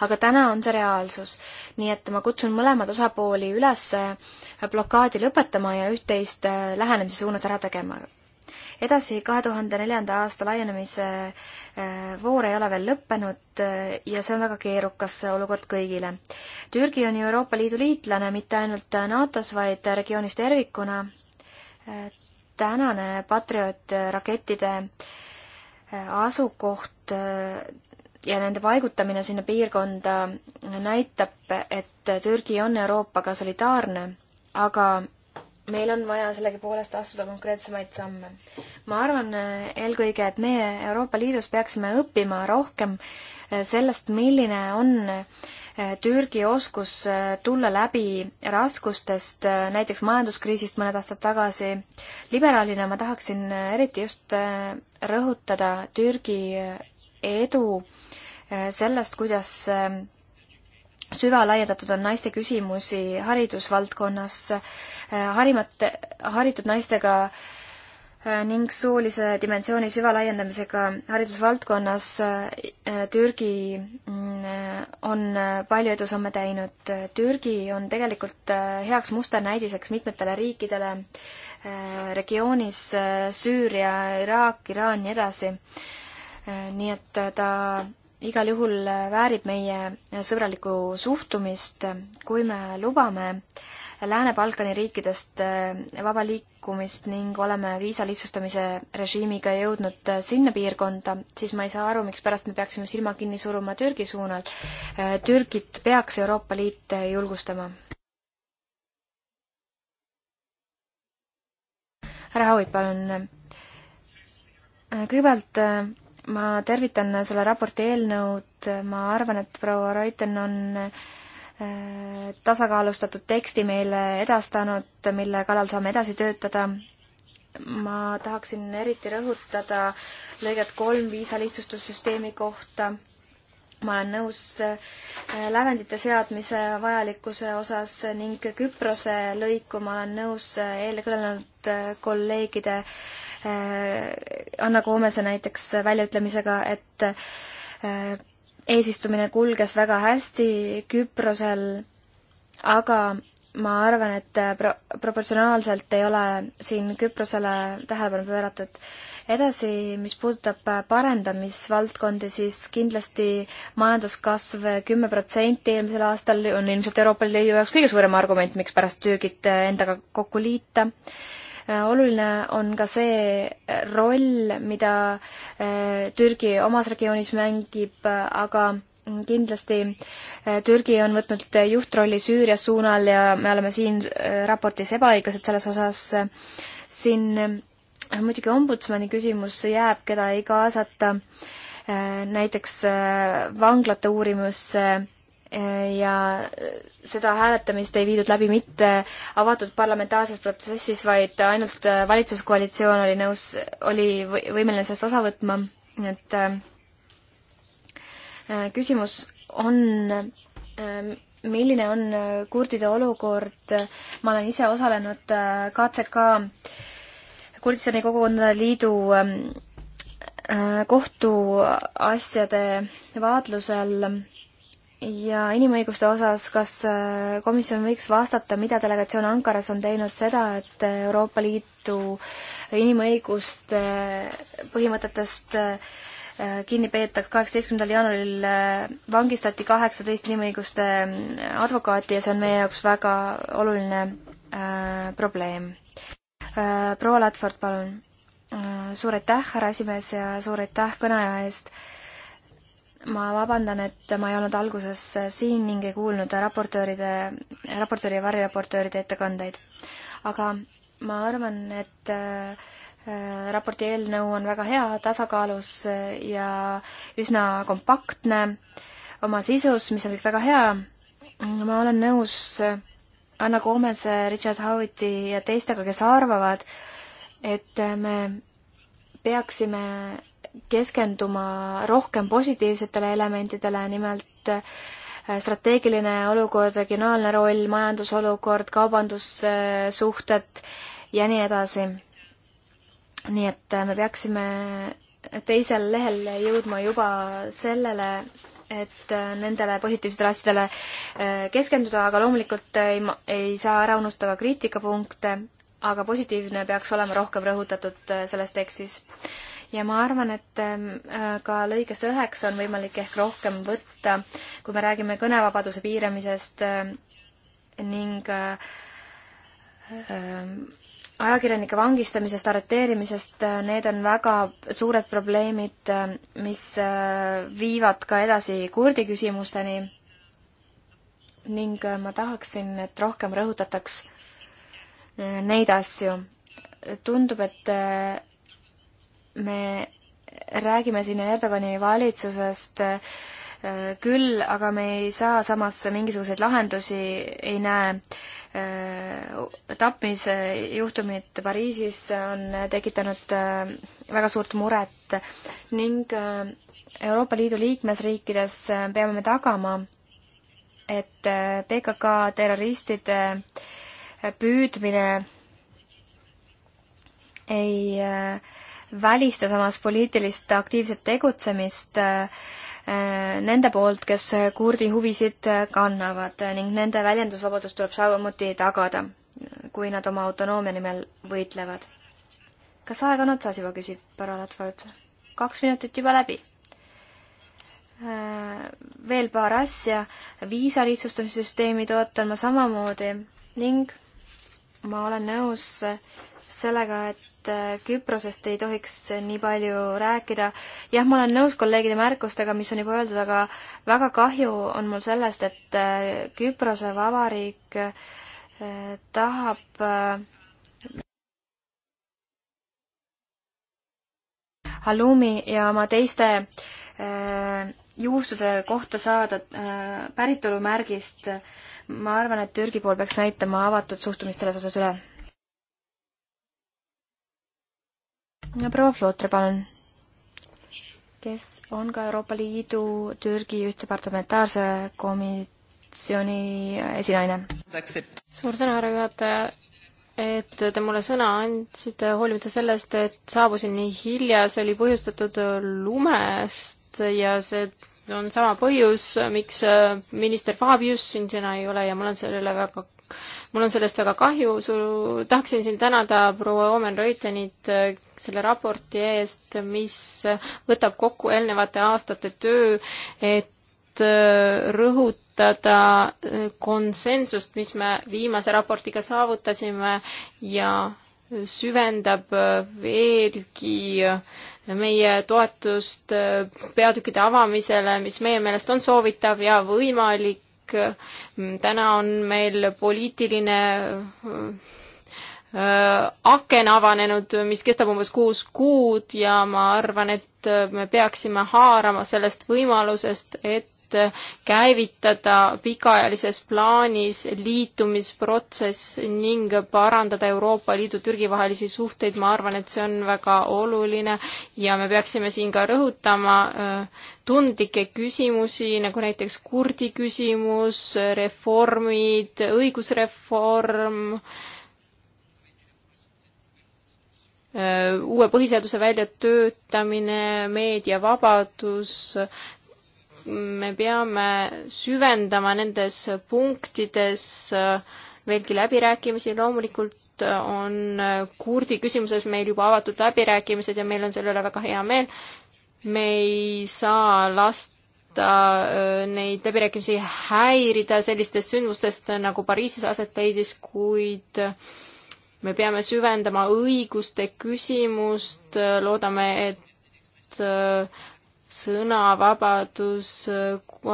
aga täna on see reaalsus. nii et ma kutsun mõlemad osapooli üles blokaadi lõpetama ja üht-teist äh, lähenemise suunas ära tegema edasi, kahe tuhande neljanda aasta laienemise äh, voor ei ole veel lõppenud äh, ja see on väga keerukas olukord kõigile. Türgi on ju Euroopa Liidu liitlane mitte ainult NATO-s, vaid regioonis tervikuna. Äh, tänane Patriot rakettide asukoht ja nende paigutamine sinna piirkonda näitab, et Türgi on Euroopaga solidaarne, aga meil on vaja sellegipoolest astuda konkreetsemaid samme. ma arvan äh, eelkõige, et meie Euroopa Liidus peaksime õppima rohkem äh, sellest, milline on äh, Türgi oskus tulla läbi raskustest, näiteks majanduskriisist mõned aastad tagasi. liberaalina ma tahaksin eriti just rõhutada Türgi edu sellest, kuidas süvalaiendatud on naiste küsimusi haridusvaldkonnas äh, Äh, harimate, haritud naistega äh, ning soolise dimensiooni süvalaiendamisega haridusvaldkonnas äh, Türgi mm, on palju edusamme teinud. Türgi on tegelikult heaks musternäidiseks mitmetele riikidele regioonis, Süüria, Iraak, Iraan, nii edasi. nii et ta igal juhul väärib meie sõbralikku suhtumist, kui me lubame äh, Lääne-Balkani riikidest eh, vaba liikumist ning oleme viisa lihtsustamise režiimiga jõudnud eh, sinna piirkonda, siis ma ei saa aru, mikspärast me peaksime silma kinni suruma Türgi suunal. Eh, Türgit peaks Euroopa Liit julgustama. härra Hauid, palun. kõigepealt ma tervitan selle raporti eelnõud, ma arvan, et proua Reuten on äh, tasakaalustatud teksti meile edastanud, mille kallal saame edasi töötada. ma tahaksin eriti rõhutada lõiget kolm viisalihtsustussüsteemi kohta. ma olen nõus äh, lävendite seadmise vajalikkuse osas ning Küprose lõiku ma olen nõus äh, eelkõnelenud äh, kolleegide Anna Koomese näiteks väljaütlemisega, et eesistumine kulges väga hästi Küprosel, aga ma arvan, et pro-, proportsionaalselt ei ole siin Küprosele tähelepanu pööratud. edasi, mis puudutab parendamisvaldkondi, siis kindlasti majanduskasv kümme protsenti eelmisel aastal on ilmselt Euroopa Liidu jaoks kõige suurem argument, mikspärast Türgit endaga kokku liita. Äh, oluline on ka see roll, mida äh, Türgi omas regioonis mängib, äh, aga kindlasti Türgi on võtnud juhtrolli Süüria suunal ja me oleme siin raportis ebaõiglased selles osas. siin muidugi ombudsmani küsimus jääb, keda ei kaasata näiteks vanglate uurimusse ja seda hääletamist ei viidud läbi mitte avatud parlamentaarses protsessis, vaid ainult äh, valitsuskoalitsioon oli nõus, oli võimeline sellest osa võtma, nii et äh, äh, küsimus on, milline on kurdide olukord, ma olen ise osalenud KCK Kurdistani Kogukondade Liidu ähm, kohtuasjade vaatlusel ja inimõiguste osas, kas äh, komisjon võiks vastata, mida delegatsioon Ankaras on teinud seda, et Euroopa Liidu inimõiguste äh, põhimõtetest äh, kinni peetaks, kaheksateistkümnendal jaanuaril vangistati kaheksateist inimõiguste advokaati ja see on meie jaoks väga oluline äh, probleem äh,. proua Ladford, palun äh,. suur aitäh, härra esimees ja suur aitäh kõneaja eest äh, ma vabandan, et ma ei olnud alguses siin ning ei kuulnud raportööride, raportööri ja variraportööride ettekandeid. aga ma arvan, et äh, raporti eelnõu on väga hea, tasakaalus ja üsna kompaktne oma sisus, mis on kõik väga hea. ma olen nõus Anna Koomese, Richard Howitti ja teistega, kes arvavad, et me peaksime keskenduma rohkem positiivsetele elementidele, nimelt äh, strateegiline olukord, regionaalne roll, majandusolukord, kaubandussuhted ja nii edasi. nii et äh, me peaksime teisel lehel jõudma juba sellele, et äh, nendele positiivsetele asjadele keskenduda, aga loomulikult ei, ei saa ära unustada kriitikapunkte, aga positiivne peaks olema rohkem rõhutatud selles tekstis ja ma arvan, et ähm, äh, ka lõiges üheksa on võimalik ehk rohkem võtta, kui me räägime kõnevabaduse piiramisest ähm, ning äh, ähm, ajakirjanike vangistamisest, arreteerimisest, äh, need on väga suured probleemid, mis viivad ka edasi kurdi küsimusteni. ning ma tahaksin, et rohkem rõhutataks neid asju. tundub, et me räägime siin Erdogani valitsusest äh, küll, aga me ei saa samas mingisuguseid lahendusi, ei näe äh, tapmise juhtumid Pariisis on tekitanud äh, väga suurt muret ning Euroopa Liidu liikmesriikides peame me tagama, et PKK terroristide püüdmine ei äh, välista samas poliitilist aktiivset tegutsemist äh, äh, nende poolt, kes kurdi huvisid kannavad ning nende väljendusvabadus tuleb samuti tagada, kui nad oma autonoomia nimel võitlevad. kas aeg on otsas juba, küsib härra Ladford. kaks minutit juba läbi äh, veel paar asja. viisa lihtsustamise süsteemi toetan ma samamoodi ning ma olen nõus sellega, et et äh, Küprosest ei tohiks nii palju rääkida. jah, ma olen nõus kolleegide märkustega, mis on juba öeldud, aga väga kahju on mul sellest, et äh, Küprose Vabariik äh, tahab halloumi ja oma teiste juustude kohta saada päritolumärgist. ma arvan, et Türgi pool peaks näitama avatud suhtumist selles osas üle no proua Flootre, palun. kes on ka Euroopa Liidu Türgi ühtse parlamentaarse komisjoni esinaine. suur tänu, härra juhataja et te mulle sõna andsite, hoolimata sellest, et saabusin nii hilja, see oli põhjustatud lumest ja see on sama põhjus, miks minister Fabius siin täna ei ole ja ma olen selle üle väga mul on sellest väga kahju, su, tahaksin sind tänada, proua Omen Reutenit, äh, selle raporti eest, mis võtab kokku eelnevate aastate töö, et äh, rõhutada äh, konsensust, mis me viimase raportiga saavutasime ja süvendab veelgi meie toetust peatükkide avamisele, mis meie meelest on soovitav ja võimalik kõik. täna on meil poliitiline äh, aken avanenud, mis kestab umbes kuus kuud ja ma arvan, et me peaksime haarama sellest võimalusest, et et käivitada pikaajalises plaanis liitumisprotsess ning parandada Euroopa Liidu Türgi vahelisi suhteid, ma arvan, et see on väga oluline ja me peaksime siin ka rõhutama äh, tundlikke küsimusi, nagu näiteks kurdi küsimus, reformid, õigusreform, äh, uue põhiseaduse väljatöötamine, meediavabadus, me peame süvendama nendes punktides äh, veelgi läbirääkimisi, loomulikult äh, on äh, kurdi küsimuses meil juba avatud läbirääkimised ja meil on selle üle väga hea meel. me ei saa lasta neid läbirääkimisi häirida sellistest sündmustest, nagu Pariisis aset leidis, kuid me peame süvendama õiguste küsimust, loodame, et sõnavabadus,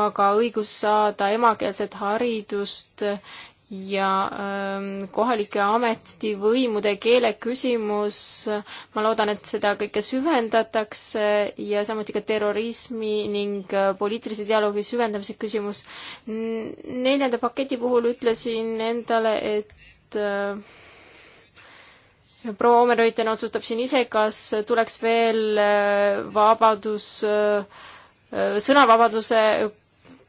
aga õigus saada emakeelset haridust ja ähm, kohalike ametivõimude keele küsimus, ma loodan, et seda kõike süvendatakse ja samuti ka terrorismi ning äh, poliitilise dialoogi süvendamise küsimus. neljanda paketi puhul ütlesin endale, et äh, proua Omerõiten otsustab siin ise, kas tuleks veel äh, vabadus, äh, sõnavabaduse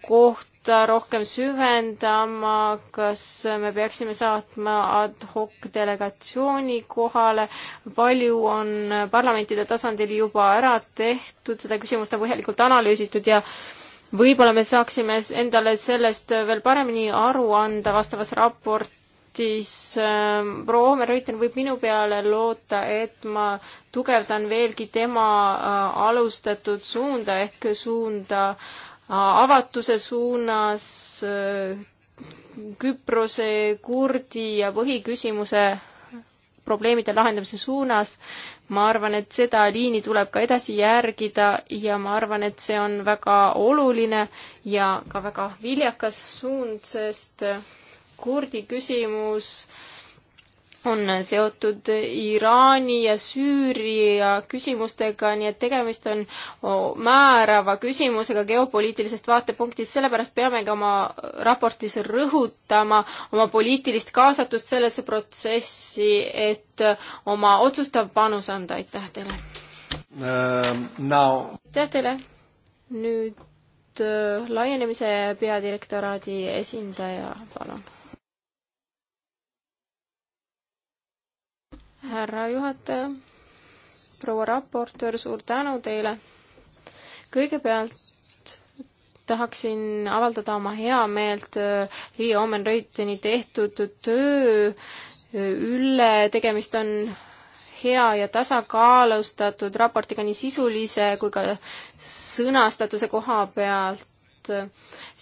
kohta rohkem süvendama, kas me peaksime saatma ad hoc delegatsiooni kohale, palju on parlamentide tasandil juba ära tehtud, seda küsimust on põhjalikult analüüsitud ja võib-olla me saaksime endale sellest veel paremini aru anda vastavas raport, tähtis. Ähm, proua Oomer-Rüütel võib minu peale loota, et ma tugevdan veelgi tema äh, alustatud suunda ehk suunda äh, avatuse suunas äh, Küprose, kurdi ja põhiküsimuse probleemide lahendamise suunas. ma arvan, et seda liini tuleb ka edasi järgida ja ma arvan, et see on väga oluline ja ka väga viljakas suund, sest kurdi küsimus on seotud Iraani ja Süüria küsimustega, nii et tegemist on määrava küsimusega geopoliitilisest vaatepunktist, sellepärast peamegi oma raportis rõhutama oma poliitilist kaasatust sellesse protsessi, et oma otsustav panus anda, aitäh teile um, now...! aitäh teile! nüüd äh, laienemise peadirektoraadi esindaja, palun härra juhataja, proua raportöör, suur tänu teile. kõigepealt tahaksin avaldada oma heameelt äh, Riia Omen-Reuteni tehtud töö äh, üle, tegemist on hea ja tasakaalustatud raportiga nii sisulise kui ka sõnastatuse koha pealt et äh,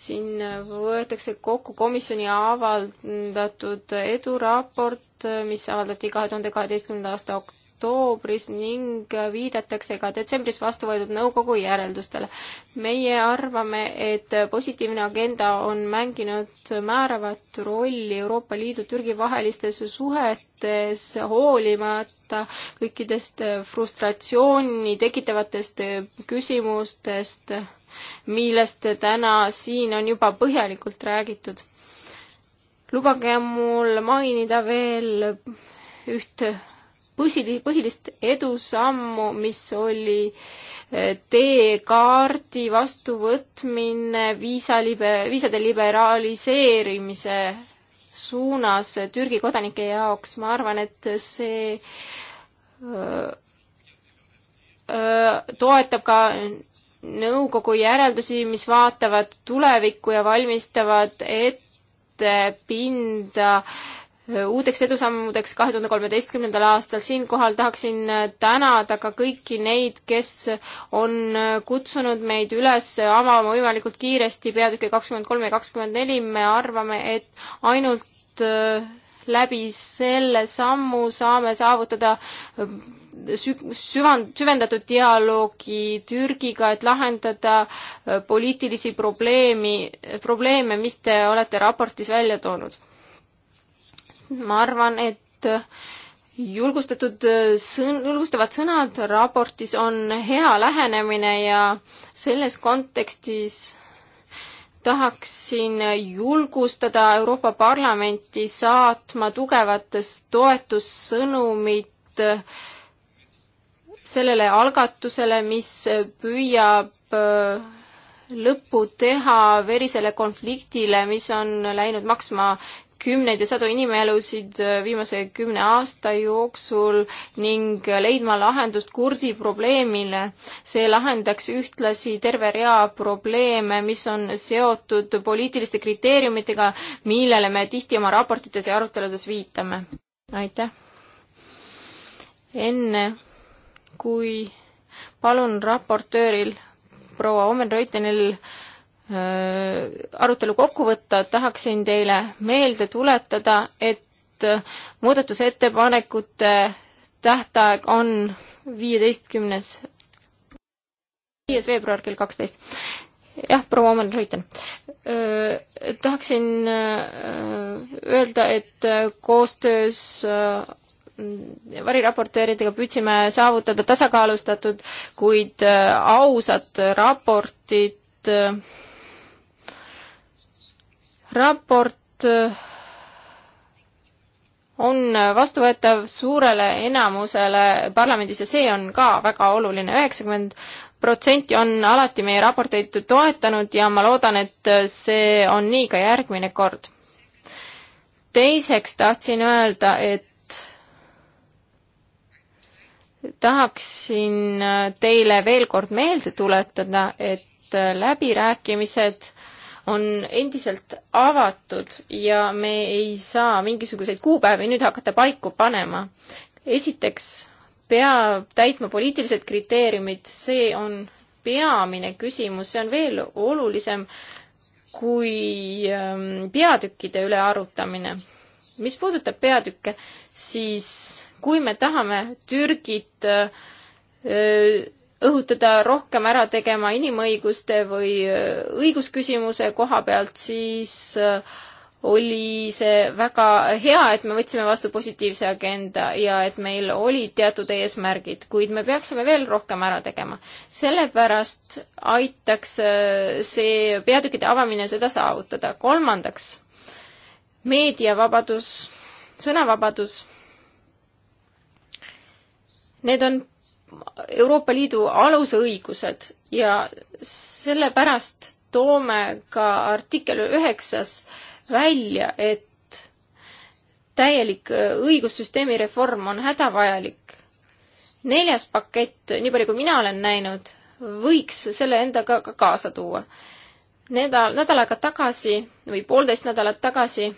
siin võetakse kokku komisjoni avaldatud eduraport, äh, mis avaldati kahe tuhande kaheteistkümnenda aasta oktoobris ning äh, viidatakse ka detsembris vastu võetud nõukogu järeldustele. meie arvame, et positiivne agenda on mänginud määravat rolli Euroopa Liidu Türgi vahelistes suhetes hoolimata kõikidest frustratsiooni tekitavatest küsimustest millest täna siin on juba põhjalikult räägitud. lubage mul mainida veel üht põsili-, põhilist edusammu, mis oli eh, teekaardi vastuvõtmine viisa libe-, viisade liberaliseerimise suunas Türgi kodanike jaoks, ma arvan, et see öö, eh, öö, eh, toetab ka nõukogu järeldusi, mis vaatavad tulevikku ja valmistavad ette pinda uudeks edusammudeks kahe tuhande kolmeteistkümnendal aastal. siinkohal tahaksin tänada ka kõiki neid, kes on kutsunud meid üles avama võimalikult kiiresti peatükki kakskümmend kolm ja kakskümmend neli. me arvame, et ainult läbi selle sammu saame saavutada süvan-, süvendatud dialoogi Türgiga, et lahendada äh, poliitilisi probleemi, probleeme, mis te olete raportis välja toonud? ma arvan, et äh, julgustatud äh, sõn-, julgustavad sõnad raportis on hea lähenemine ja selles kontekstis tahaksin julgustada Euroopa Parlamenti saatma tugevat toetussõnumit sellele algatusele, mis püüab äh, lõppu teha verisele konfliktile, mis on läinud maksma kümneid ja sadu inimelusid äh, viimase kümne aasta jooksul ning leidma lahendust kurdi probleemile. see lahendaks ühtlasi terve rea probleeme, mis on seotud poliitiliste kriteeriumitega, millele me tihti oma raportites ja aruteludes viitame. aitäh! enne kui palun raportööril proua Omen Reutenil arutelu kokku võtta, tahaksin teile meelde tuletada, et muudatusettepanekute tähtaeg on viieteistkümnes, viies veebruar kell kaksteist. jah, proua Omen Reuten. tahaksin öelda, et koostöös variraportööridega püüdsime saavutada tasakaalustatud, kuid äh, ausat raportit. Äh, raport äh, on vastuvõetav suurele enamusele parlamendis ja see on ka väga oluline, üheksakümmend protsenti on alati meie raporteid toetanud ja ma loodan, et see on nii ka järgmine kord. teiseks tahtsin öelda, et tahaksin äh, teile veel kord meelde tuletada, et äh, läbirääkimised on endiselt avatud ja me ei saa mingisuguseid kuupäevi nüüd hakata paiku panema. esiteks peab täitma poliitilised kriteeriumid, see on peamine küsimus, see on veel olulisem kui ähm, peatükkide üle arutamine. mis puudutab peatükke, siis kui me tahame Türgit äh, õhutada rohkem ära tegema inimõiguste või äh, õigusküsimuse koha pealt, siis äh, oli see väga hea, et me võtsime vastu positiivse agenda ja et meil olid teatud eesmärgid, kuid me peaksime veel rohkem ära tegema. sellepärast aitaks see peatükkide avamine seda saavutada. kolmandaks, meediavabadus, sõnavabadus Need on Euroopa Liidu alusõigused ja sellepärast toome ka artikkel üheksas välja, et täielik äh, õigussüsteemi reform on hädavajalik. neljas pakett, nii palju kui mina olen näinud, võiks selle endaga ka kaasa tuua. Nädal, nädal aega tagasi või poolteist nädalat tagasi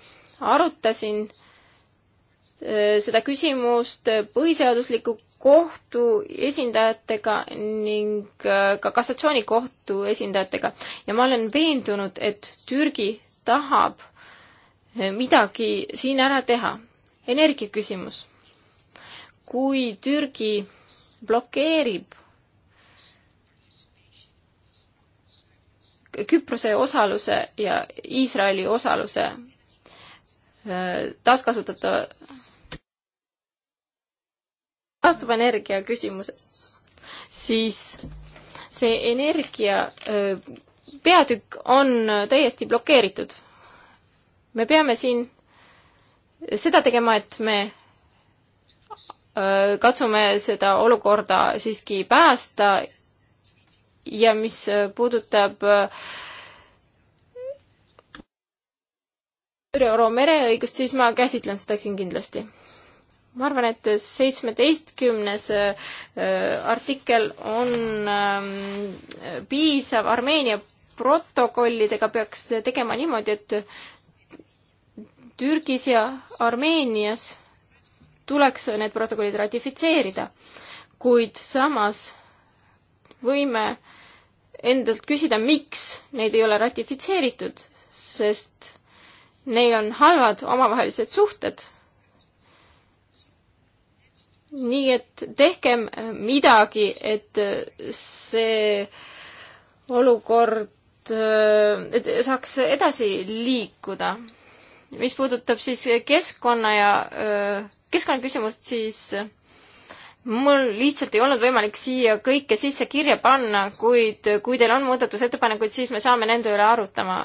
arutasin äh, seda küsimust põhiseadusliku kohtu esindajatega ning äh, ka kassatsioonikohtu esindajatega ja ma olen veendunud, et Türgi tahab äh, midagi siin ära teha. energiaküsimus. kui Türgi blokeerib Küprose osaluse ja Iisraeli osaluse äh, taaskasutatava taastuvenergia küsimuses, siis see energia peatükk on täiesti blokeeritud. me peame siin seda tegema, et me katsume seda olukorda siiski päästa ja mis puudutab Euro mereõigust, siis ma käsitlen seda siin kindlasti ma arvan, et seitsmeteistkümnes äh, artikkel on ähm, piisav, Armeenia protokollidega peaks tegema niimoodi, et Türgis ja Armeenias tuleks need protokollid ratifitseerida, kuid samas võime endalt küsida, miks neid ei ole ratifitseeritud, sest neil on halvad omavahelised suhted nii et tehkem äh, midagi, et äh, see olukord, äh, et saaks edasi liikuda. mis puudutab siis keskkonna ja keskkonnaküsimust, siis mul lihtsalt ei olnud võimalik siia kõike sisse kirja panna, kuid kui teil on muudatusettepanekuid, siis me saame nende üle arutama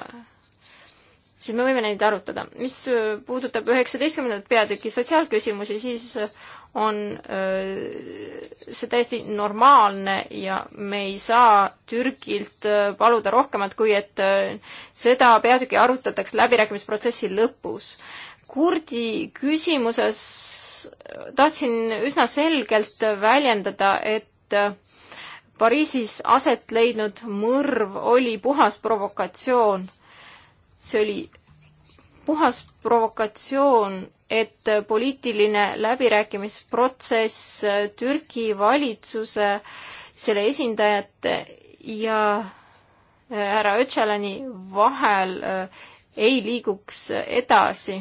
siis me võime neid arutada. mis äh, puudutab üheksateistkümnendat peatükki sotsiaalküsimusi, siis äh, on äh, see täiesti normaalne ja me ei saa Türgilt paluda rohkemat, kui et seda peatüki arutatakse läbirääkimisprotsessi lõpus. kurdi küsimuses tahtsin üsna selgelt väljendada, et Pariisis aset leidnud mõrv oli puhas provokatsioon see oli puhas provokatsioon, et poliitiline läbirääkimisprotsess Türgi valitsuse, selle esindajate ja äh, härra Öcalani vahel äh, ei liiguks edasi.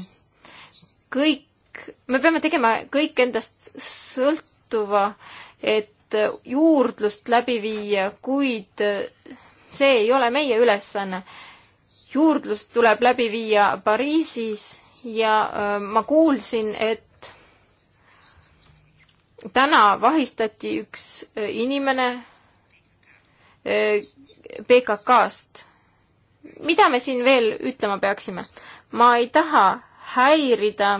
kõik, me peame tegema kõik endast sõltuva, et juurdlust läbi viia, kuid äh, see ei ole meie ülesanne juurdlust tuleb läbi viia Pariisis ja äh, ma kuulsin, et täna vahistati üks äh, inimene PKK-st. Äh, mida me siin veel ütlema peaksime? ma ei taha häirida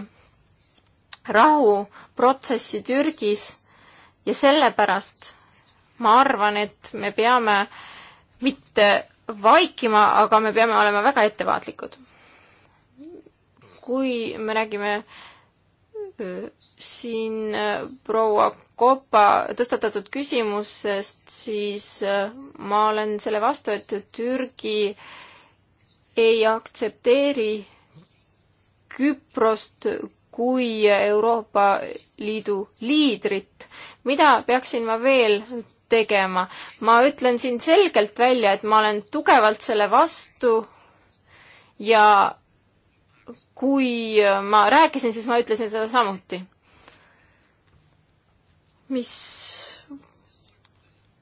rahuprotsessi Türgis ja sellepärast ma arvan, et me peame mitte vaikima, aga me peame olema väga ettevaatlikud. kui me räägime siin proua Kopa tõstatatud küsimusest, siis ma olen selle vastu, et Türgi ei aktsepteeri Küprost kui Euroopa Liidu liidrit. mida peaksin ma veel tegema. ma ütlen siin selgelt välja, et ma olen tugevalt selle vastu ja kui ma rääkisin, siis ma ütlesin seda samuti. mis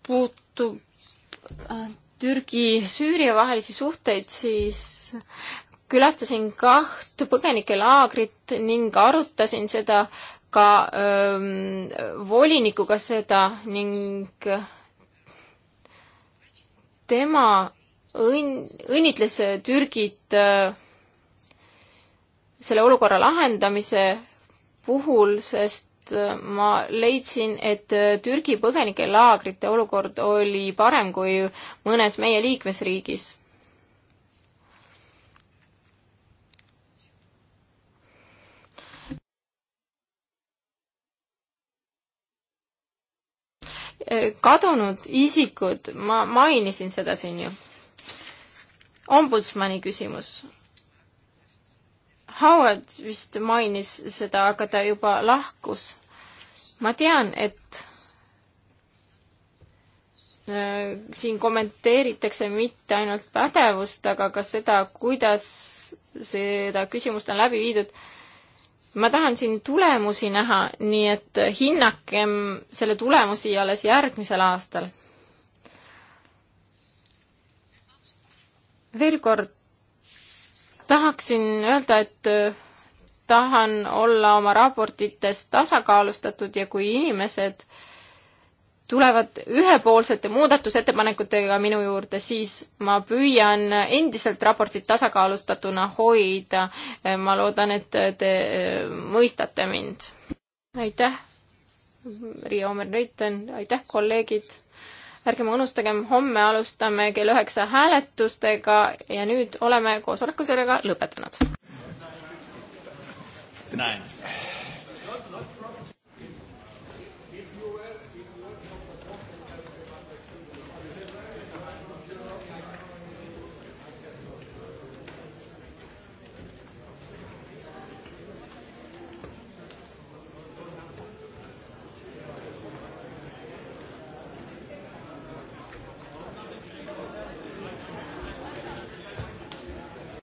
puutub äh, Türgi-Süüria vahelisi suhteid, siis külastasin kaht põgenikelaagrit ning arutasin seda ka ähm, volinikuga seda ning tema õnn-, õnnitles Türgit äh, selle olukorra lahendamise puhul, sest äh, ma leidsin, et äh, Türgi põgenikelaagrite olukord oli parem kui mõnes meie liikmesriigis. Eh, kadunud isikud, ma mainisin seda siin ju. ombudsmani küsimus. Howard vist mainis seda, aga ta juba lahkus. ma tean, et eh, siin kommenteeritakse mitte ainult pädevust, aga ka seda, kuidas seda küsimust on läbi viidud ma tahan siin tulemusi näha, nii et hinnakem selle tulemusi alles järgmisel aastal. veel kord tahaksin öelda, et äh, tahan olla oma raportites tasakaalustatud ja kui inimesed äh, tulevad ühepoolsete muudatusettepanekutega minu juurde, siis ma püüan endiselt raportit tasakaalustatuna hoida. ma loodan, et te äh, mõistate mind. aitäh, Riia Omer-Reiten, aitäh, kolleegid. ärgem unustagem, homme alustame kell üheksa hääletustega ja nüüd oleme koosoleku sellega lõpetanud. Nein.